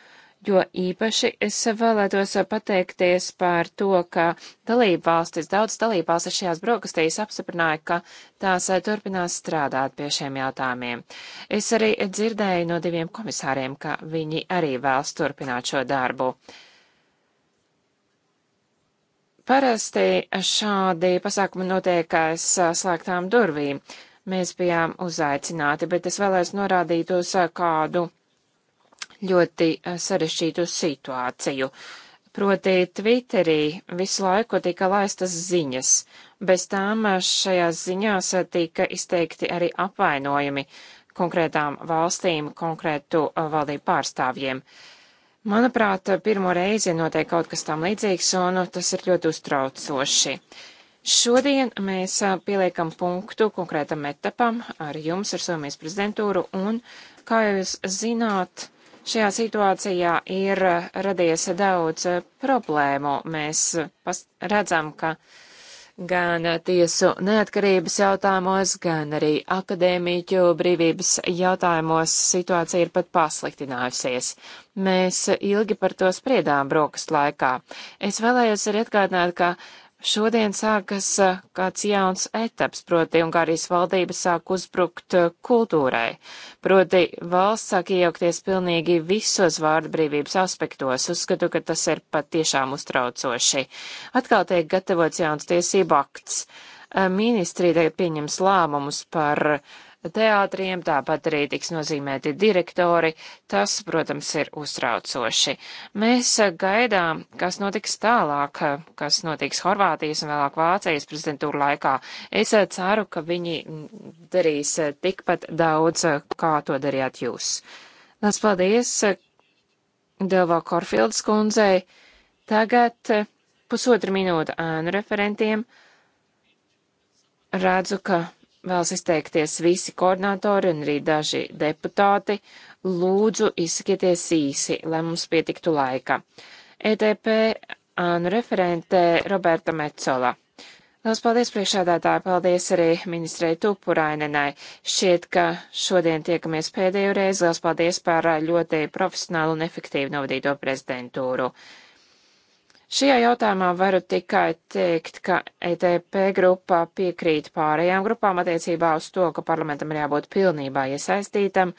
jo īpaši es vēlētos pateikties par to, ka dalībvalstis, daudz dalībvalstis šajās brokastīs apsiprināja, ka tās eh, turpinās strādāt pie šiem jautājumiem. Es arī dzirdēju no diviem komisāriem, ka viņi arī vēlas turpināt šo darbu. Parasti šādi pasākumi notiek aiz eh, slēgtām durvīm. Mēs bijām uzaicināti, bet es vēlēs norādīt uz eh, kādu ļoti eh, sarešķītu situāciju. Proti, Twitterī visu laiku tika laistas ziņas, bez tām eh, šajās ziņās eh, tika izteikti arī apvainojumi konkrētām valstīm, konkrētu valdību pārstāvjiem. Manuprāt, pirmo reizi notiek kaut kas tam līdzīgs, un tas ir ļoti uztraucoši. Šodien mēs pieliekam punktu konkrētam etapam ar jums, ar Somijas prezidentūru, un, kā jūs zināt, Šajā situācijā ir radies daudz eh, problēmu. Mēs redzam, ka gan tiesu neatkarības jautājumos, gan arī akadēmīķu brīvības jautājumos situācija ir pat pasliktinājusies. Mēs ilgi par to spriedām brokastu laikā. Es vēlējos arī atgādināt, ka Šodien sākas eh, kāds jauns etaps, proti Ungārijas valdība sāk uzbrukt eh, kultūrai, proti valsts sāk iejaukties pilnīgi visos vārdu brīvības aspektos. Uzskatu, ka tas ir patiešām uztraucoši. Atkal tiek gatavots jauns tiesību akts. Eh, Ministrija tagad pieņems lēmumus par uh, teātriem, tāpat arī tiks nozīmēti direktori. Tas, protams, ir uztraucoši. Mēs eh, gaidām, kas notiks tālāk, eh, kas notiks Horvātijas un vēlāk Vācijas prezidentūra laikā. Es eh, ceru, ka viņi mm, darīs tikpat daudz, kā to darījāt jūs. Lats paldies Delvā Korfildas kundzei. Tagad pusotra minūte ēnu referentiem. Redzu, ka vēlas izteikties visi koordinatori un arī daži deputāti. Lūdzu, izsakieties īsi, lai mums pietiktu laika. ETP un referente Roberta Metzola. Lielas paldies priekšādātāji, paldies arī ministrei Tupurainenai. Šķiet, ka šodien tiekamies pēdējo reizi. Lielas paldies par ļoti profesionālu un efektīvu novadīto prezidentūru. Uh, Šajā jautājumā varu tikai teikt, ka ETP grupā piekrīt pārējām grupām attiecībā uz to, ka parlamentam ir jābūt pilnībā iesaistītam.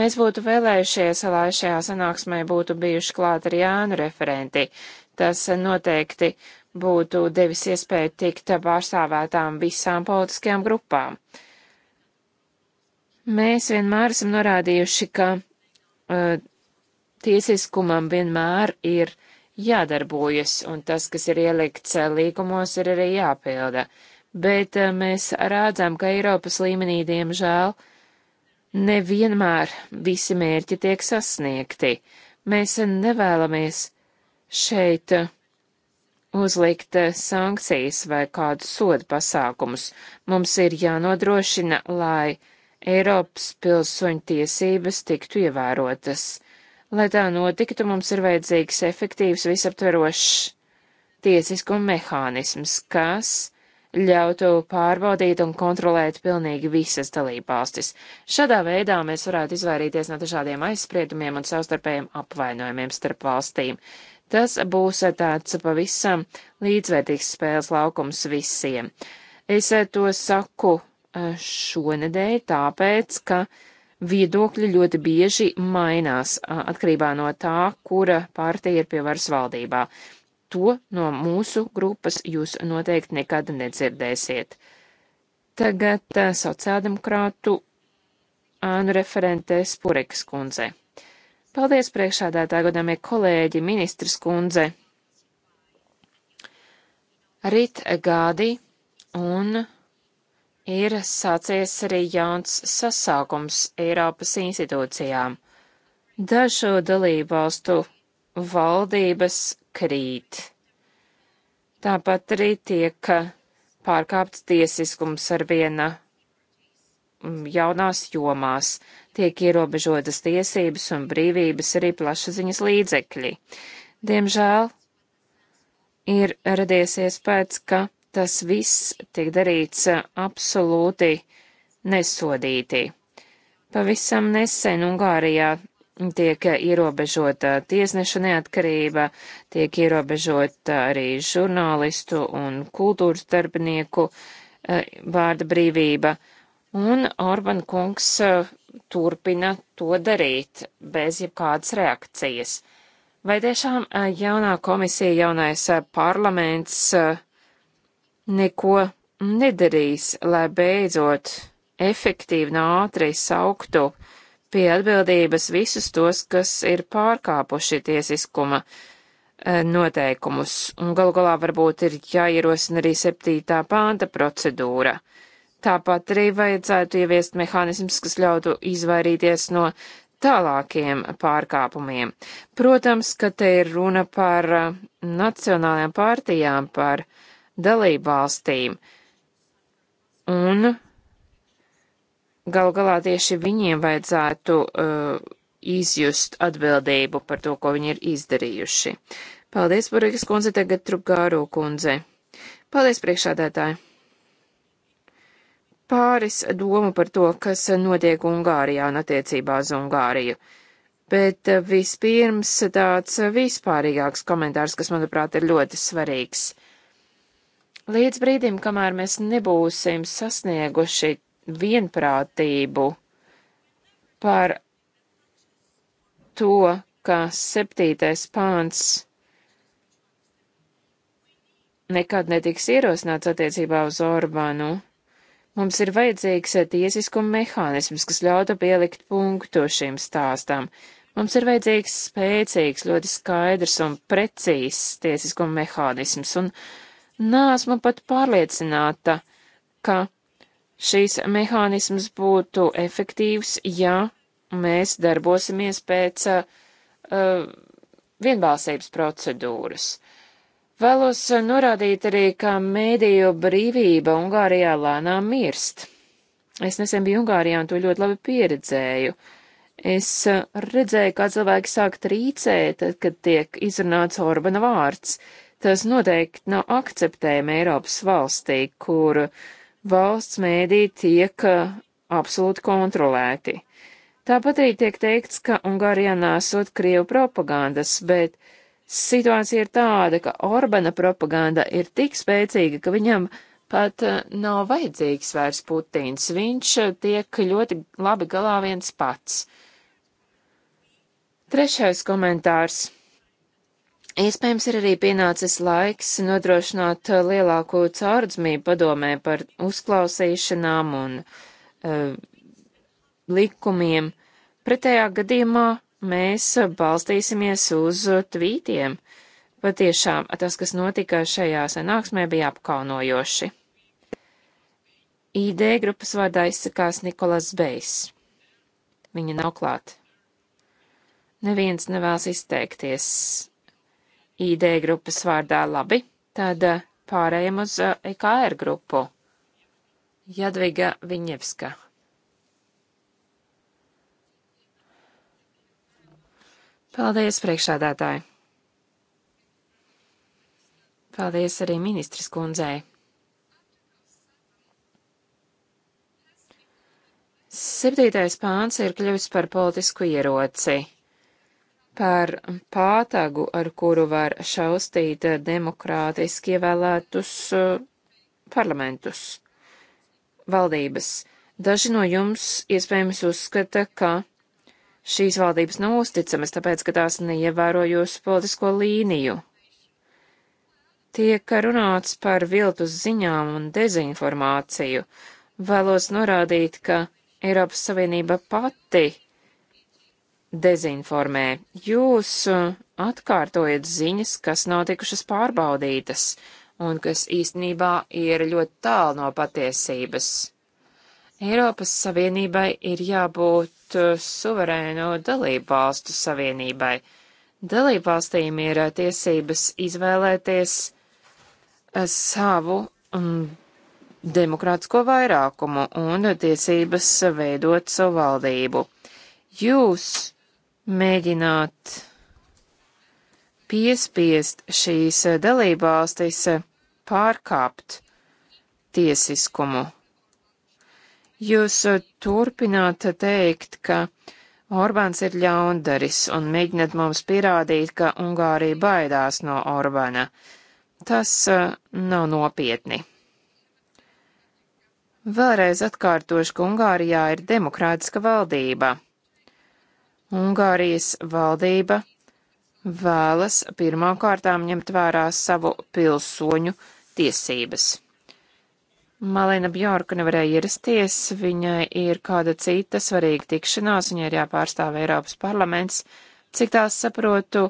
Mēs būtu vēlējušies, lai šajā sanāksmē būtu bijuši klāt arī Jānu referenti. Tas noteikti būtu devis iespēju tikt pārstāvētām visām politiskajām grupām. Mēs vienmēr esam norādījuši, ka uh, eh, tiesiskumam vienmēr ir uh, jādarbojas, un tas, kas ir ielikts eh, līgumos, ir arī jāpilda. Bet eh, mēs rādzam, ka Eiropas līmenī, diemžēl, nevienmēr visi mērķi tiek sasniegti. Mēs nevēlamies šeit eh, uzlikt sankcijas vai kādu sodu pasākumus. Mums ir jānodrošina, lai Eiropas pilsoņu tiesības tiktu ievērotas. Lai tā notiktu, mums ir vajadzīgs efektīvs, visaptverošs tiesiskuma mehānisms, kas ļautu pārbaudīt un kontrolēt pilnīgi visas dalībvalstis. Šādā veidā mēs varētu izvairīties no dažādiem aizspriedumiem un savstarpējiem apvainojumiem starp valstīm. Tas būs tāds pavisam līdzvērtīgs spēles laukums visiem. Es to saku eh, šonedēļ tāpēc, ka uh, viedokļi ļoti bieži mainās atkarībā no tā, kura partija ir pie varas valdībā. To no mūsu grupas jūs noteikti nekad nedzirdēsiet. Tagad sociāldemokrātu ānu referentē Spurekas kundze. Paldies priekšādātā godāmie kolēģi, ministrs kundze. Rit gādi un ir sācies arī jauns sasākums Eiropas institūcijām. Dažu dalībvalstu valdības krīt. Tāpat arī tiek pārkāpts tiesiskums ar viena mm, jaunās jomās, tiek ierobežotas tiesības un brīvības arī plašsaziņas līdzekļi. Diemžēl ir radies iespējas, ka tas viss tiek darīts eh, absolūti nesodīti. Pavisam nesen Ungārijā tiek eh, ierobežota eh, tiesneša neatkarība, tiek ierobežota arī žurnālistu un kultūras darbinieku vārda brīvība, un Orban kungs turpina to darīt bez jebkādas reakcijas. Vai tiešām jaunā komisija, jaunais parlaments uh, neko nedarīs, lai beidzot efektīvi un ātri sauktu pie atbildības visus tos, kas ir pārkāpuši tiesiskuma eh, noteikumus, un galu galā varbūt ir jāierosina arī septītā pānta procedūra. Tāpat arī vajadzētu ieviest mehānisms, kas ļautu izvairīties no tālākiem pārkāpumiem. Protams, ka te ir runa par eh, nacionālajām pārtījām, par uh, dalībvalstīm. Un galu galā tieši viņiem vajadzētu uh, izjust atbildību par to, ko viņi ir izdarījuši. Paldies, Burīgas kundze, tagad Trupgāro kundze. Paldies, priekšādētāji! Pāris domu par to, kas notiek Ungārijā un attiecībā uz Ungāriju. Bet uh, vispirms tāds vispārīgāks komentārs, kas, manuprāt, ir ļoti svarīgs. Līdz brīdim, kamēr mēs nebūsim sasnieguši vienprātību par to, ka septītais pāns nekad netiks ierosināts attiecībā uz Orbānu, mums ir vajadzīgs tiesiskuma mehānisms, kas ļautu pielikt punktu šim stāstam. Mums ir vajadzīgs spēcīgs, ļoti skaidrs un precīzs tiesiskuma mehānisms, un Nāsmu pat pārliecināta, ka šīs mehānisms būtu efektīvs, ja mēs darbosimies pēc uh, uh, vienbalsības procedūras. Vēlos norādīt arī, ka mēdīju brīvība Ungārijā lēnām mirst. Es nesen biju Ungārijā un to ļoti labi pieredzēju. Es uh, redzēju, kā cilvēki sāk trīcēt, kad tiek izrunāts Orbana vārds. Tas noteikti nav akceptējami Eiropas valstī, kur valsts mēdī tiek uh, absolūti kontrolēti. Tāpat arī tiek teikts, ka Ungārijā nesot Krievu propagandas, bet situācija ir tāda, ka Orbana propaganda ir tik spēcīga, ka viņam pat uh, nav vajadzīgs vairs Putins. Viņš uh, tiek ļoti labi galā viens pats. Trešais komentārs. Iespējams, ir arī pienācis laiks nodrošināt uh, lielāko caurdzmību padomē par uzklausīšanām un uh, likumiem. Pretējā gadījumā mēs uh, balstīsimies uz uh, tvītiem. Patiešām tas, kas notika šajā sanāksmē, bija apkaunojoši. ID grupas vārdā izsakās Nikolas Bejs. Viņa nav klāt. Neviens nevēlas izteikties. ID grupas vārdā labi, tad eh, pārējiem uz EKR eh, e grupu. Jadviga Viņevska. Paldies, priekšādātāji! Paldies arī ministras kundzei! Septītais pāns ir kļuvis par politisku ieroci par pātagu, ar kuru var šaustīt demokrātiski ievēlētus eh, parlamentus, valdības. Daži no jums iespējams uzskata, ka šīs valdības nav uzticamas, tāpēc, ka tās neievēro jūsu politisko līniju. Tiek runāts par viltus ziņām un dezinformāciju. Vēlos norādīt, ka Eiropas Savienība pati dezinformē. Jūs uh, atkārtojat ziņas, kas nav tikušas pārbaudītas un kas īstenībā ir ļoti tālu no patiesības. Eiropas Savienībai ir jābūt uh, suverēnu dalību valstu savienībai. Dalību valstīm ir uh, tiesības izvēlēties savu mm, demokrātisko vairākumu un tiesības veidot savu valdību. Jūs mēģināt piespiest šīs eh, dalībvalstis eh, pārkāpt tiesiskumu. Jūs eh, turpināt teikt, ka Orbāns ir ļaundaris un mēģināt mums pierādīt, ka Ungārija baidās no Orbāna. Tas nav nopietni. Vēlreiz atkārtošu, ka Ungārijā ir demokrātiska valdība. Ungārijas valdība vēlas pirmkārtām ņemt vērā savu pilsoņu tiesības. Malina Bjorka nevarēja ierasties, viņai ir kāda cita svarīga tikšanās, viņai ir jāpārstāv Eiropas parlaments. Cik tās saprotu,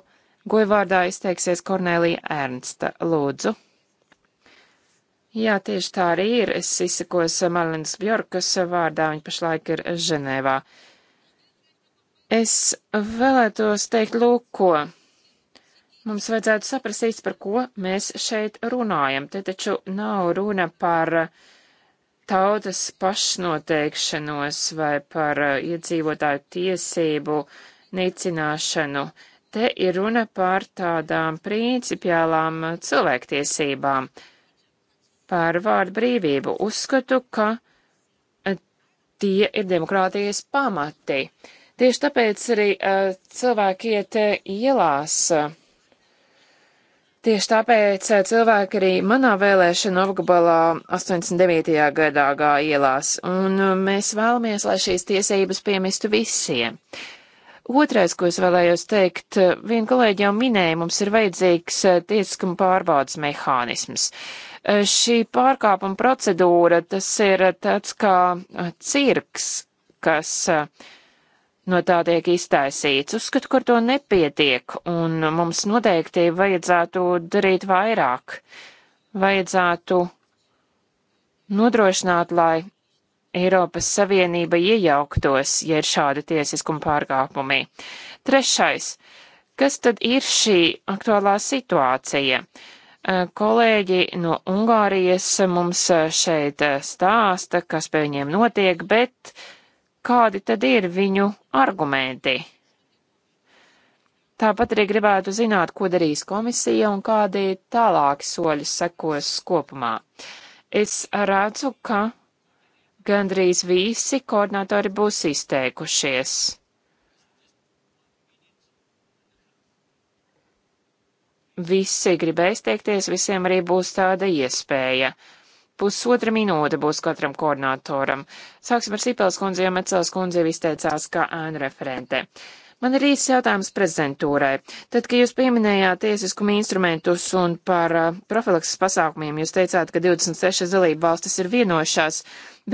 gojvārdā izteiksies Kornelija Ernsta. Lūdzu. Jā, tieši tā arī ir. Es izsakos Malinas Bjorkas vārdā, viņa pašlaik ir Ženēvā. Uh, Es vēlētos teikt, lūk, ko. Mums vajadzētu saprast īsti, par ko mēs šeit runājam. Te taču nav runa par tautas pašnoteikšanos vai par eh, iedzīvotāju tiesību nicināšanu. Te ir runa par tādām principiālām eh, cilvēktiesībām, par vārdu brīvību. Uzskatu, ka eh, tie ir demokrātijas pamati. Uh, Tieši tāpēc arī uh, cilvēki iet ielās. Tieši tāpēc uh, cilvēki arī manā vēlēšana apgabalā 89. gadā gāja ielās, un uh, mēs vēlamies, lai šīs tiesības piemistu visiem. Otrais, ko es vēlējos teikt, viena kolēģi jau minēja, mums ir vajadzīgs tiesiskuma pārbaudas mehānisms. Šī pārkāpuma procedūra, tas ir tāds kā cirks, kas uh, no tā tiek iztaisīts. Uzskatu, kur to nepietiek, un mums noteikti vajadzētu darīt vairāk. Vajadzētu nodrošināt, lai Eiropas Savienība iejauktos, ja ir šādi tiesiskuma pārkāpumi. Trešais. Kas tad ir šī aktuālā situācija? Kolēģi no Ungārijas mums šeit stāsta, kas pie viņiem notiek, bet uh, kādi tad ir viņu argumenti. Tāpat arī gribētu zināt, ko darīs komisija un kādi tālāki soļi sekos kopumā. Es redzu, ka gandrīz visi koordinatori būs izteikušies. Visi gribēs teikties, visiem arī būs tāda iespēja. Uh, Pusotra minūte būs katram koordinatoram. Sāksim ar Sīpels kundzi, jo Mecels kundze izteicās kā ēnu referente. Man ir īsts jautājums prezentūrai. Tad, kad jūs pieminējāt tiesiskuma instrumentus un par uh, profilakses pasākumiem, jūs teicāt, ka 26 dalību valstis ir vienošās,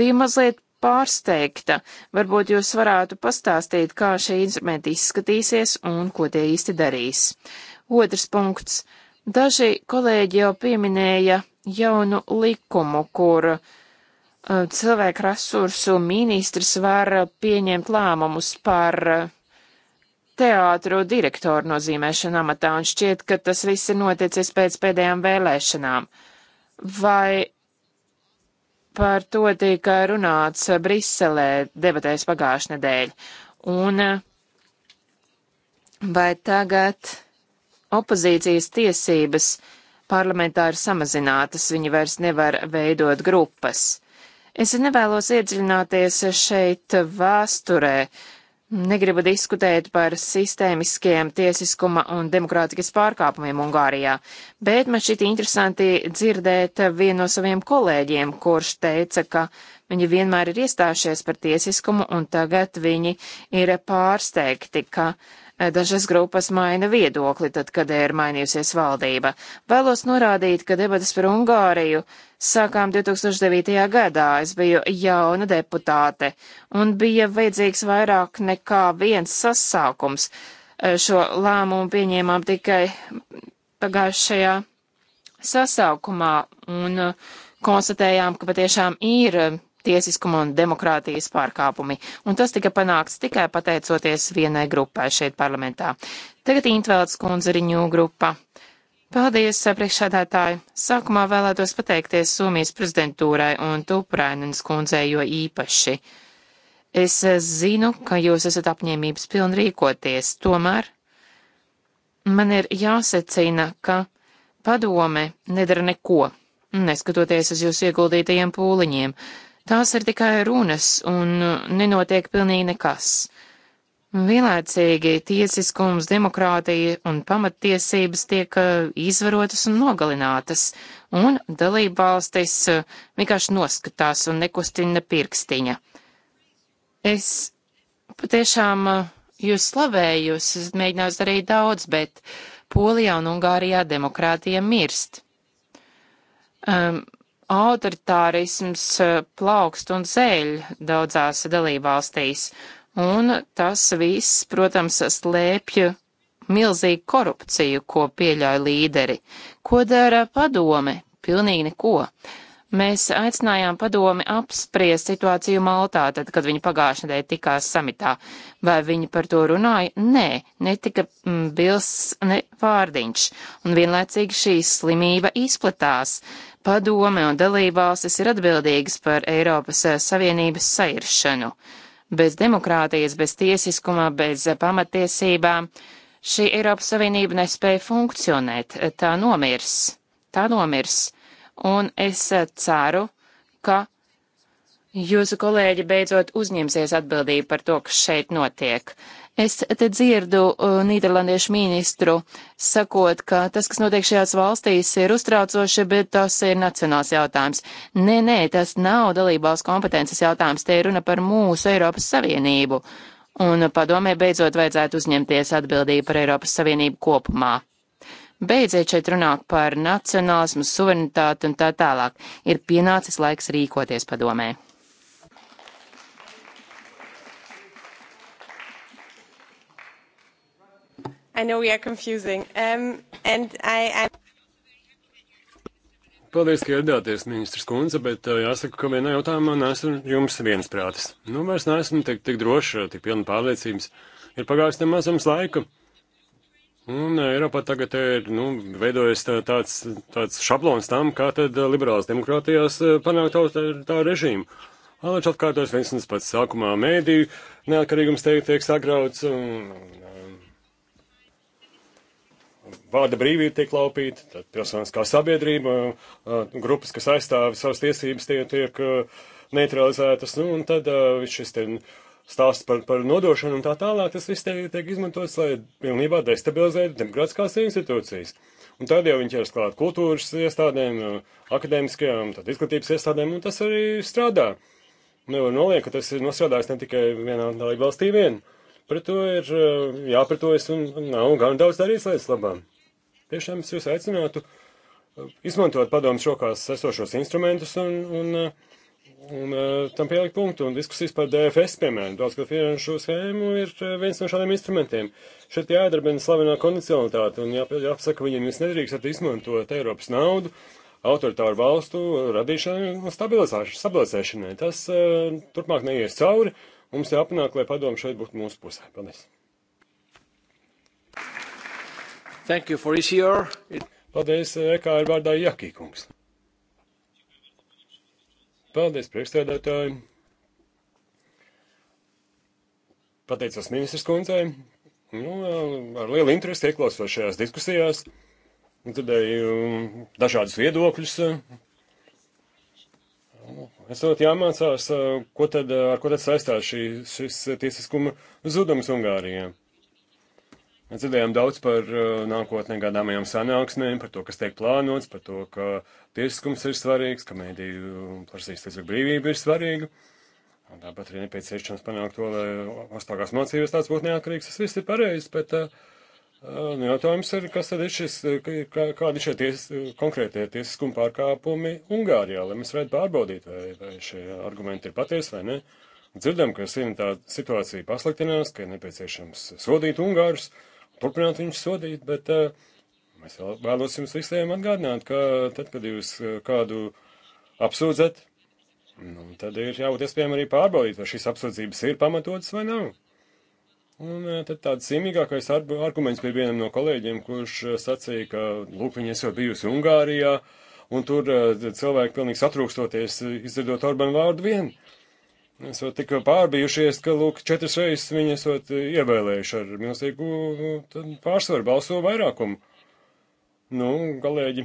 bija mazliet pārsteigta. Varbūt jūs varētu pastāstīt, kā šie instrumenti izskatīsies un ko tie īsti darīs. Otrs punkts. Daži kolēģi jau pieminēja jaunu likumu, kur uh, cilvēku resursu ministrs var pieņemt lēmumus par eh, teātru direktoru nozīmēšanu amatā, un šķiet, ka tas viss ir noticis pēc pēdējām vēlēšanām. Vai par to tika runāts Briselē debatēs pagājušajā nedēļ? Un eh, vai tagad opozīcijas tiesības uh, parlamentā ir samazinātas, viņi vairs nevar veidot grupas. Es nevēlos iedziļināties šeit vēsturē, Negribu diskutēt par sistēmiskiem tiesiskuma un demokrātikas pārkāpumiem Ungārijā, bet man šķiet interesanti dzirdēt vienu no saviem kolēģiem, kurš teica, ka viņi vienmēr ir iestājušies par tiesiskumu un tagad viņi ir pārsteigti, ka dažas grupas maina viedokli, tad, kad ir mainījusies valdība. Vēlos norādīt, ka debatas par Ungāriju sākām 2009. gadā. Es biju jauna deputāte un bija vajadzīgs vairāk nekā viens sasākums. Eh, šo lēmumu pieņēmām tikai pagājušajā sasaukumā un eh, konstatējām, ka patiešām ir eh, tiesiskuma un demokrātijas pārkāpumi, un tas tika panākts tikai pateicoties vienai grupai šeit parlamentā. Tagad Intvelds kundzeriņu grupa. Paldies, priekšsādātāji! Sākumā vēlētos pateikties Somijas prezidentūrai un Tuprainens kundzei jo īpaši. Es zinu, ka jūs esat apņēmības pilni rīkoties, tomēr man ir jāsecina, ka padome nedara neko, neskatoties uz jūsu ieguldītajiem pūliņiem. Tās ir tikai runas un uh, nenotiek pilnīgi nekas. Vienlaicīgi tiesiskums, demokrātija un pamattiesības tiek uh, izvarotas un nogalinātas, un dalībvalstis uh, vienkārši noskatās un nekustina pirkstiņa. Es patiešām jūs slavēju, jūs esat mēģinājis darīt daudz, bet Polijā un Ungārijā demokrātija mirst. Um, autoritārisms eh, plaukst un zēļ daudzās dalībvalstīs, un tas viss, protams, slēpj milzīgu korupciju, ko pieļauj līderi. Ko dara padome? Pilnīgi neko. Mēs aicinājām padomi apspriest situāciju Maltā, tad, kad viņi pagājušajā nedēļā tikās samitā. Vai viņi par to runāja? Nē, netika mm, bils ne vārdiņš. Un vienlaicīgi šī slimība izplatās. Padome un dalībvalstis ir atbildīgas par Eiropas eh, Savienības sairšanu. Bez demokrātijas, bez tiesiskuma, bez eh, pamatiesībām šī Eiropas Savienība nespēja funkcionēt. Tā nomirs. Tā nomirs. Un es eh, ceru, ka jūsu kolēģi beidzot uzņemsies atbildību par to, kas šeit notiek. Es te dzirdu uh, nīderlandiešu ministru sakot, ka tas, kas notiek šajās valstīs, ir uztraucoši, bet tas ir nacionāls jautājums. Nē, nē, tas nav dalībās kompetences jautājums, te ir runa par mūsu Eiropas Savienību. Un padomē beidzot vajadzētu uzņemties atbildību par Eiropas Savienību kopumā beidziet šeit runāt par nacionālismu, suverenitāti un tā tālāk. Ir pienācis laiks rīkoties padomē. I know we are confusing. Um, and I, I... Paldies, ka ieradāties, ministrs Kunze, bet uh, jāsaka, ka vienā jautājumā neesmu jums viensprātis. Nu, vairs neesmu tik, tik droša, uh, tik pilna pārliecības. Ir pagājis nemazums laika. Un uh, Eiropā tagad ir, nu, veidojas tāds, tāds šablons tam, kā tad liberālas demokrātijās panākt tā, tā režīmu. Alač atkārtojas viens un pats sākumā mēdī, neatkarīgums teikt, tiek sagrauts, un vārda brīvība tiek laupīta, tad pilsoniskā sabiedrība, uh, grupas, kas aizstāv savas tiesības, tie tiek uh, neutralizētas, nu, un tad uh, šis te stāsts par, par nodošanu un tā tālāk, tas viss tiek, tiek izmantots, lai pilnībā destabilizētu demokrātiskās institūcijas. Un tad jau viņi ķers klāt kultūras iestādēm, akadēmiskajām, tad izglītības iestādēm, un tas arī strādā. Nevar nu, noliekt, ka tas ir nostrādājis ne tikai vienā dalību valstī vien. Pret to ir jāpratojas un nav gan daudz darīts lietas labām. Tiešām es jūs aicinātu uh, izmantot padomus rokās esošos instrumentus un, un, uh, un, un uh, tam pielikt punktu. Un diskusijas par DFS, piemēram, daudzgad finanšu schēmu ir viens no šādiem instrumentiem. Šeit jādarbina slavenā kondicionalitāte un jā, jāpasaka, viņiem jūs nedrīkstat izmantot Eiropas naudu autoritāru valstu radīšanai un stabilizēšanai. Tas uh, turpmāk neies cauri. Mums jāpanāk, lai padomu šeit būtu mūsu pusē. Paldies! Thank you for ECR. It... Paldies, eh, EKR vārdā Jakī kungs. Paldies, priekšstādātāji. Pateicos ministrs kundzei. Nu, eh, ar lielu interesi ieklausos šajās diskusijās. Dzirdēju mm, dažādus viedokļus. Eh. Es ļoti jāmācās, ko tad, ar ko tad saistās šī, šis tiesiskuma zudums Ungārijā. Mēs dzirdējām daudz par uh, nākotnē gadāmajām sanāksmēm, par to, kas tiek plānots, par to, ka tiesiskums ir svarīgs, ka mēdīju uh, plašsaistību brīvība ir svarīga. Un tāpat arī nepieciešams panākt to, lai augstākās mācības tāds būtu neatkarīgs. Tas viss ir pareizi, bet uh, uh nu, jautājums ir, kas tad ir šis, uh, kā, kādi šie ties, konkrētie tiesiskuma pārkāpumi Ungārijā, lai mēs varētu pārbaudīt, vai, vai šie argumenti ir patiesi vai ne. Dzirdam, ka situācija pasliktinās, ka ir nepieciešams sodīt Ungārus. Uh, turpināt viņus sodīt, bet es eh, vēlos jums visiem atgādināt, ka tad, kad jūs eh, kādu apsūdzat, nu, tad ir jābūt iespējami arī pārbaudīt, vai šīs apsūdzības ir pamatotas vai nav. Un eh, tad tāds simīgākais arguments bija vienam no kolēģiem, kurš sacīja, ka, lūk, viņi esot bijusi Ungārijā, un tur cilvēki pilnīgi satrūkstoties, izdzirdot Orbanu vārdu vienu esot tik pārbijušies, ka, lūk, četras reizes viņi esot ievēlējuši ar milzīgu nu, pārsvaru balso vairākumu. Nu, galēģi,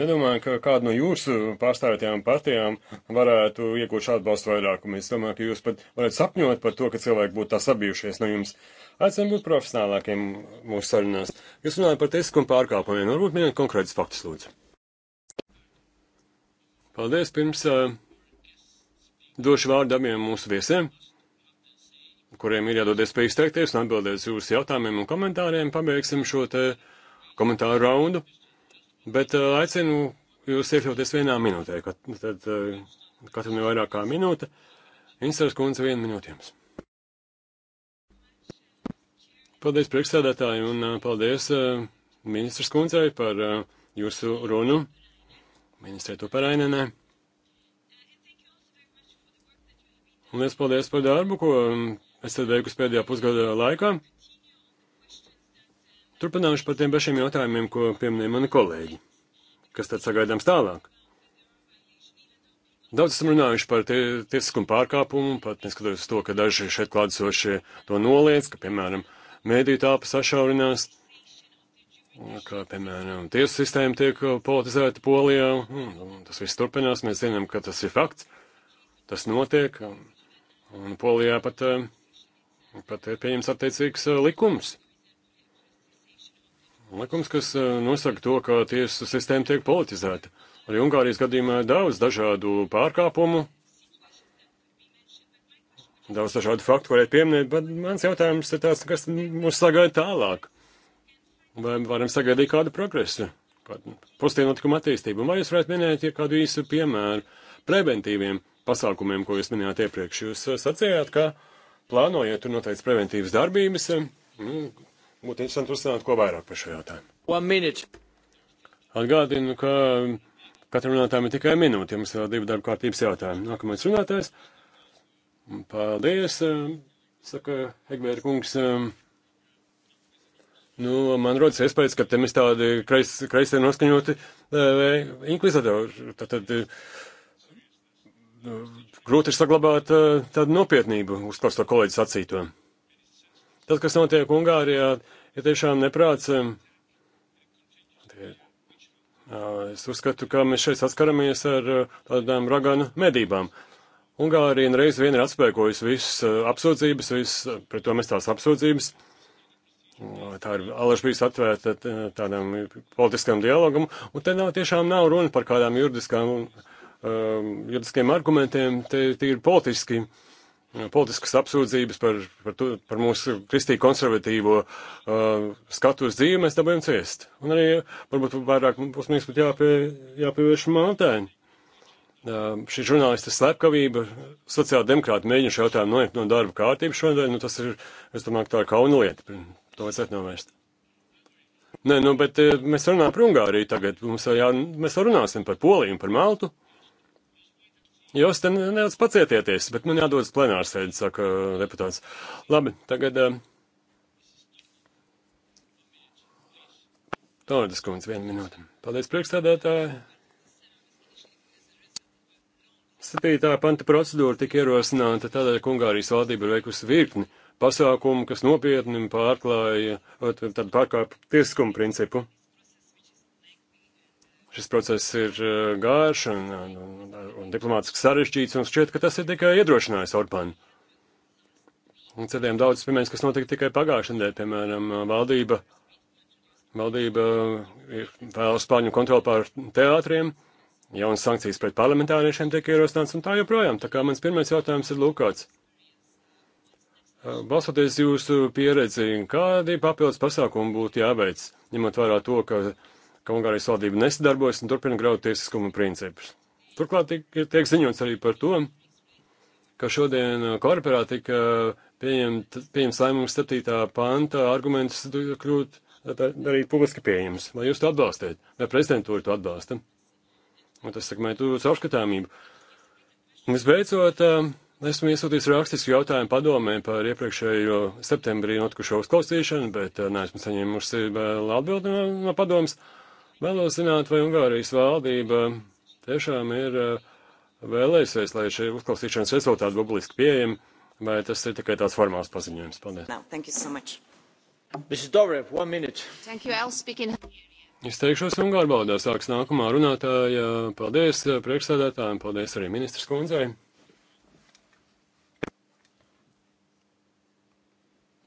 nedomāju, ka kāda no jūsu pārstāvētajām partijām varētu iegūt šādu balstu vairākumu. Es domāju, ka jūs pat varat sapņot par to, ka cilvēki būtu tā sabijušies no jums. Aicinām būt profesionālākiem mūsu sarunās. Jūs runājat par tiesiskumu pārkāpumiem. Nu, varbūt minēt konkrētus faktus, lūdzu. Paldies pirms. Uh, Došu vārdu abiem mūsu viesiem, kuriem ir jādod iespēja izteikties un atbildēt uz jūsu jautājumiem un komentāriem. Pabeigsim šo te komentāru raundu, bet eh, aicinu jūs iekļauties vienā minūtē, kad, tad eh, katru nevairāk kā minūte. Instars kundze vienu minūti jums. Paldies priekšsēdētāji un eh, paldies ministras kundzei par jūsu runu. Ministrē Tuparainenē. Un liels paldies par darbu, ko um, esat veikusi pēdējā pusgada laikā. Turpināšu par tiem pašiem jautājumiem, ko pieminēja mani kolēģi. Kas tad sagaidāms tālāk? Daudz esam runājuši par tie, tiesiskumu pārkāpumu, pat neskatoties to, ka daži šeit klātsošie to noliec, ka, piemēram, mēdī tāpa sašaurinās, ka, piemēram, tiesu sistēma tiek uh, politizēta Polijā, un, un tas viss turpinās, mēs zinām, ka tas ir fakts, tas notiek, un, Un Polijā pat, eh, pat ir pieņemts attiecīgs eh, likums. Likums, kas eh, nosaka to, ka tiesu sistēma tiek politizēta. Arī Ungārijas gadījumā ir daudz dažādu pārkāpumu, daudz dažādu faktu varētu pieminēt, bet mans jautājums ir tāds, kas mūs sagaida tālāk. Vai varam sagaidīt kādu progresu, kādu pozitīvu notikumu attīstību? Vai jūs varētu minēt, ja kādu īsu piemēru preventīviem pasākumiem, ko jūs minējāt iepriekš. Jūs eh, sacījāt, ka plānojat tur noteikti preventīvas darbības. Eh, nu, būtu interesanti uzzināt, ko vairāk par šo jautājumu. One minute. Atgādinu, ka katram runātājam ir tikai minūte, jums vēl divi darba kārtības jautājumi. Nākamais runātājs. Paldies, eh, saka Hegvēra kungs. Nu, man rodas iespējas, ka te mēs tādi kreis, kreisē noskaņoti inkvizitori. Tātad. Tā, grūti ir saglabāt eh, tādu nopietnību uz to kolēģi sacīto. Tas, kas notiek Ungārijā, ir tiešām neprāts. Eh, eh, es uzskatu, ka mēs šeit saskaramies ar tādām raganu medībām. Ungārija reiz vien ir atspēkojusi visas apsūdzības, visas pret to mestās apsūdzības. Tā ir alaž bijusi atvērta tādam politiskam dialogam, un te nav tiešām nav runa par kādām juridiskām un Um, juridiskiem argumentiem, te, te ir politiski, uh, politiskas apsūdzības par, par, to, par mūsu kristīgi konservatīvo uh, skatu uz dzīvi mēs dabūjam ciest. Un arī varbūt vairāk mums pat jāpie, jāpievērš mātēni. Uh, šī žurnālista slepkavība, sociāla demokrāta mēģina šo jautājumu noiet no darba kārtības šodien, nu tas ir, es domāju, tā ir kauna lieta. To vajadzētu novērst. Nē, nu, bet uh, mēs runājam par Ungāriju tagad. Mums jau jā, mēs runāsim par Poliju un par Maltu. Uh, Jūs te nedaudz pacietieties, bet man jādodas plenārsēdi, saka uh, deputāts. Labi, tagad. Uh, Tādas kundze, viena minūte. Paldies, priekšstādātāji. Septītā panta procedūra tika ierosināta tādēļ, ka Ungārijas valdība ir veikusi virkni pasākumu, kas nopietni pārklāja, tad pārkāpa tiesiskumu principu. Šis process ir e, gārš un, un, un diplomātiski sarežģīts, un šķiet, ka tas ir tikai iedrošinājis Orbānu. Un citiem daudz piemērs, kas notika tikai pagājušajā nedēļā, piemēram, valdība, valdība ir e, vēlas spāņu kontroli pār teātriem, jaunas sankcijas pret parlamentāriešiem tiek ierosināts un tā joprojām. Tā kā mans pirmais jautājums ir lūkāts. E, balstoties jūsu pieredzi, kādi papildus pasākumi būtu jāveic, ņemot vērā to, ka ka Ungārijas valdība nesadarbojas un turpina graut tiesiskuma principus. Turklāt tiek, tiek ziņots arī par to, ka šodien korporā tika pieņemts pieņem lēmums 7. panta argumentus kļūt, darīt publiski pieejams. Vai jūs to atbalstiet? Vai prezidentūra to atbalsta? Un tas sakmē tu caurskatāmību. Visbeidzot, eh, esmu iesūtījis rakstisku jautājumu padomē par iepriekšējo septembrī notikušo uzklausīšanu, bet eh, neesmu saņēmusi vēl eh, atbildi no, no padomas. Vēlos zināt, vai Ungārijas valdība tiešām ir eh, vēlējusies, lai šī uzklausīšanas rezultāti būtu publiski pieejami, vai tas ir tikai tāds formāls paziņojums. Paldies. No, thank you so much. Mrs. Dobrev, one minute. Thank you, I'll speak in. Es teikšos Ungāru valodā, sāks nākamā runātāja. Paldies eh, priekšsēdētājiem, paldies arī ministras kundzei.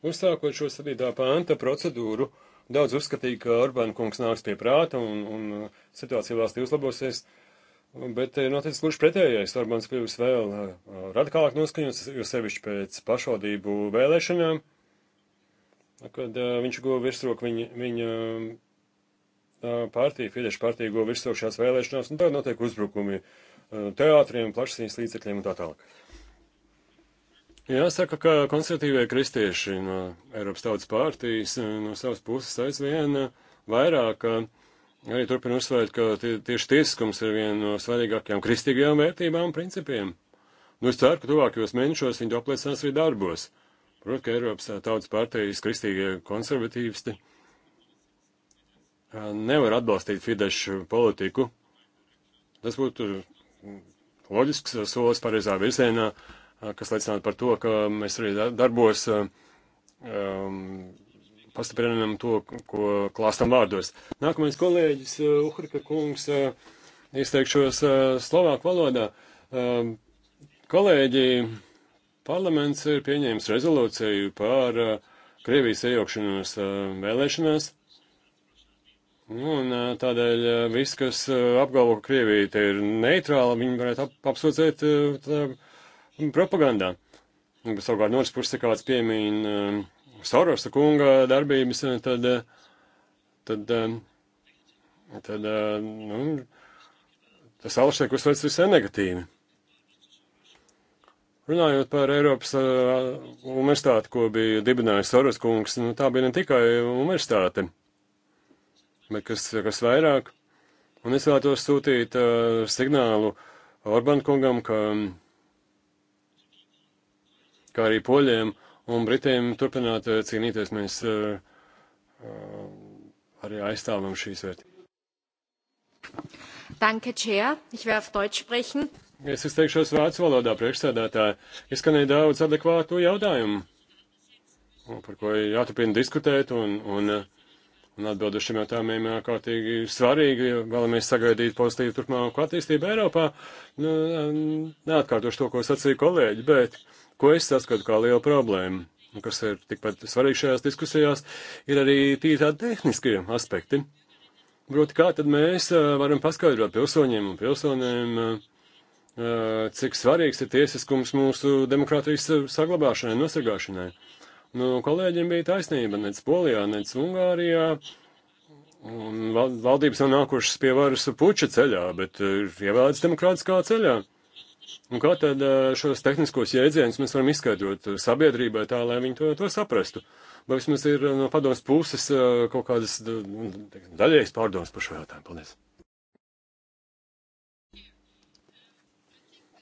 Uzsākot šo sadītā pānta procedūru. Daudz uzskatīja, ka Orbāna kungs nāks pie prāta un, un situācija valstī uzlabosies, bet ir eh, noticis gluži pretējais. Orbāns kļuvis vēl eh, radikālāk noskaņots, jo sevišķi pēc pašvaldību vēlēšanām, kad eh, viņš guva virsroku viņa, viņa partija, Fidesz partija guva virsroku šās vēlēšanās, un tad notiek uzbrukumi teātriem, plašsaziņas līdzekļiem un tā tālāk. Jāsaka, ka konservatīvie kristieši no Eiropas tautas pārtīs eh, no savas puses aizvien eh, vairāk eh, arī turpina uzsvērt, ka tie, tieši tiesiskums ir viena no svarīgākajām kristīgajām vērtībām un principiem. Nu, es ceru, ka tuvākajos mēnešos viņi to apliecinās arī darbos. Protams, ka Eiropas tautas pārtīs kristīgie konservatīvisti nevar atbalstīt Fidešu politiku. Tas būtu mm, loģisks solis pareizā virzienā kas liecinātu par to, ka mēs arī darbos um, pastiprinam to, ko klāstam vārdos. Nākamais kolēģis Uhrika kungs izteikšos slovāku valodā. Kolēģi, parlaments ir pieņēmis rezolūciju par Krievijas iejaukšanos vēlēšanās. Un tādēļ viss, kas apgalvo, ka Krievija ir neitrāla, viņi varētu ap apsūdzēt propagandā. Un, savukārt, no otras puses, kāds piemīna um, Sorosa kunga darbības, eh, tad, eh, tad, eh, tad, nu, tas alšēk uzsveic visai negatīvi. Runājot par Eiropas uh, universitāti, ko bija dibinājis Soros kungs, nu, tā bija ne tikai universitāte, bet kas, kas vairāk. Un es vēlētos sūtīt uh, signālu Orbán kungam, ka um, kā arī poļiem un britiem turpināt eh, cīnīties. Mēs eh, eh, arī aizstāvam šīs vērtības. Danke, Chair. Ich werde auf Deutsch sprechen. Es izteikšos vācu valodā priekšsēdētāji. Izskanēja daudz adekvātu jautājumu, par ko jāturpina diskutēt, un, un, un atbildu šiem jautājumiem ārkārtīgi svarīgi. Vēlamies sagaidīt pozitīvu turpmāku attīstību Eiropā. Nu, neatkārtošu to, ko sacīja kolēģi, bet ko es saskatu kā lielu problēmu, kas ir tikpat svarīgi šajās diskusijās, ir arī tīri tādi tehniskie aspekti. Proti, kā tad mēs varam paskaidrot pilsoņiem un pilsonēm, cik svarīgs ir tiesiskums mūsu demokrātijas saglabāšanai, nosargāšanai. Nu, kolēģiem bija taisnība, nec Polijā, nec Ungārijā. Un valdības nav nākušas pie varas puča ceļā, bet ir ievēlētas demokrātiskā ceļā. Un kā tad šos tehniskos jēdzienus mēs varam izskaidrot sabiedrībai tā, lai viņi to, to saprastu? Vai vismaz ir no padomas puses kaut kādas nu, daļējas pārdomas par šo jautājumu? Paldies!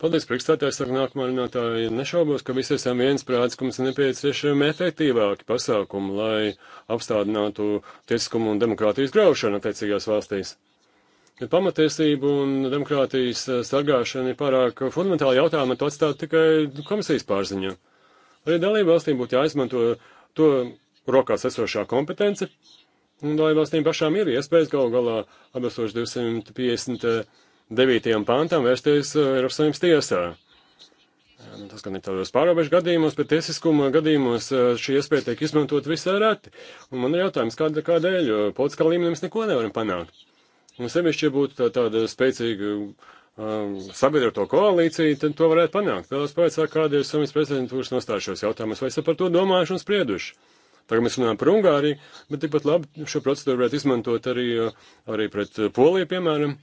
Paldies, priekšstādājs, saka nākamārinātāji. Nešaubos, ka visi esam viensprāts, ka mums ir nepieciešami efektīvāki pasākumi, lai apstādinātu tiesiskumu un demokrātijas graušanu attiecīgās valstīs ka pamatiesību un demokrātijas eh, sargāšana ir pārāk fundamentāli jautājumi, to atstāt tikai komisijas pārziņā. Lai dalību valstīm būtu jāizmanto to rokās esošā kompetence, un dalību valstīm pašām ir iespējas galu galā atbilstoši 259. pāntām vērsties eh, Eiropas Savienības tiesā. Nu, tas gan ir tādos pārobežu gadījumos, bet tiesiskuma gadījumos eh, šī iespēja tiek izmantot visai reti. Un man ir jautājums, kāda, kādēļ? Politiskā līmenī mēs neko nevaram panākt un sevišķi būtu tā, tāda spēcīga um, sabiedroto koalīcija, tad to varētu panākt. Vēlos pavaicāt, kāda ir Somijas prezidentūras nostājušos jautājumus, vai esat par to domājuši un sprieduši. Tagad mēs runājam par Ungāriju, bet tikpat labi šo procedūru varētu izmantot arī, uh, arī pret uh, Poliju, piemēram.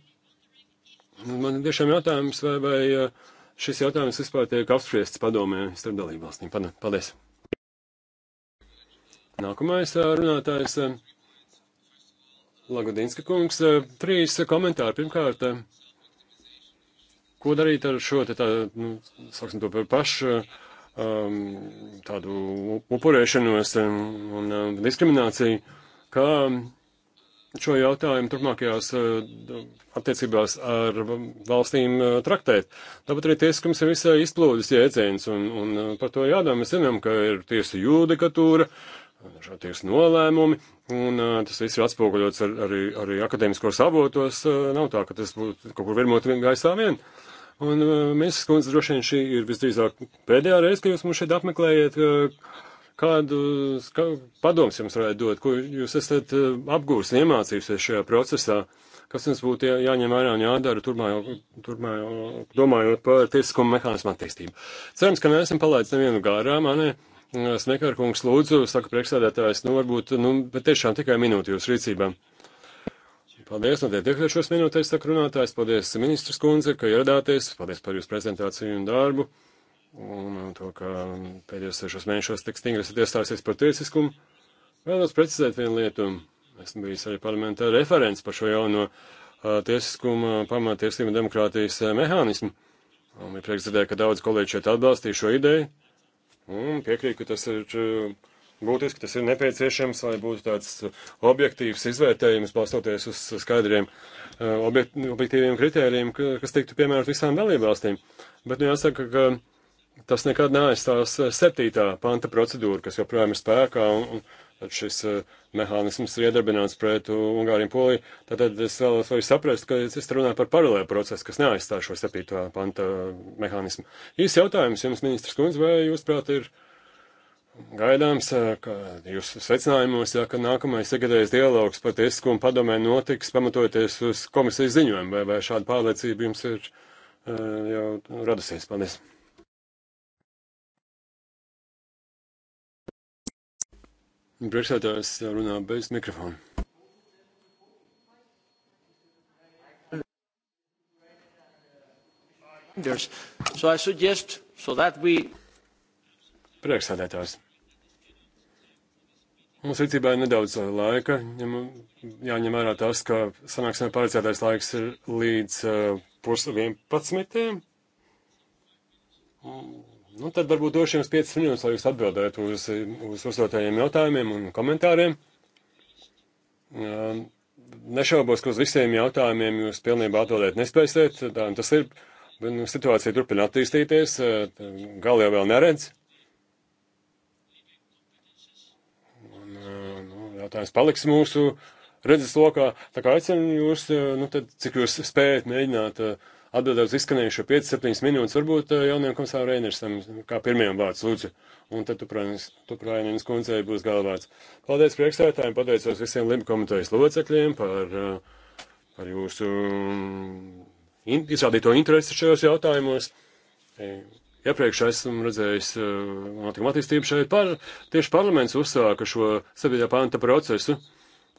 Man tiešām jautājums, vai, vai uh, šis jautājums vispār tiek apspriests padomē starp dalībvalstīm. Paldies! Nākamais runātājs Lagodinska kungs, e, trīs komentāri. Pirmkārt, e, ko darīt ar šo, te tā, nu, sauksim to par pašu, e, um, tādu upurēšanos un, un um, diskrimināciju, kā šo jautājumu turpmākajās uh, attiecībās ar valstīm uh, traktēt. Tāpat arī tiesiskums ir visai izplūdes jēdziens, un, un par to jādomā. Mēs zinām, ka ir tiesu judikatūra, uh, dažādi tiesu nolēmumi, un uh, tas viss ir atspoguļots ar, arī, arī akadēmiskos avotos. Uh, nav tā, ka tas būtu kaut kur virmot gaisā vien. Un uh, mēs, kundze, droši vien šī ir visdrīzāk pēdējā reize, ka jūs mums šeit apmeklējiet. Uh, kādu kā, padomus jums varētu dot, ko jūs esat apgūst un iemācījusies šajā procesā, kas jums būtu jā, jāņem vērā un jādara, turmājo, turmājo, domājot par tiesiskumu mehānismu attīstību. Cerams, ka neesam palaidis nevienu gārā, manē. Ne? Snekarkungs, lūdzu, saka priekšsēdētājs, nu varbūt, nu, bet tiešām tikai minūti jūsu rīcībā. Paldies, no nu, tie iekļaušos minūtēs, saka runātājs, paldies ministrs kundze, ka ieradāties, paldies par jūsu prezentāciju un darbu, un to, ka pēdējos sešos mēnešos tik stingri esat iestājusies par tiesiskumu. Vēlos precizēt vienu lietu. Esmu bijis arī parlamentā referents par šo jauno uh, tiesiskuma pamatiesību demokrātijas uh, mehānismu. Un ir prieks dzirdēt, ka daudz kolēģi šeit atbalstīja šo ideju. Un piekrītu, ka tas ir eh, būtiski, tas ir nepieciešams, lai būtu tāds eh, objektīvs izvērtējums, balstoties uz skaidriem eh, objekt, objektīviem kritērijiem, kas tiktu piemērot visām dalībvalstīm. Bet nu, jāsaka, ka tas nekad neaizstās septītā panta procedūra, kas joprojām ir spēkā. Un, un, Tad šis eh, mehānisms ir iedarbināts pret eh, Ungāriju un Poliju. Tātad es vēlos arī saprast, ka es runāju par paralēlu procesu, kas neaizstāv šo 7. panta eh, mehānismu. Īsts jautājums jums, ministrs Kunz, vai jūs prāt ir gaidāms, ka jūsu secinājumos, ja, ka nākamais sagadējas dialogs par tiesiskumu padomē notiks, pamatojoties uz komisijas ziņojumu, vai, vai šāda pārliecība jums ir jau radusies? Paldies! Priekšsēdājs runā bez mikrofona. So I suggest so that we. Priekšsēdētājs. Mums rīcībā ir nedaudz laika. Jāņem vērā tas, ka sanāksmē paredzētais laiks ir līdz uh, pus 11. Nu, tad varbūt došu jums 5 minūtes, lai jūs atbildētu uz, uz uzdotajiem jautājumiem un komentāriem. Nešaubos, ka uz visiem jautājumiem jūs pilnībā atbildēt nespēsiet. Tā, tas ir, bet nu, situācija turpina attīstīties, gal jau vēl neredz. Un, nu, jautājums paliks mūsu redzes lokā. Tā kā aicinu jūs, nu, tad, cik jūs spējat mēģināt uh, atbildēt uz izskanējušo 5-7 minūtes, varbūt eh, jaunajam komisāram Reinersam kā pirmajam vārds lūdzu. Un tad, tu prājinienes koncei būs galvāts. Paldies priekšstādātājiem, pateicos visiem Limba komitejas locekļiem par, eh, par jūsu mm, in, izrādīto interesi šajos jautājumos. E, iepriekš esmu redzējis eh, notikuma attīstību šeit par, tieši parlaments uzsāka šo 7. panta procesu.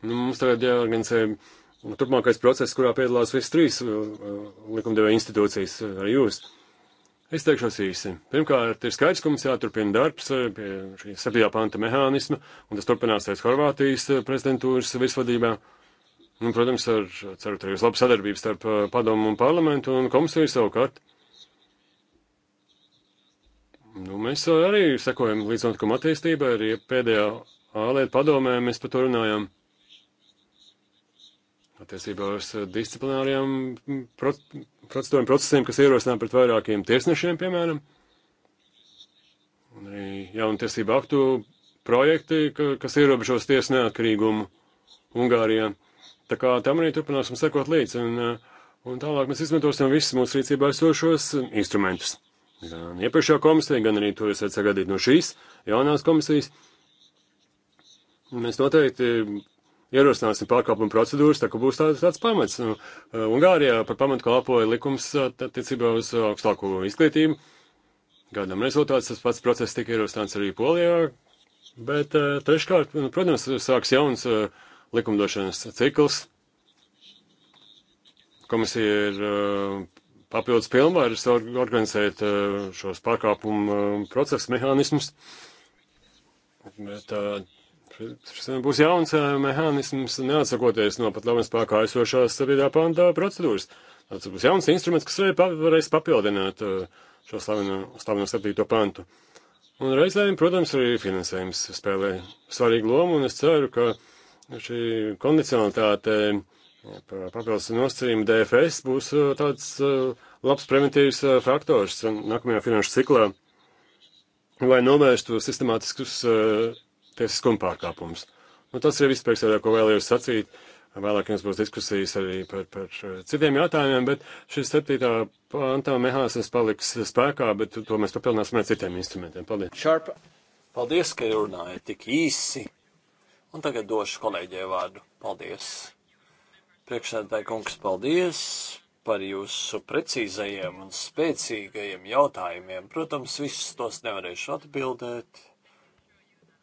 Nu, mums tagad jāorganizē. Ja turpmākais process, kurā piedalās visas trīs uh, uh, likumdevēja institūcijas, uh, arī jūs. Es teikšos īsi. Pirmkārt, ir skaidrs, ka mums jāturpina darbs pie šī 7. panta mehānisma, un tas turpināsies Horvātijas prezidentūras visvadībā. Un, protams, ar ceru, ka būs laba sadarbība starp padomu un parlamentu un komisiju savukārt. Nu, mēs arī sekojam līdz notikuma attīstībai, arī pēdējā ārlietu padomē mēs par to runājām attiecībā uz disciplināriem pro procedūriem, procesiem, kas ierosinām pret vairākiem tiesnešiem, piemēram. Un arī jaunu tiesību aktu projekti, ka, kas ierobežos tiesu neatkarīgumu Ungārijā. Tā kā tam arī turpināsim sekot līdzi, un, un tālāk mēs izmantosim visus mūsu rīcībā esošos instrumentus. Gan iepriekšējā komisija, gan arī to jūs varat sagaidīt no šīs jaunās komisijas. Mēs noteikti ierosināsim pārkāpumu procedūras, tā ka būs tāds, tāds pamats. Nu, eh, Ungārijā par pamatu kalpoja likums eh, attiecībā uz eh, augstāko izglītību. Gadam rezultāts tas pats process tika ierosināts arī Polijā, bet treškārt, nu, protams, sāks jauns likumdošanas cikls. Komisija ir papildus pilnvaras organizēt šos pārkāpumu procesu mehānismus. Bet, Šis būs jauns eh, mehānisms, neatsakoties no pat labi spēkā esošās sabiedrā pantā procedūras. Tas būs jauns instruments, kas varēs papildināt eh, šo slaveno septīto pantu. Un reizēm, protams, arī finansējums spēlē svarīgu lomu, un es ceru, ka šī kondicionalitāte eh, papildus nosacījuma DFS būs tāds labs preventīvs faktors nākamajā finanšu ciklā, lai novērstu sistemātiskus tiesiskuma pārkāpumus. Nu, tas ir vispār, ko vēlējos sacīt. Vēlāk jums būs diskusijas arī par, par eh, citiem jautājumiem, bet šis septītā pantā mehānisms paliks spēkā, bet to mēs papildināsim ar citiem instrumentiem. Paldies! Šarp, paldies, ka runājat tik īsi. Un tagad došu kolēģiem vārdu. Paldies! Priekšsēdētāji kungs, paldies par jūsu precīzajiem un spēcīgajiem jautājumiem. Protams, visus tos nevarēšu atbildēt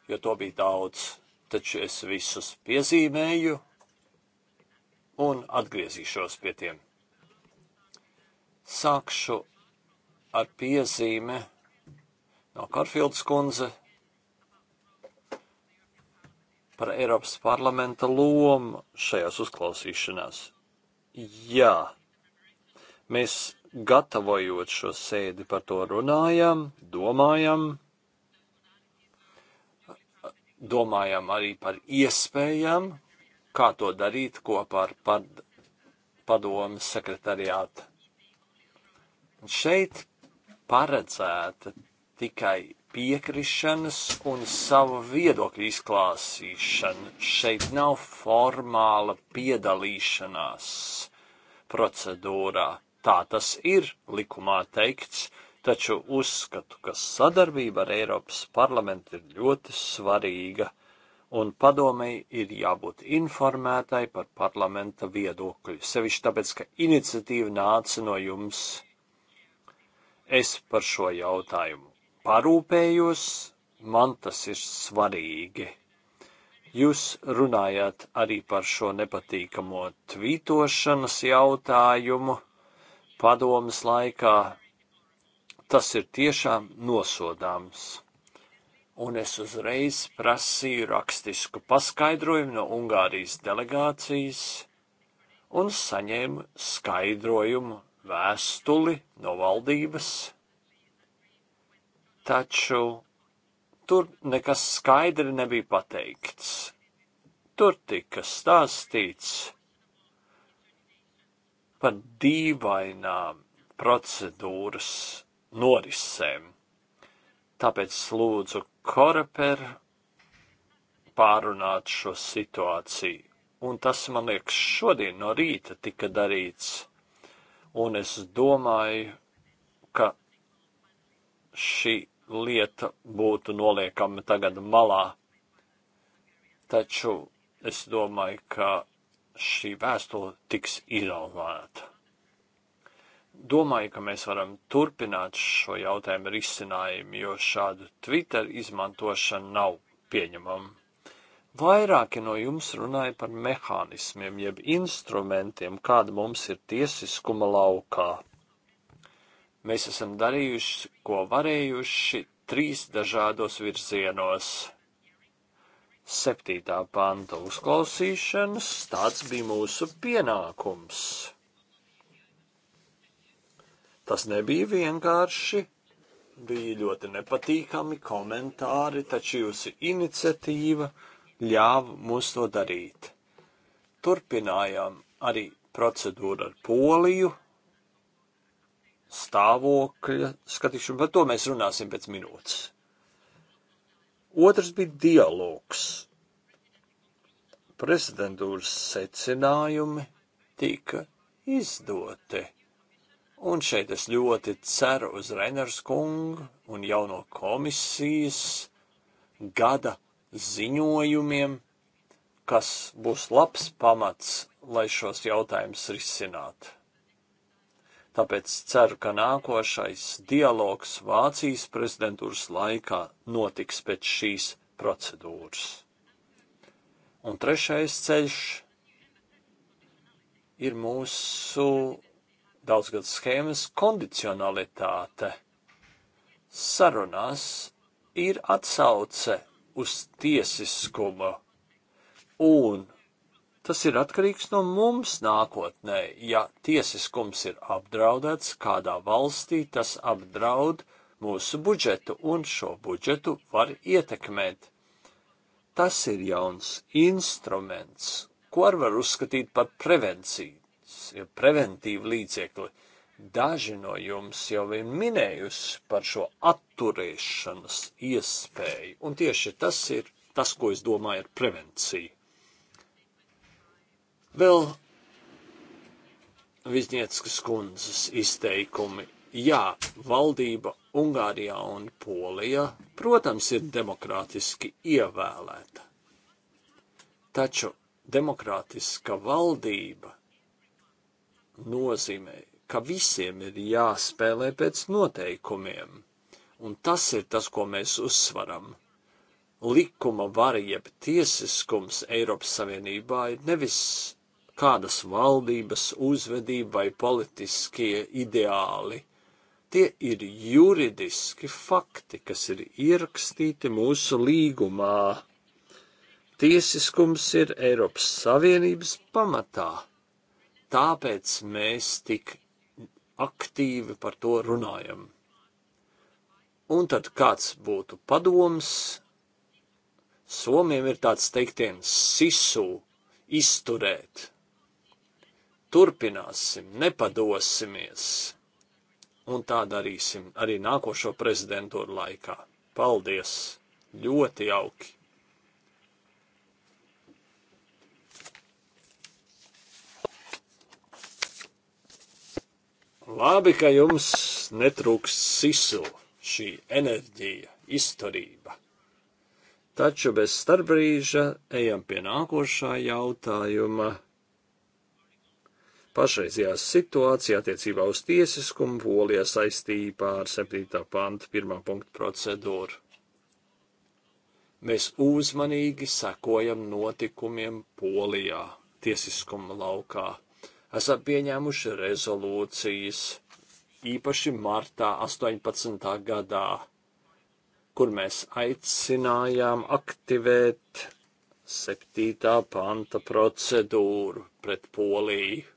jo to bija daudz, taču es visus piezīmēju un atgriezīšos pie tiem. Sākšu ar piezīme no Karfildas kundze par Eiropas parlamenta lomu šajās uzklausīšanās. Jā, mēs gatavojot šo sēdi par to runājam, domājam domājam arī par iespējām, kā to darīt kopā ar pad, padomu sekretariātu. Šeit paredzēta tikai piekrišanas un savu viedokļu izklāsīšana. Šeit nav formāla piedalīšanās procedūrā. Tā tas ir likumā teikts, taču uzskatu, ka sadarbība ar Eiropas parlamentu ir ļoti svarīga, un padomei ir jābūt informētai par parlamenta viedokļu, sevišķi tāpēc, ka iniciatīva nāca no jums. Es par šo jautājumu parūpējos, man tas ir svarīgi. Jūs runājāt arī par šo nepatīkamo tvītošanas jautājumu padomas laikā, Tas ir tiešām nosodāms. Un es uzreiz prasīju rakstisku paskaidrojumu no Ungārijas delegācijas un saņēmu skaidrojumu vēstuli no valdības. Taču tur nekas skaidri nebija pateikts. Tur tika stāstīts par dīvainām procedūras norisēm. Tāpēc lūdzu Koreper pārunāt šo situāciju. Un tas, man liekas, šodien no rīta tika darīts. Un es domāju, ka šī lieta būtu noliekama tagad malā. Taču es domāju, ka šī vēstule tiks izolēta. Domāju, ka mēs varam turpināt šo jautājumu risinājumu, jo šādu Twitter izmantošana nav pieņemama. Vairāki no jums runāja par mehānismiem, jeb instrumentiem, kāda mums ir tiesiskuma laukā. Mēs esam darījuši, ko varējuši, trīs dažādos virzienos. Septītā panta uzklausīšanas tāds bija mūsu pienākums. Tas nebija vienkārši, bija ļoti nepatīkami komentāri, taču jūsu iniciatīva ļāva mums to darīt. Turpinājām arī procedūru ar poliju, stāvokļa skatīšanu, par to mēs runāsim pēc minūtes. Otrs bija dialogs. Prezidentūras secinājumi tika izdoti Un šeit es ļoti ceru uz Reiners kungu un jauno komisijas gada ziņojumiem, kas būs labs pamats, lai šos jautājumus risinātu. Tāpēc ceru, ka nākošais dialogs Vācijas prezidentūras laikā notiks pēc šīs procedūras. Un trešais ceļš ir mūsu daudzgadas schēmas kondicionalitāte. Sarunās ir atsauce uz tiesiskumu, un tas ir atkarīgs no mums nākotnē. Ja tiesiskums ir apdraudēts kādā valstī, tas apdraud mūsu budžetu, un šo budžetu var ietekmēt. Tas ir jauns instruments, ko var uzskatīt par prevenciju preventīvi līdzekli. Daži no jums jau ir minējusi par šo atturēšanas iespēju, un tieši tas ir tas, ko es domāju ar prevenciju. Vēl Vizņieckas kundzes izteikumi. Jā, valdība Ungārijā un Polijā, protams, ir demokrātiski ievēlēta. Taču demokrātiska valdība nozīmē, ka visiem ir jāspēlē pēc noteikumiem, un tas ir tas, ko mēs uzsvaram. Likuma vara jeb tiesiskums Eiropas Savienībā ir nevis kādas valdības uzvedība vai politiskie ideāli. Tie ir juridiski fakti, kas ir ierakstīti mūsu līgumā. Tiesiskums ir Eiropas Savienības pamatā. Tāpēc mēs tik aktīvi par to runājam. Un tad kāds būtu padoms? Somiem ir tāds teiktiens sisu izturēt. Turpināsim, nepadosimies. Un tā darīsim arī nākošo prezidentūru laikā. Paldies! Ļoti jauki! Labi, ka jums netrūks sisla, šī enerģija, izturība. Taču bez starpbrīža ejam pie nākošā jautājuma. Pašreizajā situācijā attiecībā uz tiesiskumu polijā saistībā ar 7. pantu 1. punktu procedūru. Mēs uzmanīgi sekojam notikumiem polijā, tiesiskuma laukā esam pieņēmuši rezolūcijas, īpaši martā 18. gadā, kur mēs aicinājām aktivēt 7. panta procedūru pret Poliju.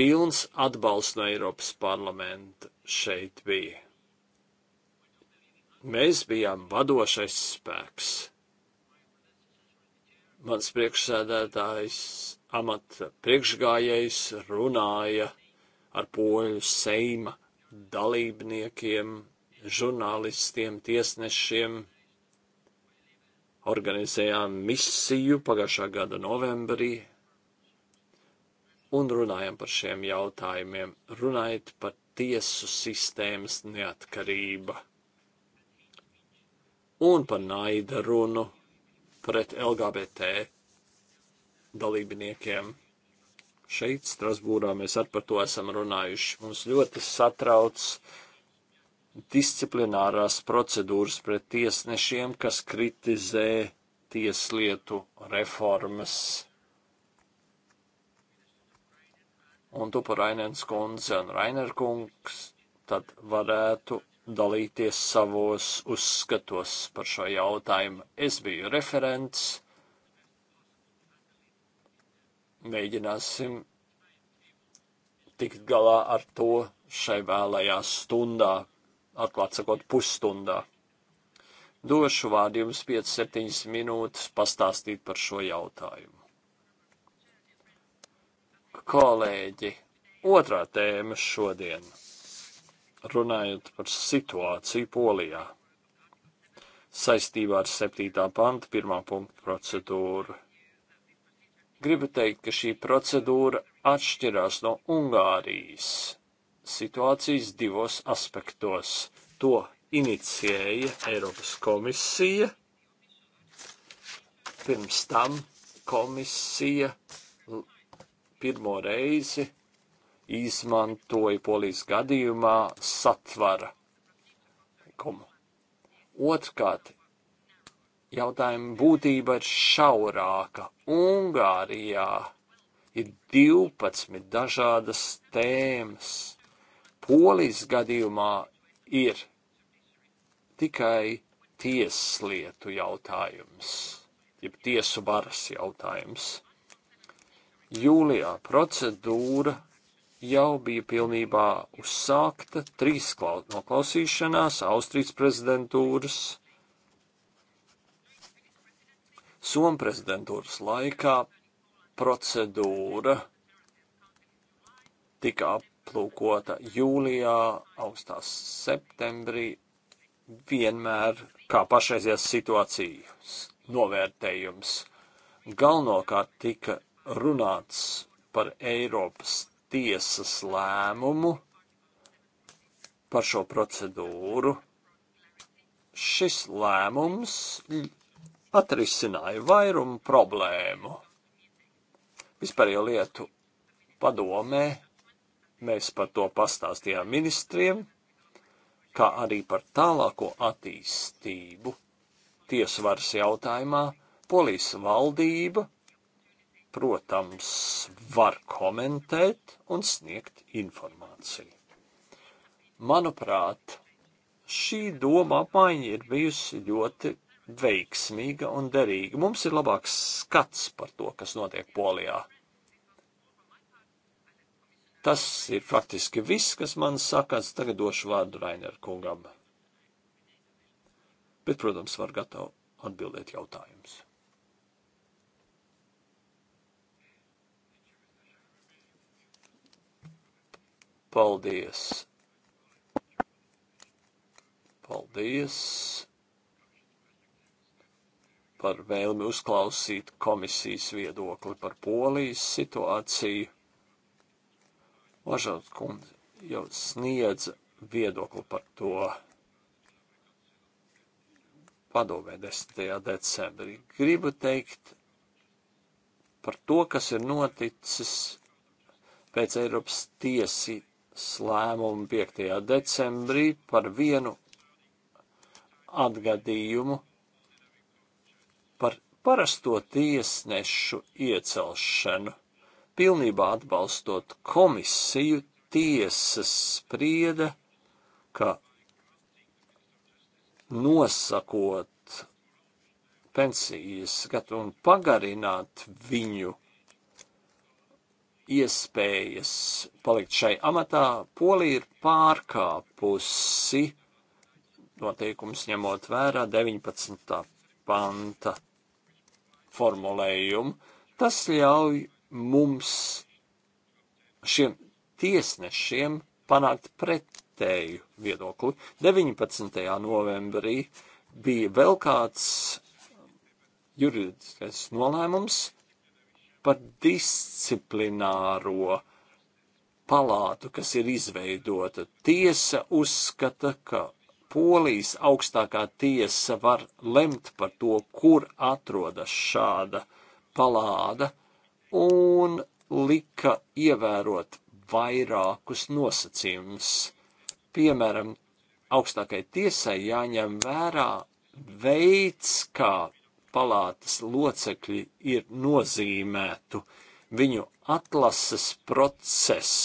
Pilns atbalsts no Eiropas parlamenta šeit bija. Mēs bijām vadošais spēks. Mans priekšsēdētājs amata priekšgājējs runāja ar poļu seima dalībniekiem, žurnālistiem, tiesnešiem. Organizējām misiju pagājušā gada novembrī un runājam par šiem jautājumiem. Runājot par tiesu sistēmas neatkarību un par naida runu pret LGBT dalībniekiem. Šeit, Strasbūrā, mēs ar par to esam runājuši. Mums ļoti satrauc disciplinārās procedūras pret tiesnešiem, kas kritizē tieslietu reformas. Un tu par Rainēns kundze un Rainer kungs tad varētu dalīties savos uzskatos par šo jautājumu. Es biju referents mēģināsim tikt galā ar to šai vēlajā stundā, atklāt sakot, pusstundā. Došu vārdu jums 5-7 minūtes pastāstīt par šo jautājumu. Kolēģi, otrā tēma šodien, runājot par situāciju Polijā saistībā ar 7. panta 1. punktu procedūru Gribu teikt, ka šī procedūra atšķirās no Ungārijas situācijas divos aspektos. To inicijēja Eiropas komisija, pirms tam komisija pirmo reizi izmantoja polijas gadījumā satvara. Komu. Otrkārt, jautājuma būtība ir šaurāka. Ungārijā ir 12 dažādas tēmas. Polijas gadījumā ir tikai tieslietu jautājums, jeb tiesu varas jautājums. Jūlijā procedūra jau bija pilnībā uzsākta trīs noklausīšanās Austrijas prezidentūras Somu prezidentūras laikā procedūra tika aplūkota jūlijā, augstās septembrī, vienmēr kā pašreizējās situācijas novērtējums. Galvenokārt tika runāts par Eiropas tiesas lēmumu par šo procedūru. Šis lēmums atrisināja vairumu problēmu. Vispārējo lietu padomē mēs par to pastāstījām ministriem, kā arī par tālāko attīstību tiesvaras jautājumā. Polijas valdība, protams, var komentēt un sniegt informāciju. Manuprāt, šī doma apmaiņa ir bijusi ļoti veiksmīga un derīga. Mums ir labāks skats par to, kas notiek Polijā. Tas ir faktiski viss, kas man sakās. Tagad došu vārdu Rainer kungam. Bet, protams, var gatavu atbildēt jautājumus. Paldies! Paldies! par vēlmi uzklausīt komisijas viedokli par polijas situāciju. Mažot kundze jau sniedz viedokli par to padomē 10. decembrī. Gribu teikt par to, kas ir noticis pēc Eiropas tiesas lēmuma 5. decembrī par vienu atgadījumu parasto tiesnešu iecelšanu, pilnībā atbalstot komisiju, tiesa sprieda, ka nosakot pensijas gadu un pagarināt viņu iespējas palikt šai amatā, Polija ir pārkāpusi noteikums ņemot vērā 19. panta formulējumu. Tas ļauj mums šiem tiesnešiem panākt pretēju viedokli. 19. novembrī bija vēl kāds juridiskais nolēmums par disciplināro palātu, kas ir izveidota. Tiesa uzskata, ka Polijas augstākā tiesa var lemt par to, kur atrodas šāda palāda, un lika ievērot vairākus nosacījumus. Piemēram, augstākai tiesai jāņem vērā veids, kā palātas locekļi ir nozīmētu, viņu atlases process.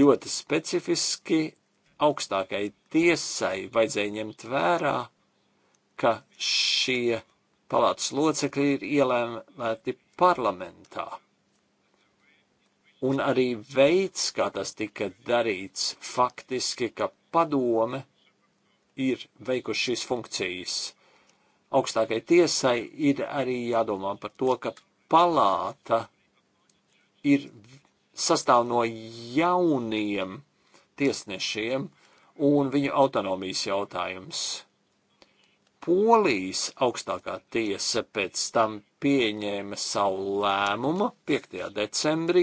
Ļoti specifiski augstākai tiesai vajadzēja ņemt vērā, ka šie palātas locekļi ir ielēmēti parlamentā. Un arī veids, kā tas tika darīts, faktiski, ka padome ir veikuši šīs funkcijas. Augstākai tiesai ir arī jādomā par to, ka palāta ir sastāv no jauniem tiesnešiem un viņu autonomijas jautājums. Polijas augstākā tiesa pēc tam pieņēma savu lēmumu 5. decembrī,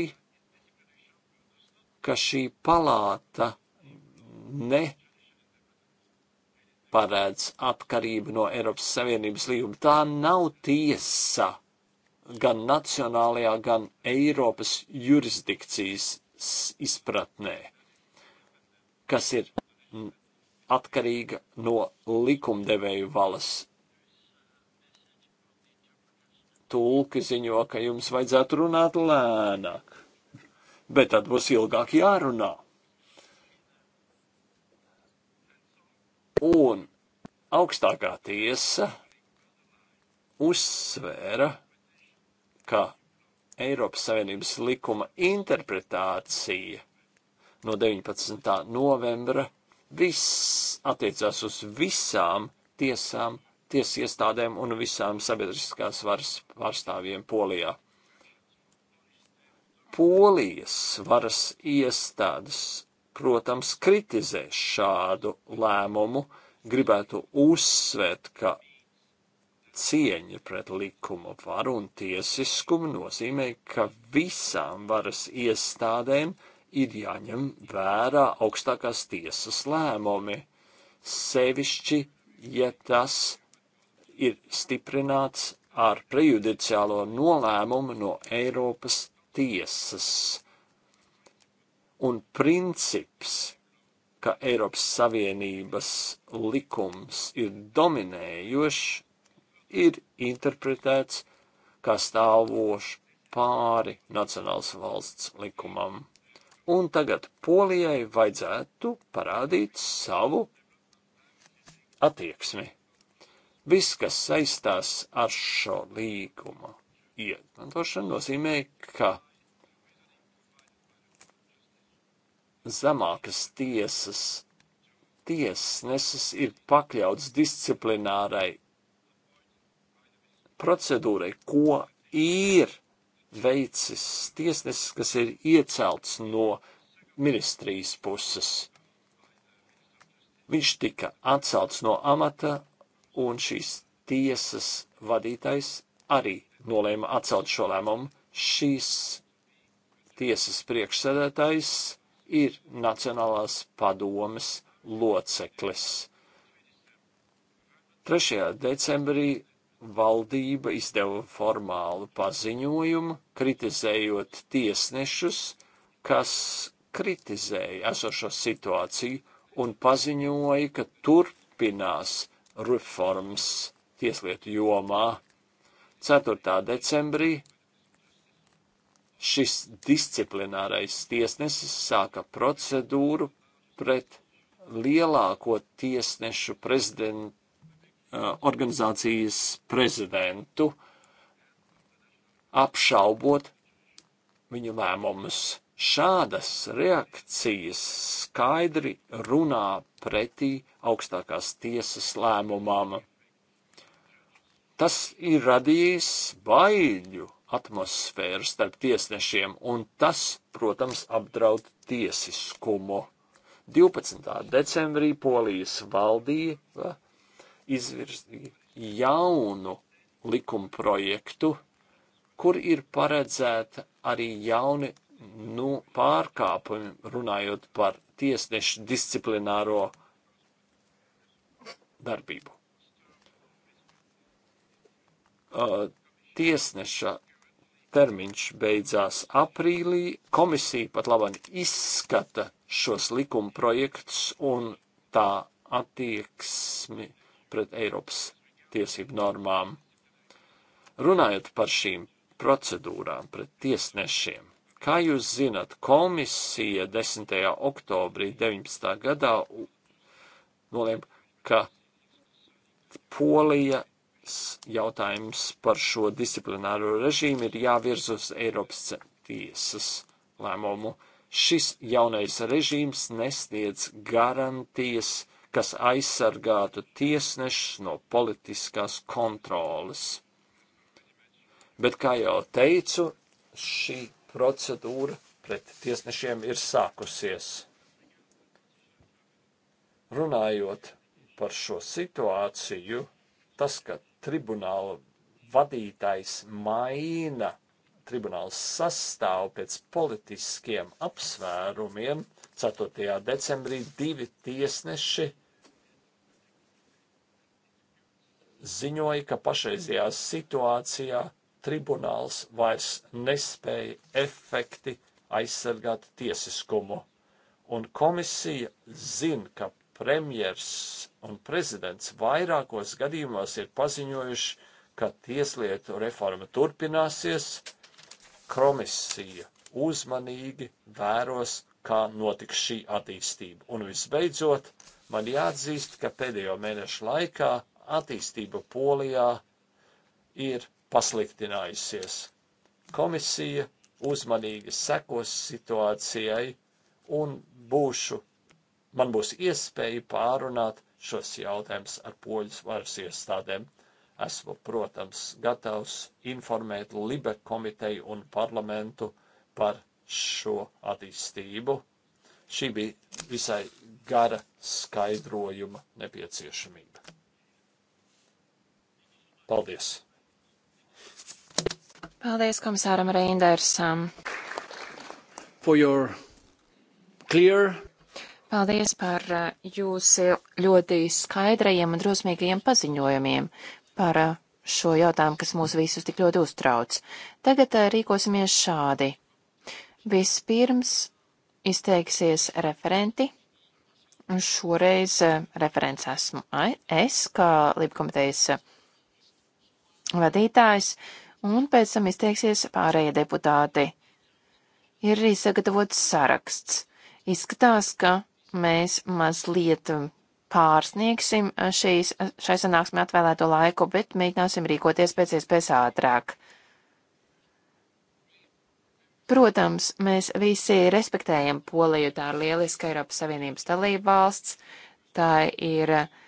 ka šī palāta ne paredz atkarību no Eiropas Savienības līguma. Tā nav tiesa gan nacionālajā, gan Eiropas jurisdikcijas izpratnē kas ir mm, atkarīga no likumdevēju valas. Tulki ziņo, ka jums vajadzētu runāt lēnāk, bet tad būs ilgāk jārunā. Un augstākā tiesa uzsvēra, ka Eiropas Savienības likuma interpretācija no 19. novembra viss attiecās uz visām tiesām, tiesu iestādēm un visām sabiedriskās varas pārstāvjiem Polijā. Polijas varas iestādes, protams, kritizē šādu lēmumu, gribētu uzsvērt, ka cieņa pret likumu varu un tiesiskumu nozīmē, ka visām varas iestādēm, ir jāņem vērā augstākās tiesas lēmumi, sevišķi, ja tas ir stiprināts ar prejudiciālo nolēmumu no Eiropas tiesas. Un princips, ka Eiropas Savienības likums ir dominējošs, ir interpretēts kā stāvošs pāri nacionāls valsts likumam. Un tagad Polijai vajadzētu parādīt savu attieksmi. Viss, kas saistās ar šo līgumu izmantošanu, nozīmē, ka zemākas tiesas tiesneses ir pakļauts disciplinārai procedūrai, ko ir veicis tiesnesis, kas ir iecelts no ministrijas puses. Viņš tika atcelts no amata, un šīs tiesas vadītājs arī nolēma atcelt šo lēmumu. Šīs tiesas priekšsēdētājs ir Nacionālās padomes loceklis. 3. decembrī valdība izdeva formālu paziņojumu, kritizējot tiesnešus, kas kritizēja esošo situāciju un paziņoja, ka turpinās reformas tieslietu jomā. 4. decembrī šis disciplinārais tiesnesis sāka procedūru pret lielāko tiesnešu prezidentu Eh, organizācijas prezidentu, apšaubot viņu lēmumus. Šādas reakcijas skaidri runā pretī augstākās tiesas lēmumam. Tas ir radījis baiļu atmosfēru starp tiesnešiem, un tas, protams, apdraud tiesiskumu. 12. decembrī Polijas valdība izvirzīja jaunu likuma projektu, kur ir paredzēta arī jauni nu, pārkāpumi, runājot par tiesnešu disciplināro darbību. Uh, tiesneša termiņš beidzās aprīlī. Komisija pat labāk izskata šos likuma projektus un tā attieksmi pret Eiropas tiesību normām. Runājot par šīm procedūrām pret tiesnešiem, kā jūs zinat, komisija 10. oktobrī 19. gadā nolēma, ka Polijas jautājums par šo disciplināro režīmu ir jāvirz uz Eiropas tiesas lēmumu. Šis jaunais režīms nesniedz garantijas kas aizsargātu tiesnešus no politiskās kontroles. Bet, kā jau teicu, šī procedūra pret tiesnešiem ir sākusies. Runājot par šo situāciju, tas, ka tribunāla vadītājs maina tribunāls sastāvu pēc politiskiem apsvērumiem, 4. decembrī divi tiesneši ziņoja, ka pašreizajā situācijā tribunāls vairs nespēja efekti aizsargāt tiesiskumu, un komisija zina, ka premjers un prezidents vairākos gadījumos ir paziņojuši, ka tieslietu reforma turpināsies, komisija uzmanīgi vēros, kā notiks šī attīstība. Un visbeidzot, man jāatzīst, ka pēdējo mēnešu laikā attīstība Polijā ir pasliktinājusies. Komisija uzmanīgi sekos situācijai un būšu, man būs iespēja pārunāt šos jautājumus ar poļu varas iestādēm. Esmu, protams, gatavs informēt Libe komiteju un parlamentu par šo attīstību. Šī bija visai gara skaidrojuma nepieciešamība. Paldies! Paldies komisāram Reindersam! Clear... Paldies par uh, jūsu ļoti skaidrajiem un drosmīgajiem paziņojumiem par uh, šo jautājumu, kas mūs visus tik ļoti uztrauc. Tagad uh, rīkosimies šādi. Vispirms izteiksies referenti, un šoreiz referents esmu es, kā Libkomitejas vadītājs, un pēc tam izteiksies pārējie deputāti. Ir arī sagatavots saraksts. Izskatās, ka mēs mazliet pārsniegsim šīs, šai sanāksmē atvēlēto laiku, bet mēģināsim rīkoties pēc iespējas ātrāk. Protams, mēs visi respektējam Poliju, tā ir lieliska Eiropas Savienības dalība valsts, tā ir uh,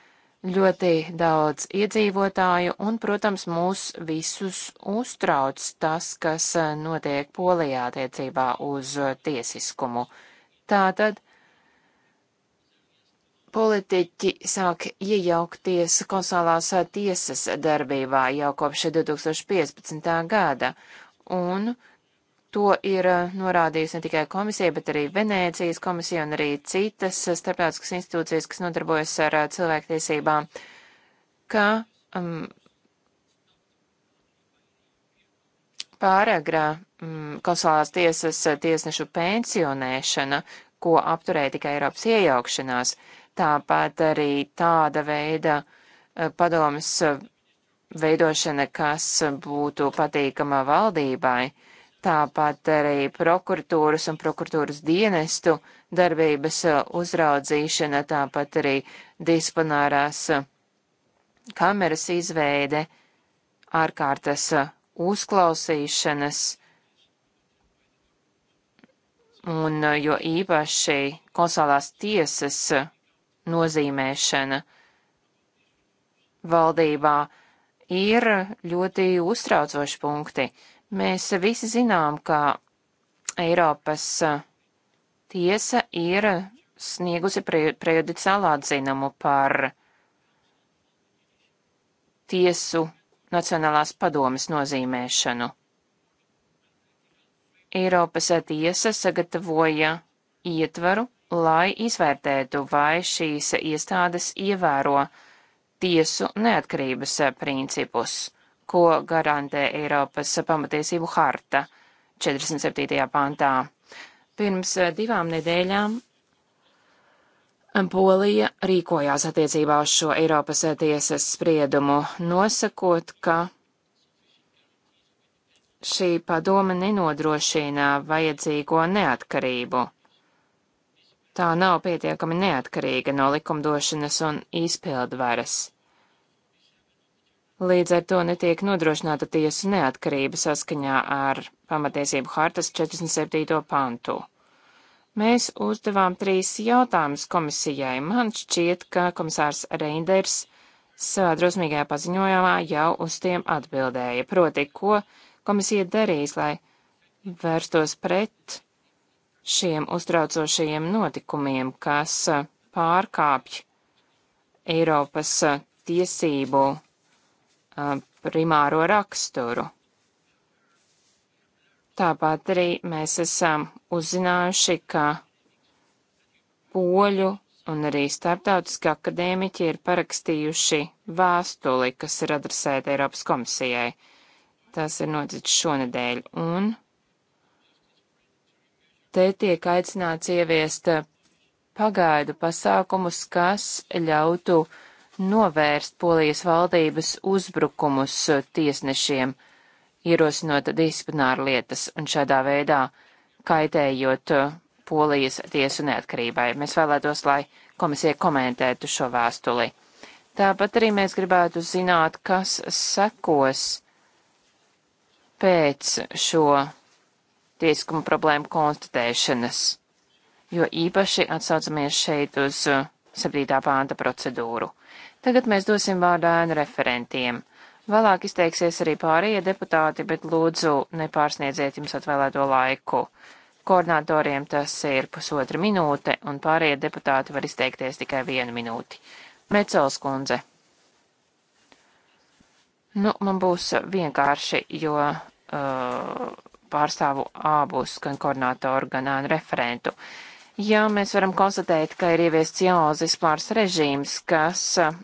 ļoti daudz iedzīvotāju, un, protams, mūs visus uztrauc tas, kas e, notiek Polijā attiecībā uz e, tiesiskumu. Tātad politiķi sāk iejaukties konsolās e, tiesas darbībā jau kopš 2015. gada, un To ir eh, norādījusi ne tikai komisija, bet arī Venēcijas komisija un arī citas starptautiskas institūcijas, kas nodarbojas ar eh, cilvēktiesībām, ka um, pāragrā um, mm, konsulārās tiesas eh, tiesnešu pensionēšana, ko apturēja tikai Eiropas iejaukšanās, tāpat arī tāda veida uh, padomas uh, veidošana, kas būtu patīkama valdībai tāpat arī prokuratūras un prokuratūras dienestu darbības uh, uzraudzīšana, tāpat arī disciplinārās uh, kameras izveide, ārkārtas uh, uzklausīšanas, un jo īpaši konsolās tiesas nozīmēšana valdībā ir ļoti uztraucoši punkti. Uh, Mēs visi zinām, ka Eiropas uh, tiesa ir sniegusi prejudicālu atzinumu par tiesu Nacionālās padomes nozīmēšanu. Eiropas tiesa sagatavoja ietvaru, lai izvērtētu, vai šīs iestādes ievēro tiesu neatkarības uh, principus ko garantē Eiropas pamatiesību harta 47. pantā. Pirms divām nedēļām Polija rīkojās attiecībā uz šo Eiropas tiesas spriedumu, nosakot, ka šī padoma nenodrošina vajadzīgo neatkarību. Tā nav pietiekami neatkarīga no likumdošanas un izpildvaras. Līdz ar to netiek nodrošināta tiesu neatkarība saskaņā ar pamatiesību hartas 47. pantu. Mēs uzdevām trīs jautājumus komisijai. Man šķiet, ka komisārs Reinders savā drosmīgajā paziņojumā jau uz tiem atbildēja. Proti, ko komisija darīs, lai vērstos pret šiem uztraucošajiem notikumiem, kas pārkāpj Eiropas tiesību primāro raksturu. Tāpat arī mēs esam uzzinājuši, ka poļu un arī starptautiski akadēmiķi ir parakstījuši vēstuli, kas ir adresēta Eiropas komisijai. Tas ir noticis šonadēļ, un te tiek aicināts ieviest pagaidu pasākumus, kas ļautu uh, novērst Polijas valdības uzbrukumus eh, tiesnešiem, ierosinot disciplināru lietas un šādā veidā kaitējot eh, Polijas tiesu neatkarībai. Mēs vēlētos, lai komisija komentētu šo vēstuli. Tāpat arī mēs gribētu zināt, kas sekos pēc šo tieskuma problēmu konstatēšanas, jo īpaši atsaucamies šeit uz 7. Eh, pānta procedūru. Tagad mēs dosim vārdu ēnu referentiem. Vēlāk izteiksies arī pārējie deputāti, bet lūdzu nepārsniedziet jums atvēlēto laiku. Koordinatoriem tas ir pusotra minūte, un pārējie deputāti var izteikties tikai vienu minūti. Mecels kundze. Nu, man būs vienkārši, jo uh, pārstāvu abus, gan koordinātoru, gan ānu referentu. Jā, mēs varam konstatēt, ka ir ieviests jāuzis pāris režīms, kas uh,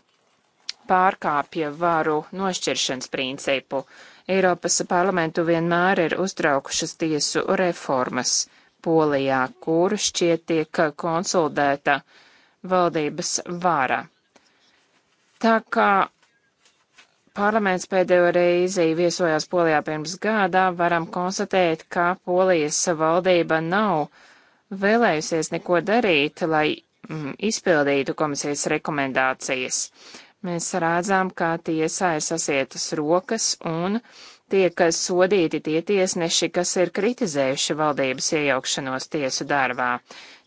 pārkāpja varu nošķiršanas principu. Eiropas parlamentu vienmēr ir uztraukušas tiesu reformas Polijā, kur šķiet tiek konsolidēta valdības vara. Tā kā parlaments pēdējo reizi viesojās Polijā pirms gadā, varam konstatēt, ka Polijas valdība nav vēlējusies neko darīt, lai mm, izpildītu komisijas rekomendācijas. Mēs redzam, ka tiesā ir sasietas rokas un tiek sodīti tie tiesneši, kas ir kritizējuši valdības iejaukšanos tiesu darbā.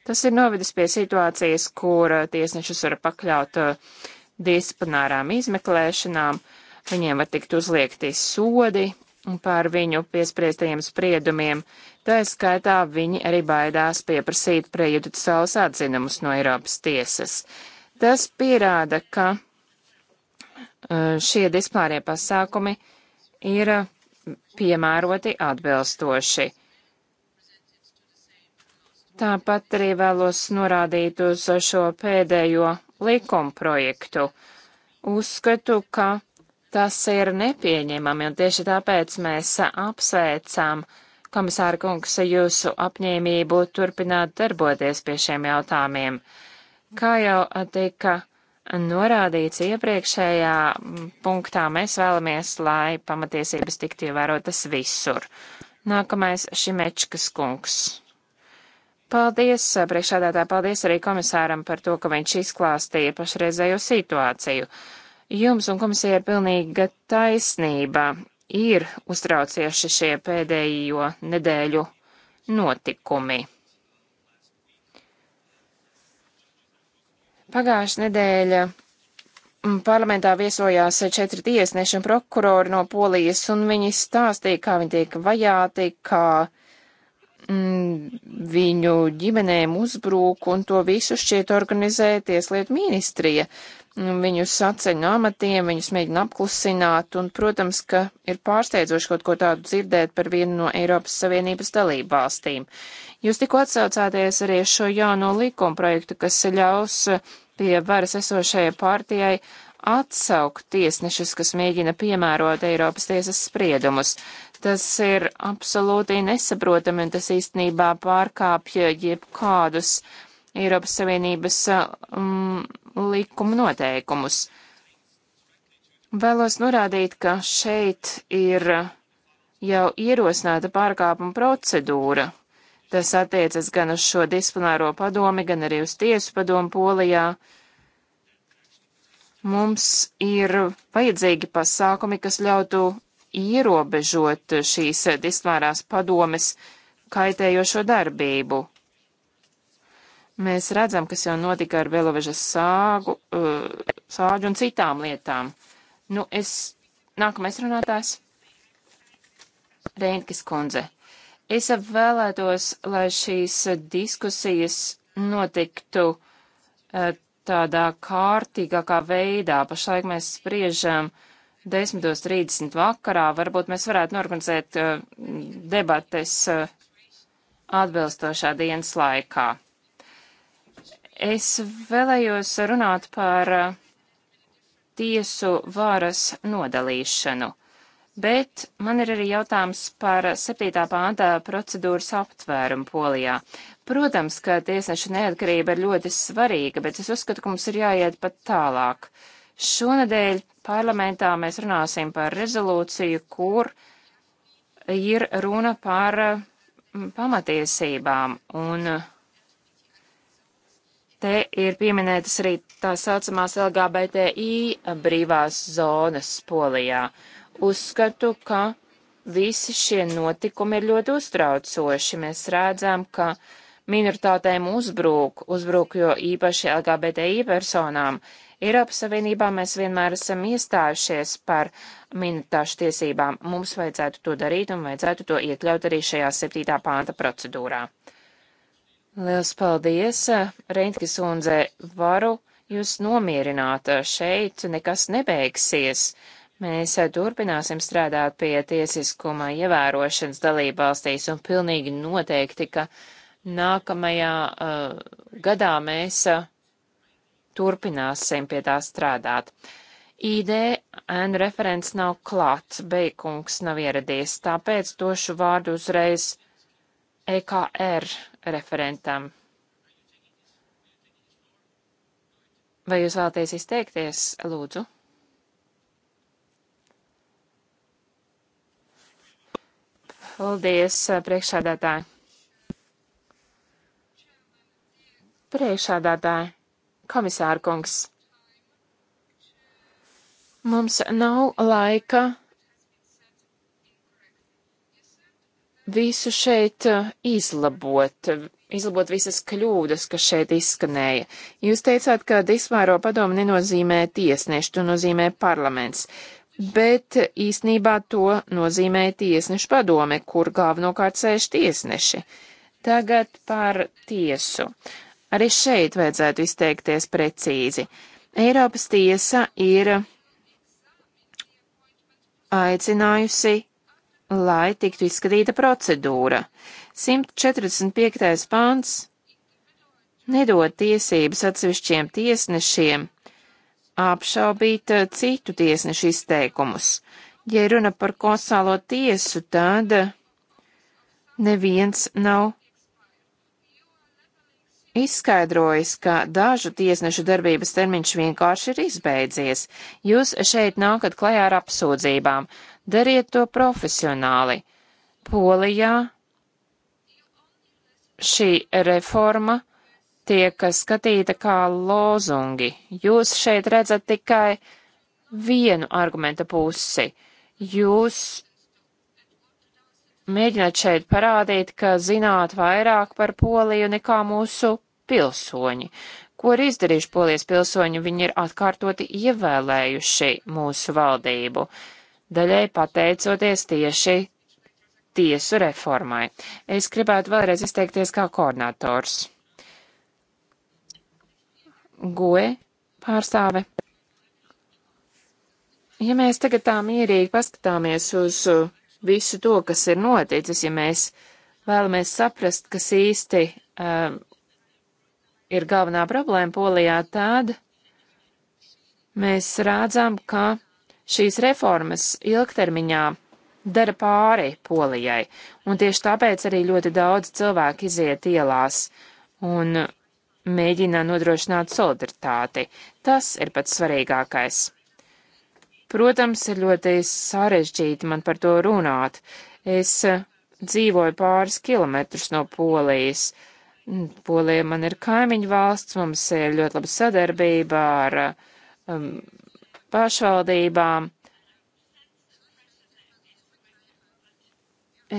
Tas ir novedis pie situācijas, kur tiesnešus var pakļaut uh, disciplinārām izmeklēšanām, viņiem var tikt uzliekti sodi par viņu piespriestajiem spriedumiem, tā skaitā viņi arī baidās pieprasīt prejudiciālus atzinumus no Eiropas tiesas. Tas pierāda, ka Eh, šie vispārie pasākumi ir piemēroti atbilstoši. Tāpat arī vēlos norādīt uz šo pēdējo likuma projektu. Uzskatu, ka tas ir nepieņemami, un tieši tāpēc mēs apsveicām komisāra kungs jūsu apņēmību turpināt darboties pie šiem jautājumiem. Kā jau tika norādīts iepriekšējā punktā, mēs vēlamies, lai pamatiesības tiktu ievērotas visur. Nākamais Šimečkas kungs. Paldies, priekšādātā, paldies arī komisāram par to, ka viņš izklāstīja pašreizējo situāciju. Jums un komisija ir pilnīga taisnība. Ir uztraucieši šie pēdējo nedēļu notikumi. Pagājušā nedēļa mm, parlamentā viesojās četri tiesneši un prokurori no Polijas, un viņi stāstīja, kā viņi tiek vajāti, kā mm, viņu ģimenēm uzbrūk, un to visu šķiet organizē Tieslietu ministrija viņus atceļ no amatiem, viņus mēģina apklusināt, un, protams, ka ir pārsteidzoši kaut ko tādu dzirdēt par vienu no Eiropas Savienības dalību valstīm. Jūs tikko atsaucāties arī šo jauno likuma projektu, kas ļaus eh, pie varas esošajai partijai atsaukt tiesnešus, kas mēģina piemērot Eiropas tiesas spriedumus. Tas ir absolūti nesaprotami, un tas īstenībā pārkāpja jebkādus Eiropas Savienības um, likuma noteikumus. Vēlos norādīt, ka šeit ir jau ierosināta pārkāpuma procedūra. Tas attiecas gan uz šo disciplināro padomi, gan arī uz tiesu padomu Polijā. Mums ir vajadzīgi pasākumi, kas ļautu ierobežot šīs disciplinārās padomes kaitējošo darbību. Mēs redzam, kas jau notika ar velovežas sāgu, uh, sāģu un citām lietām. Nu, es, nākamais runātājs, Reinkas kundze. Es vēlētos, lai šīs diskusijas notiktu uh, tādā kārtīgākā veidā. Pašlaik mēs spriežam 10.30 vakarā. Varbūt mēs varētu norganizēt uh, debates atbilstošā dienas laikā. Es vēlējos runāt par uh, tiesu vāras nodalīšanu, bet man ir arī jautājums par 7. pāntā procedūras aptvērumu Polijā. Protams, ka tiesneša neatkarība ir ļoti svarīga, bet es uzskatu, ka mums ir jāiet pat tālāk. Šonadēļ parlamentā mēs runāsim par rezolūciju, kur ir runa par mm, pamatiesībām un uh, Te ir pieminētas arī tā saucamās LGBTI brīvās zonas Polijā. Uzskatu, ka visi šie notikumi ir ļoti uztraucoši. Mēs redzam, ka minoritātēm uzbrūk, uzbrūk jo īpaši LGBTI personām. Eiropas Savienībā mēs vienmēr esam iestājušies par minoritāšu tiesībām. Mums vajadzētu to darīt un vajadzētu to iekļaut arī šajā septītā pānta procedūrā. Liels paldies, eh, Reintke sundze, varu jūs nomierināt, šeit nekas nebeigsies. Mēs eh, turpināsim strādāt pie tiesiskuma ievērošanas dalībvalstīs un pilnīgi noteikti, ka nākamajā uh, gadā mēs uh, turpināsim pie tā strādāt. ID un referents nav klāt, Beikungs nav ieradies, tāpēc došu vārdu uzreiz EKR referentam. Vai jūs vēlaties izteikties, lūdzu? Paldies, priekšādātāji. Priekšādātāji, komisārkungs. Mums nav laika visu šeit eh, izlabot, izlabot visas kļūdas, kas šeit izskanēja. Jūs teicāt, ka disvāro padomu nenozīmē tiesneši, to nozīmē parlaments, bet īsnībā to nozīmē tiesnešu padome, kur galvenokārt sēž tiesneši. Tagad par tiesu. Arī šeit vajadzētu izteikties precīzi. Eiropas tiesa ir aicinājusi lai tiktu izskatīta procedūra. 145. pāns nedod tiesības atsevišķiem tiesnešiem apšaubīt eh, citu tiesnešu izteikumus. Ja runa par konsālo tiesu, tad neviens nav izskaidrojis, ka dažu tiesnešu darbības termiņš vienkārši ir izbeidzies. Jūs šeit nākat klajā ar apsūdzībām. Dariet to profesionāli. Polijā šī reforma tiek skatīta kā lozungi. Jūs šeit redzat tikai vienu argumenta pusi. Jūs mēģināt šeit parādīt, ka zināt vairāk par Poliju nekā mūsu pilsoņi. Ko ir izdarījuši polijas pilsoņi? Viņi ir atkārtoti ievēlējuši mūsu valdību, daļai pateicoties tieši tiesu reformai. Es gribētu vēlreiz izteikties kā koordinators. Goe pārstāve. Ja mēs tagad tā mierīgi paskatāmies uz uh, visu to, kas ir noticis, ja mēs vēlamies saprast, kas īsti um, ir galvenā problēma Polijā, tad mēs rādzām, ka šīs reformas ilgtermiņā dara pāri Polijai, un tieši tāpēc arī ļoti daudz cilvēku iziet ielās un mēģina nodrošināt solidaritāti. Tas ir pats svarīgākais. Protams, ir ļoti sarežģīti man par to runāt. Es dzīvoju pāris kilometrus no Polijas, uh, Mm, Polija man ir kaimiņu valsts, mums ir ļoti laba sadarbība ar um, pašvaldībām.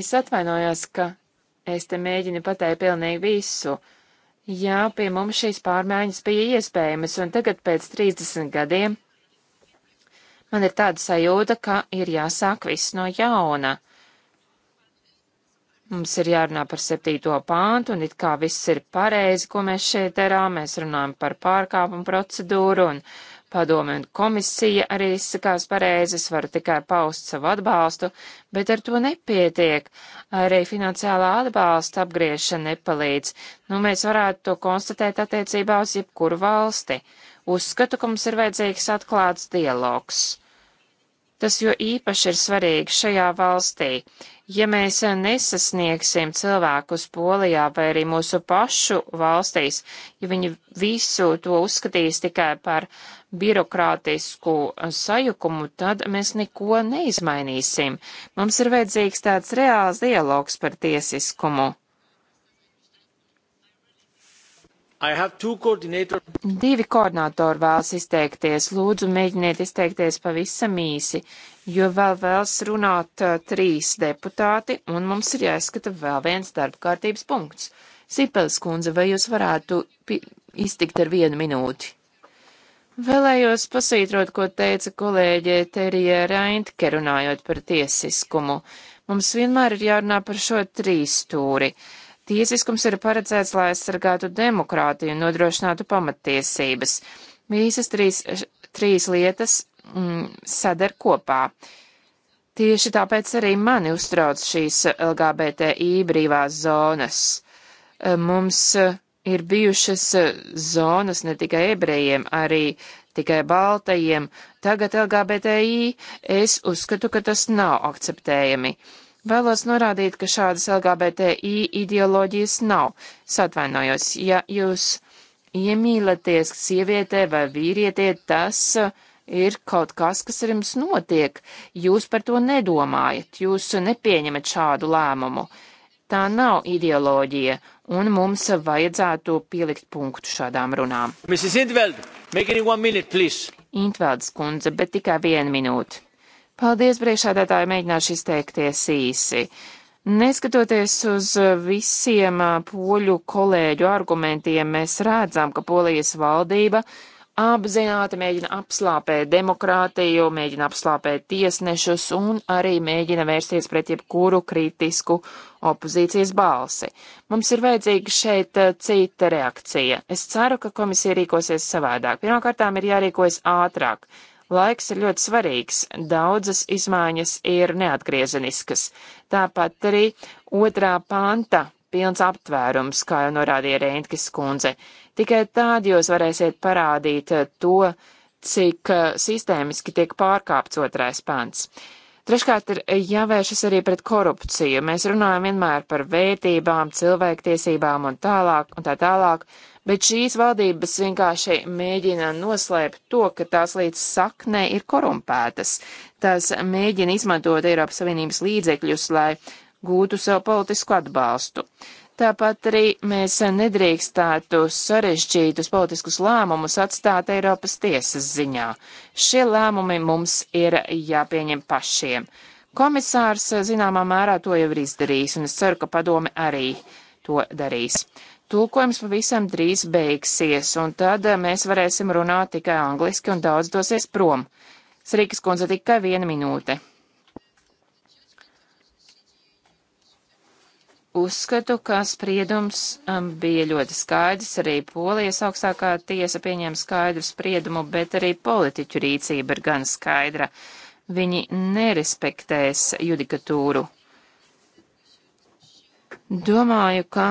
Es atvainojos, ka es te mēģinu pateikt pilnīgi visu. Jā, pie mums šīs pārmaiņas bija iespējamas, un tagad pēc 30 gadiem man ir tāda sajūta, ka ir jāsāk viss no jauna. Mums ir jārunā par septīto pāntu, un it kā viss ir pareizi, ko mēs šeit darām. Mēs runājam par pārkāpumu procedūru, un padome un komisija arī izsakās pareizi. Es varu tikai paust savu atbalstu, bet ar to nepietiek. Arī finansiālā atbalsta apgriešana nepalīdz. Nu, mēs varētu to konstatēt attiecībā uz jebkuru valsti. Uzskatu, ka mums ir vajadzīgs atklāts dialogs Tas jo īpaši ir svarīgi šajā valstī. Ja mēs nesasniegsim cilvēkus Polijā vai arī mūsu pašu valstīs, ja viņi visu to uzskatīs tikai par birokrātisku sajukumu, tad mēs neko neizmainīsim. Mums ir vajadzīgs tāds reāls dialogs par tiesiskumu. Coordinator... Divi koordinātori vēlas izteikties. Lūdzu, mēģiniet izteikties pavisam īsi, jo vēl vēlas runāt uh, trīs deputāti, un mums ir jāizskata vēl viens darba kārtības punkts. Sipels kundze, vai jūs varētu iztikt ar vienu minūti? Vēlējos pasvītrot, ko teica kolēģe Terija Raintke runājot par tiesiskumu. Mums vienmēr ir jārunā par šo trīs stūri. Uh, Tiesiskums ir paredzēts, lai aizsargātu demokrātiju un nodrošinātu pamattiesības. Visas trīs, trīs lietas mm, sadar kopā. Tieši tāpēc arī mani uztrauc šīs LGBTI brīvās zonas. Eh, mums eh, ir bijušas eh, zonas ne tikai ebrejiem, arī tikai baltajiem. Tagad LGBTI es uzskatu, ka tas nav akceptējami. Uh, Vēlos norādīt, ka šādas LGBTI ideoloģijas nav. Satvainojos, ja jūs iemīlaties sievietē vai vīrietē, tas eh, ir kaut kas, kas ar jums notiek. Jūs par to nedomājat, jūs nepieņemat šādu lēmumu. Tā nav ideoloģija, un mums vajadzētu pielikt punktu šādām runām. Mrs. Intveld, make it one minute, please. Intvelds kundze, bet tikai vienu minūti. Paldies, priekšādātāji, mēģināšu izteikties īsi. Neskatoties uz visiem poļu kolēģu argumentiem, mēs redzam, ka polijas valdība apzināti mēģina apslāpēt demokrātiju, mēģina apslāpēt tiesnešus un arī mēģina vērsties pret jebkuru kritisku opozīcijas balsi. Mums ir vajadzīga šeit cita reakcija. Es ceru, ka komisija rīkosies savādāk. Pirmkārtām ir jārīkojas ātrāk. Laiks ir ļoti svarīgs. Daudzas izmaiņas ir neatgriezeniskas. Tāpat arī otrā panta pilns aptvērums, kā jau norādīja Rēntges kundze. Tikai tādi jūs varēsiet parādīt to, cik eh, sistēmiski tiek pārkāpts otrais pants. Treškārt ir jāvēršas arī pret korupciju. Mēs runājam vienmēr par vērtībām, cilvēktiesībām un tālāk un tā tālāk, bet šīs valdības vienkārši mēģina noslēpt to, ka tās līdz saknē ir korumpētas. Tās mēģina izmantot Eiropas Savienības līdzekļus, lai gūtu sev politisku atbalstu. Tāpat arī mēs nedrīkstētu sarežģītus politiskus lēmumus atstāt Eiropas tiesas ziņā. Šie lēmumi mums ir jāpieņem pašiem. Komisārs zināmā mērā to jau ir izdarījis, un es ceru, ka padome arī to darīs. Tulkojums pavisam drīz beigsies, un tad mēs varēsim runāt tikai angliski, un daudz dosies prom. Srīkas kundze tikai viena minūte. Uzskatu, ka spriedums um, bija ļoti skaidrs, arī Polijas augstākā tiesa pieņēma skaidru spriedumu, bet arī politiķu rīcība ir gan skaidra. Viņi nerespektēs judikatūru. Domāju, ka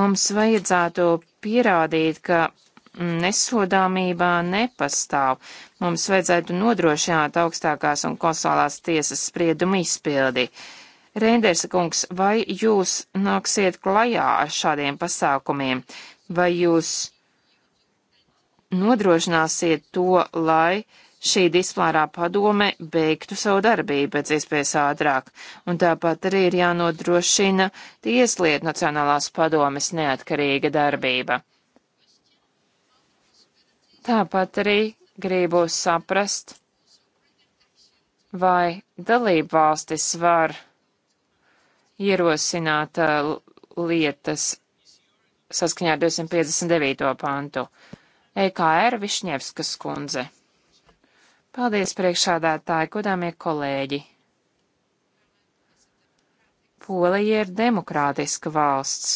mums vajadzētu pierādīt, ka nesodāmībā nepastāv. Mums vajadzētu nodrošināt augstākās un konsolās tiesas spriedumu izpildi. Uh, Rendersa kungs, vai jūs nāksiet klajā ar šādiem pasākumiem, vai jūs nodrošināsiet to, lai šī disciplinārā padome beigtu savu darbību pēc iespējas ātrāk, un tāpat arī ir jānodrošina tieslietu Nacionālās padomes neatkarīga darbība. Tāpat arī gribu saprast, vai dalību valstis var ierosināt uh, lietas saskaņā ar 259. pantu. EKR Višņevskas kundze. Paldies priekšādātāji, godāmie kolēģi. Polija ir demokrātiska valsts,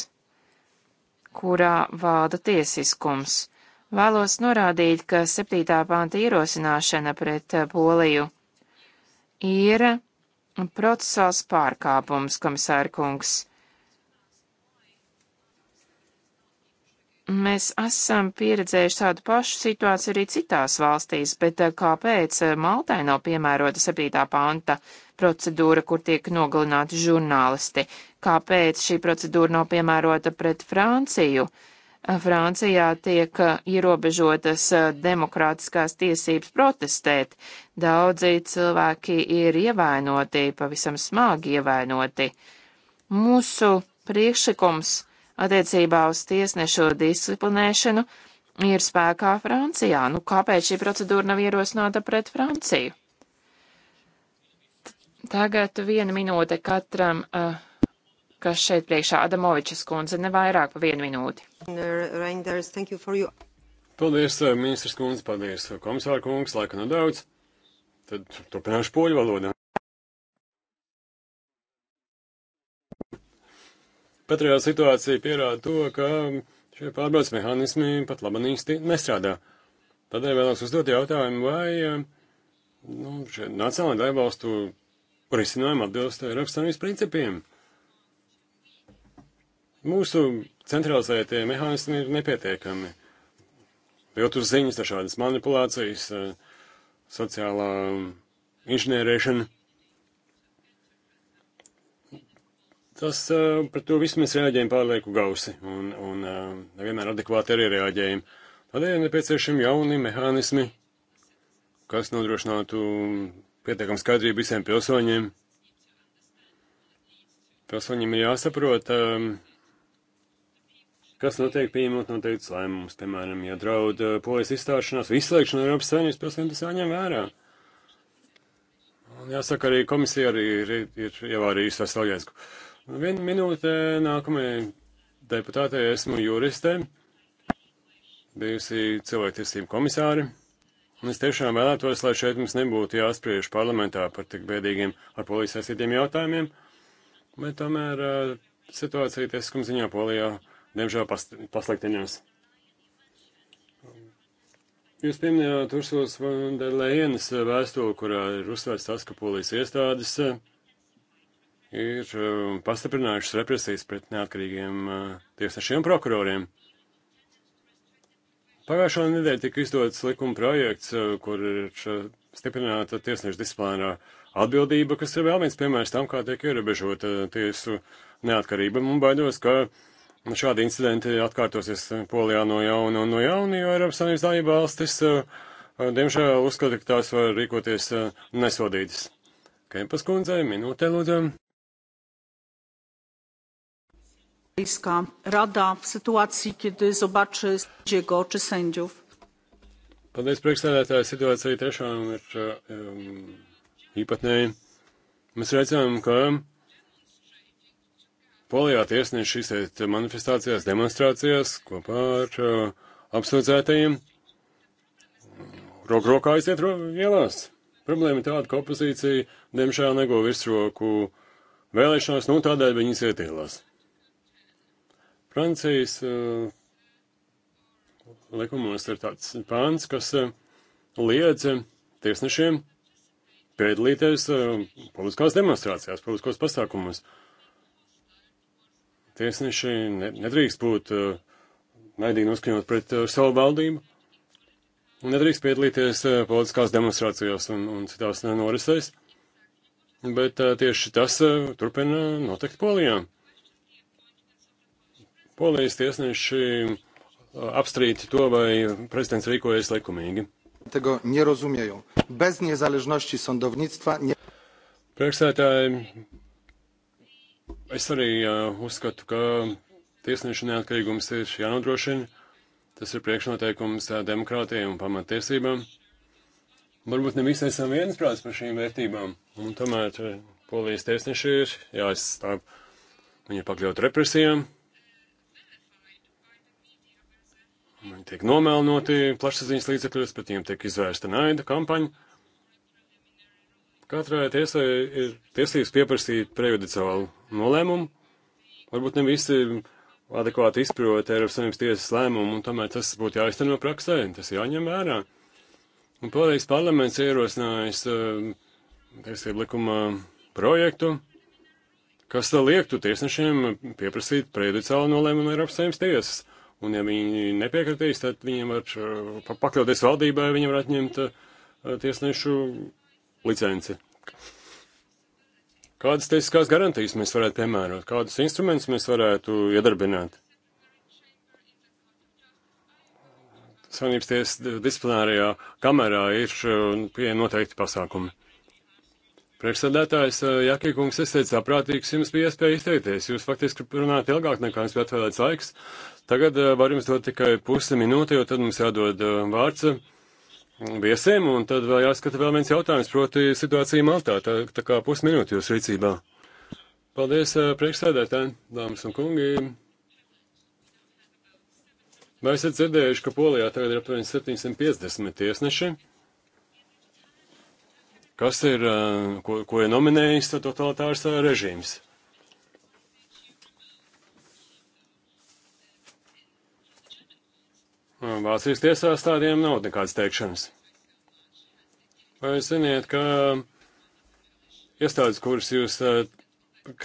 kurā valda tiesiskums. Vēlos norādīt, ka 7. panta ierosināšana pret uh, Poliju ir Procesāls pārkāpums, komisāra kungs. Mēs esam pieredzējuši tādu pašu situāciju arī citās valstīs, bet eh, kāpēc eh, Maltai nav piemērota 7. panta procedūra, kur tiek nogalināti žurnālisti? Kāpēc šī procedūra nav piemērota pret Franciju? Uh, Francijā tiek uh, ierobežotas uh, demokrātiskās tiesības protestēt. Daudzi cilvēki ir ievainoti, pavisam smagi ievainoti. Mūsu priekšlikums attiecībā uz tiesnešu disciplinēšanu ir spēkā Francijā. Nu, kāpēc šī procedūra nav ierosināta pret Franciju? Tagad viena minūte katram uh, kas šeit priekšā Adamovičas kundze nevairāk pa vienu minūti. Reinders, you. Paldies, eh, ministrs kundze, paldies, eh, komisāra kungs, laika nedaudz. Nu Tad turpināšu poļu valodā. Patreizā situācija pierāda to, ka šie pārbaudas mehānismi pat labi īsti nestrādā. Tādēļ vēlos uzdot jautājumu, vai eh, nu, nacionālajā dalībvalstu risinājumi atbilst Eiropas Savienības principiem. Mūsu centralizētie mehānismi ir nepietiekami. Viltus ziņas, dažādas manipulācijas, eh, sociālā inženierēšana. Tas, eh, pret to visu mēs reaģējam pārlieku gausi un, un eh, nevienmēr adekvāti arī reaģējam. Tādēļ ir nepieciešami jauni mehānismi, kas nodrošinātu pietiekam skaidrību visiem pilsoņiem. Pilsoņiem ir jāsaprot, kas notiek pieņemot noteikts lēmumus, piemēram, ja draud eh, polijas izstāšanās vai izslēgšana Eiropas Savienības pilsēm, tas jāņem vērā. Un jāsaka, arī komisija arī ir, ir ievārījusi veselaļais. Vienu minūte nākamajai deputātei esmu juriste, bijusi cilvēktiesību komisāri. Un es tiešām vēlētos, lai šeit mums nebūtu jāspriež parlamentā par tik bēdīgiem ar polijas aizsītiem jautājumiem, bet tomēr uh, situācija tiesiskuma ziņā polijā. Uh, diemžēl pasliktinās. Jūs pieminējāt Ursulas Vandelēnas vēstuli, kurā ir uzsvērts tas, ka polijas iestādes ir um, pastiprinājušas represijas pret neatkarīgiem uh, tiesnešiem prokuroriem. Pagājušā nedēļa tika izdots likuma projekts, uh, kur ir uh, stiprināta tiesneša disciplinārā atbildība, kas ir vēl viens piemērs tam, kā tiek ierobežota tiesu neatkarība. Un baidos, ka Un nu, šādi incidenti atkārtosies Polijā no jauna un no jauna, jo Eiropas Savienības dalība valstis, eh, diemžēl, uzskata, ka tās var rīkoties eh, nesodītas. Kempas kundzei minūtē lūdzu. Europejska Rada w sytuacji, kiedy zobaczy sędziego czy sędziów? Paldies, priekšsēdētāja. Situācija tiešām ir eh, um, īpatnēja. Mēs redzam, ka Polijā tiesneši izteikt manifestācijās, demonstrācijās kopā ar uh, apsūdzētajiem. Roku rokā aiziet ro ielās. Problēma ir tāda, ka opozīcija diemžēl nego virsroku vēlēšanās, nu tādēļ viņi iziet ielās. Francijas uh, likumos ir tāds pāns, kas uh, liedz uh, tiesnešiem piedalīties uh, publiskās demonstrācijās, publiskos pasākumos. Uh, tiesneši nedrīkst būt eh, naidīgi noskaņot pret eh, savu valdību un nedrīkst piedalīties eh, politiskās demonstrācijās un, un citās norisēs. Bet tieši tas turpina notikt Polijā. Polijas tiesneši apstrīd to, vai prezidents rīkojas likumīgi. Tego nie rozumieją. Bez niezależności sądownictwa nie. Priekšsētāji Es arī uh, uzskatu, ka tiesnešu neatkarīgums ir jānodrošina. Tas ir priekšnoteikums uh, demokrātijai un pamatiesībām. Varbūt ne visi esam viensprāts par šīm vērtībām, un tomēr uh, polijas tiesneši ir jāizstāv. Viņi ir pakļauti represijām. Viņi tiek nomēlnoti plašsaziņas līdzekļos, pret viņiem tiek izvērsta naida kampaņa. Katrai tiesai ir tiesības pieprasīt prejudiciālu nolēmumu. Varbūt ne visi adekvāti izprot Eiropas Savienības tiesas lēmumu, un tomēr tas būtu jāizteno praksē, tas jāņem vērā. Un palīdz parlaments ierosinājis uh, tiesību likuma projektu, kas liektu tiesnešiem pieprasīt prejudiciālu nolēmumu Eiropas Savienības tiesas. Un ja viņi nepiekritīs, tad viņiem var eh, pakļauties valdībai, viņiem var atņemt uh, tiesnešu licenci. Kādas tiesiskās garantijas mēs varētu piemērot? Kādus instrumentus mēs varētu iedarbināt? Savienības tiesas disciplinārajā kamerā ir pieejami noteikti pasākumi. Priekšsēdētājs eh, Jakīkungs, es teicu, saprātīgs jums bija iespēja izteikties. Jūs faktiski runājat ilgāk nekā jums bija atvēlēts laiks. Tagad eh, var jums dot tikai pusi minūti, jo tad mums jādod eh, vārds viesiem, un tad vēl jāskata vēl viens jautājums, proti situācija Maltā, tā, tā kā pusminūte jūs rīcībā. Paldies eh, priekšsēdētājiem, dāmas un kungi. Vai esat dzirdējuši, ka Polijā tagad ir aptuveni 750 tiesneši? Kas ir, eh, ko, ko ir nominējis totalitārs eh, režīms? Vācijas tiesās tādiem nav nekādas teikšanas. Vai ziniet, ka iestādes, kuras jūs eh,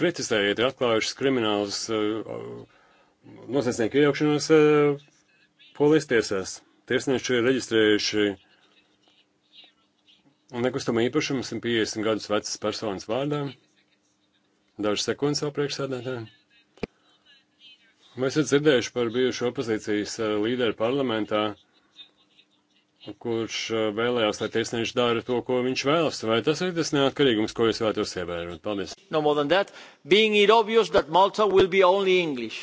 kritizējat, ir atklājušas kriminālus eh, noziedznieku iejaukšanos eh, polijas tiesās. Tiesneši ir reģistrējuši nekustamo īpašumu 150 gadus vecas personas vārdā. Dažas sekundes vēl priekšsēdētājiem. Mēs esam dzirdējuši par bijušo opozīcijas eh, līderu parlamentā, kurš eh, vēlējās, lai tiesneši dara to, ko viņš vēlas. Vai tas ir tas neatkarīgums, ko jūs vēlaties ievērot? Paldies. No more than that, being it obvious that Malta will be only English.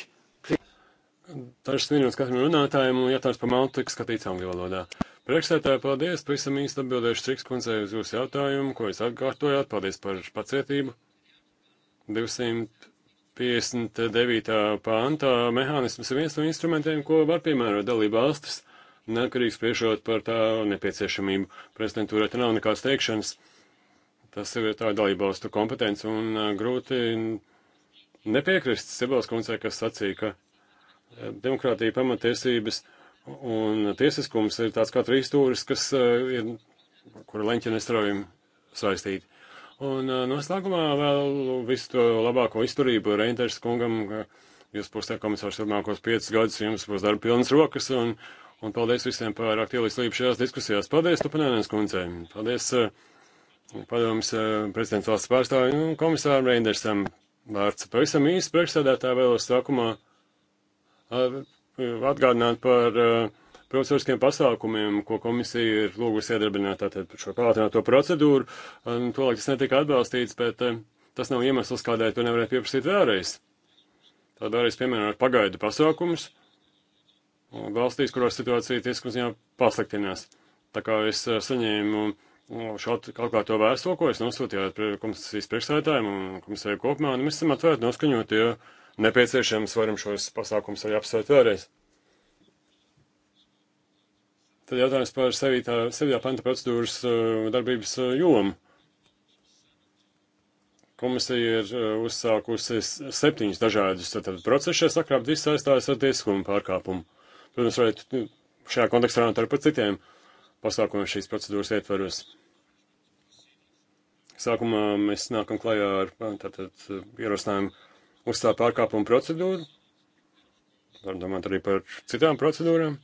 Dažas minūtes katram runātājam un jautājums par Maltu tiks skatīts angļu valodā. Priekšsētāji, paldies, pavisam īsti atbildēšu Triks kundzei uz jūsu jautājumu, ko jūs atkārtojāt. Paldies par pacietību. 200 59. pāntā mehānisms ir viens no instrumentiem, ko var piemērot dalība valstis, neatkarīgs priešot par tā nepieciešamību. Prezidentūrā te nav nekādas teikšanas. Tas ir tā dalība valstu kompetence un grūti nepiekrist Sebels koncē, kas sacīja, ka demokrātija pamatiesības un tiesiskums ir tāds kā trīs stūris, kas ir, kura leņķi nestraujami saistīti. Un noslēgumā vēl visu to labāko izturību Reinteres kungam, ka jūs būsiet komisārs turpmākos piecus gadus, jums būs darba pilnas rokas, un, un paldies visiem par aktīvu līdzdalību šajās diskusijās. Paldies, Tupanēnēs kundzei. Paldies, padoms prezidents valsts pārstāvju un komisāram Reindersam. Vārds pavisam īsi priekšsēdētāju vēlos sākumā atgādināt par uh, profesoriskiem pasākumiem, ko komisija ir lūgusi iedarbināt tātad šo pātrināto procedūru. Tolēk tas netika atbalstīts, bet eh, tas nav iemesls, kādēļ to nevarētu pieprasīt vēlreiz. Tad vēlreiz piemērot pagaidu pasākumus valstīs, kurās situācija tieskums jau pasliktinās. Tā kā es eh, saņēmu šādu kaut kā to vēstuli, ko es nosūtīju prie komisijas priekšsēdētājiem un komisiju kopumā, un nu, mēs esam atvērti noskaņot, jo nepieciešams varam šos pasākumus arī apsvērt vēlreiz. Tad jautājums par sevi tā, sevi tā panta procedūras uh, darbības uh, jomu. Komisija ir uh, uzsākusi septiņus dažādus procesus šajā sakrā, visi saistās ar tiesiskumu pārkāpumu. Protams, varētu nu, šajā kontekstā runāt arī par citiem pasākumiem šīs procedūras ietveros. Sākumā mēs nākam klajā ar tātad ierosinājumu uzstāt pārkāpumu procedūru. Varam domāt arī par citām procedūrām.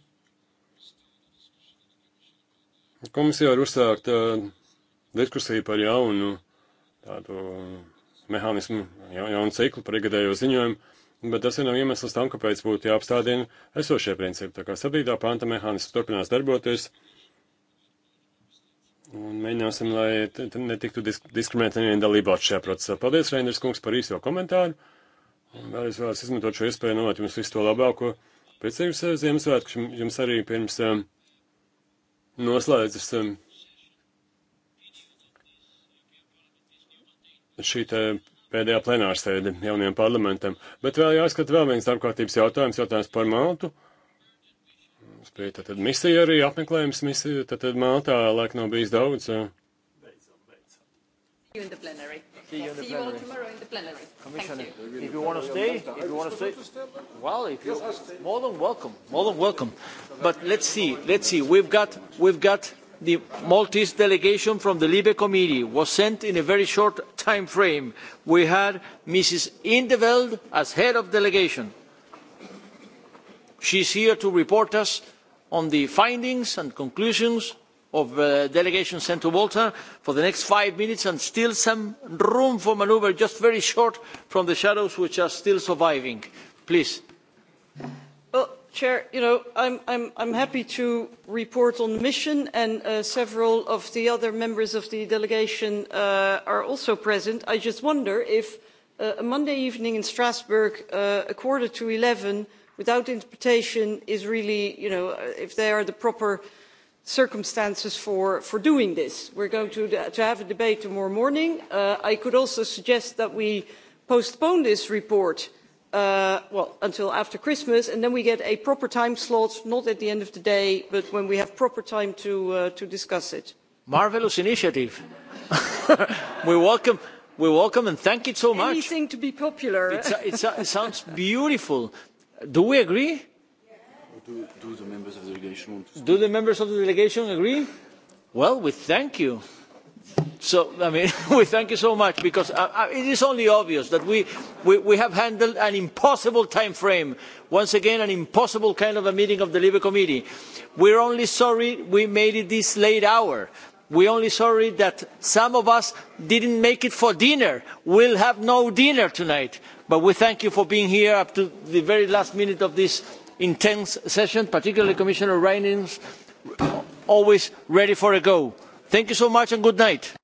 Komisija var uzsākt uh, diskusiju par jaunu tādu uh, mehānismu, ja, jaunu ciklu par ikgadējo ziņojumu, bet tas ir nav iemesls tam, kāpēc būtu jāapstādina esošie principi. Tā kā sabiedrā panta mehānisms turpinās darboties, un mēģināsim, lai netiktu disk diskriminēti neviena dalībās šajā procesā. Paldies, Reinders kungs, par īsto komentāru, un vēlreiz vēlas izmantot šo iespēju novēt jums visu to labāko. Pēc eh, jums Ziemassvētku jums arī pirms. Um, noslēdzas um, šī pēdējā plenārsēde jaunajam parlamentam. Bet vēl jāskat vēl viens darbkārtības jautājums, jautājums par Maltu. Mums bija tātad misija arī, apmeklējums misija, tātad Maltā laik nav bijis daudz. Beidzam, beidzam see you in the see plenary. See you all tomorrow in the plenary. Commissioner, Thank you. if you want to stay, if you want to stay, well, if you more than welcome, more than welcome. But let's see, let's see. We've got we've got the Maltese delegation from the Libe Committee was sent in a very short time frame. We had Mrs. Indeveld as head of delegation. She's here to report us on the findings and conclusions of uh, delegation sent to Malta for the next five minutes and still some room for manoeuvre, just very short from the shadows which are still surviving. Please. Well, Chair, you know, I'm, I'm, I'm happy to report on the mission and uh, several of the other members of the delegation uh, are also present. I just wonder if uh, a Monday evening in Strasbourg, uh, a quarter to 11, without interpretation is really, you know, if they are the proper uh, circumstances for, for doing this. We're going to, to have a debate tomorrow morning. Uh, I could also suggest that we postpone this report uh, well, until after Christmas, and then we get a proper time slot, not at the end of the day, but when we have proper time to, uh, to discuss it. Marvellous initiative. we welcome we welcome and thank you so much. Anything to be popular. it's, it's, it sounds beautiful. Do we agree? Do, do the members of the delegation want to speak? Do the members of the delegation agree? Well, we thank you. So, I mean, we thank you so much because uh, uh, it is only obvious that we, we, we have handled an impossible time frame. Once again, an impossible kind of a meeting of the Libre Committee. We're only sorry we made it this late hour. We're only sorry that some of us didn't make it for dinner. We'll have no dinner tonight. But we thank you for being here up to the very last minute of this intense session, particularly Commissioner Reinings, always ready for a go. Thank you so much and good night.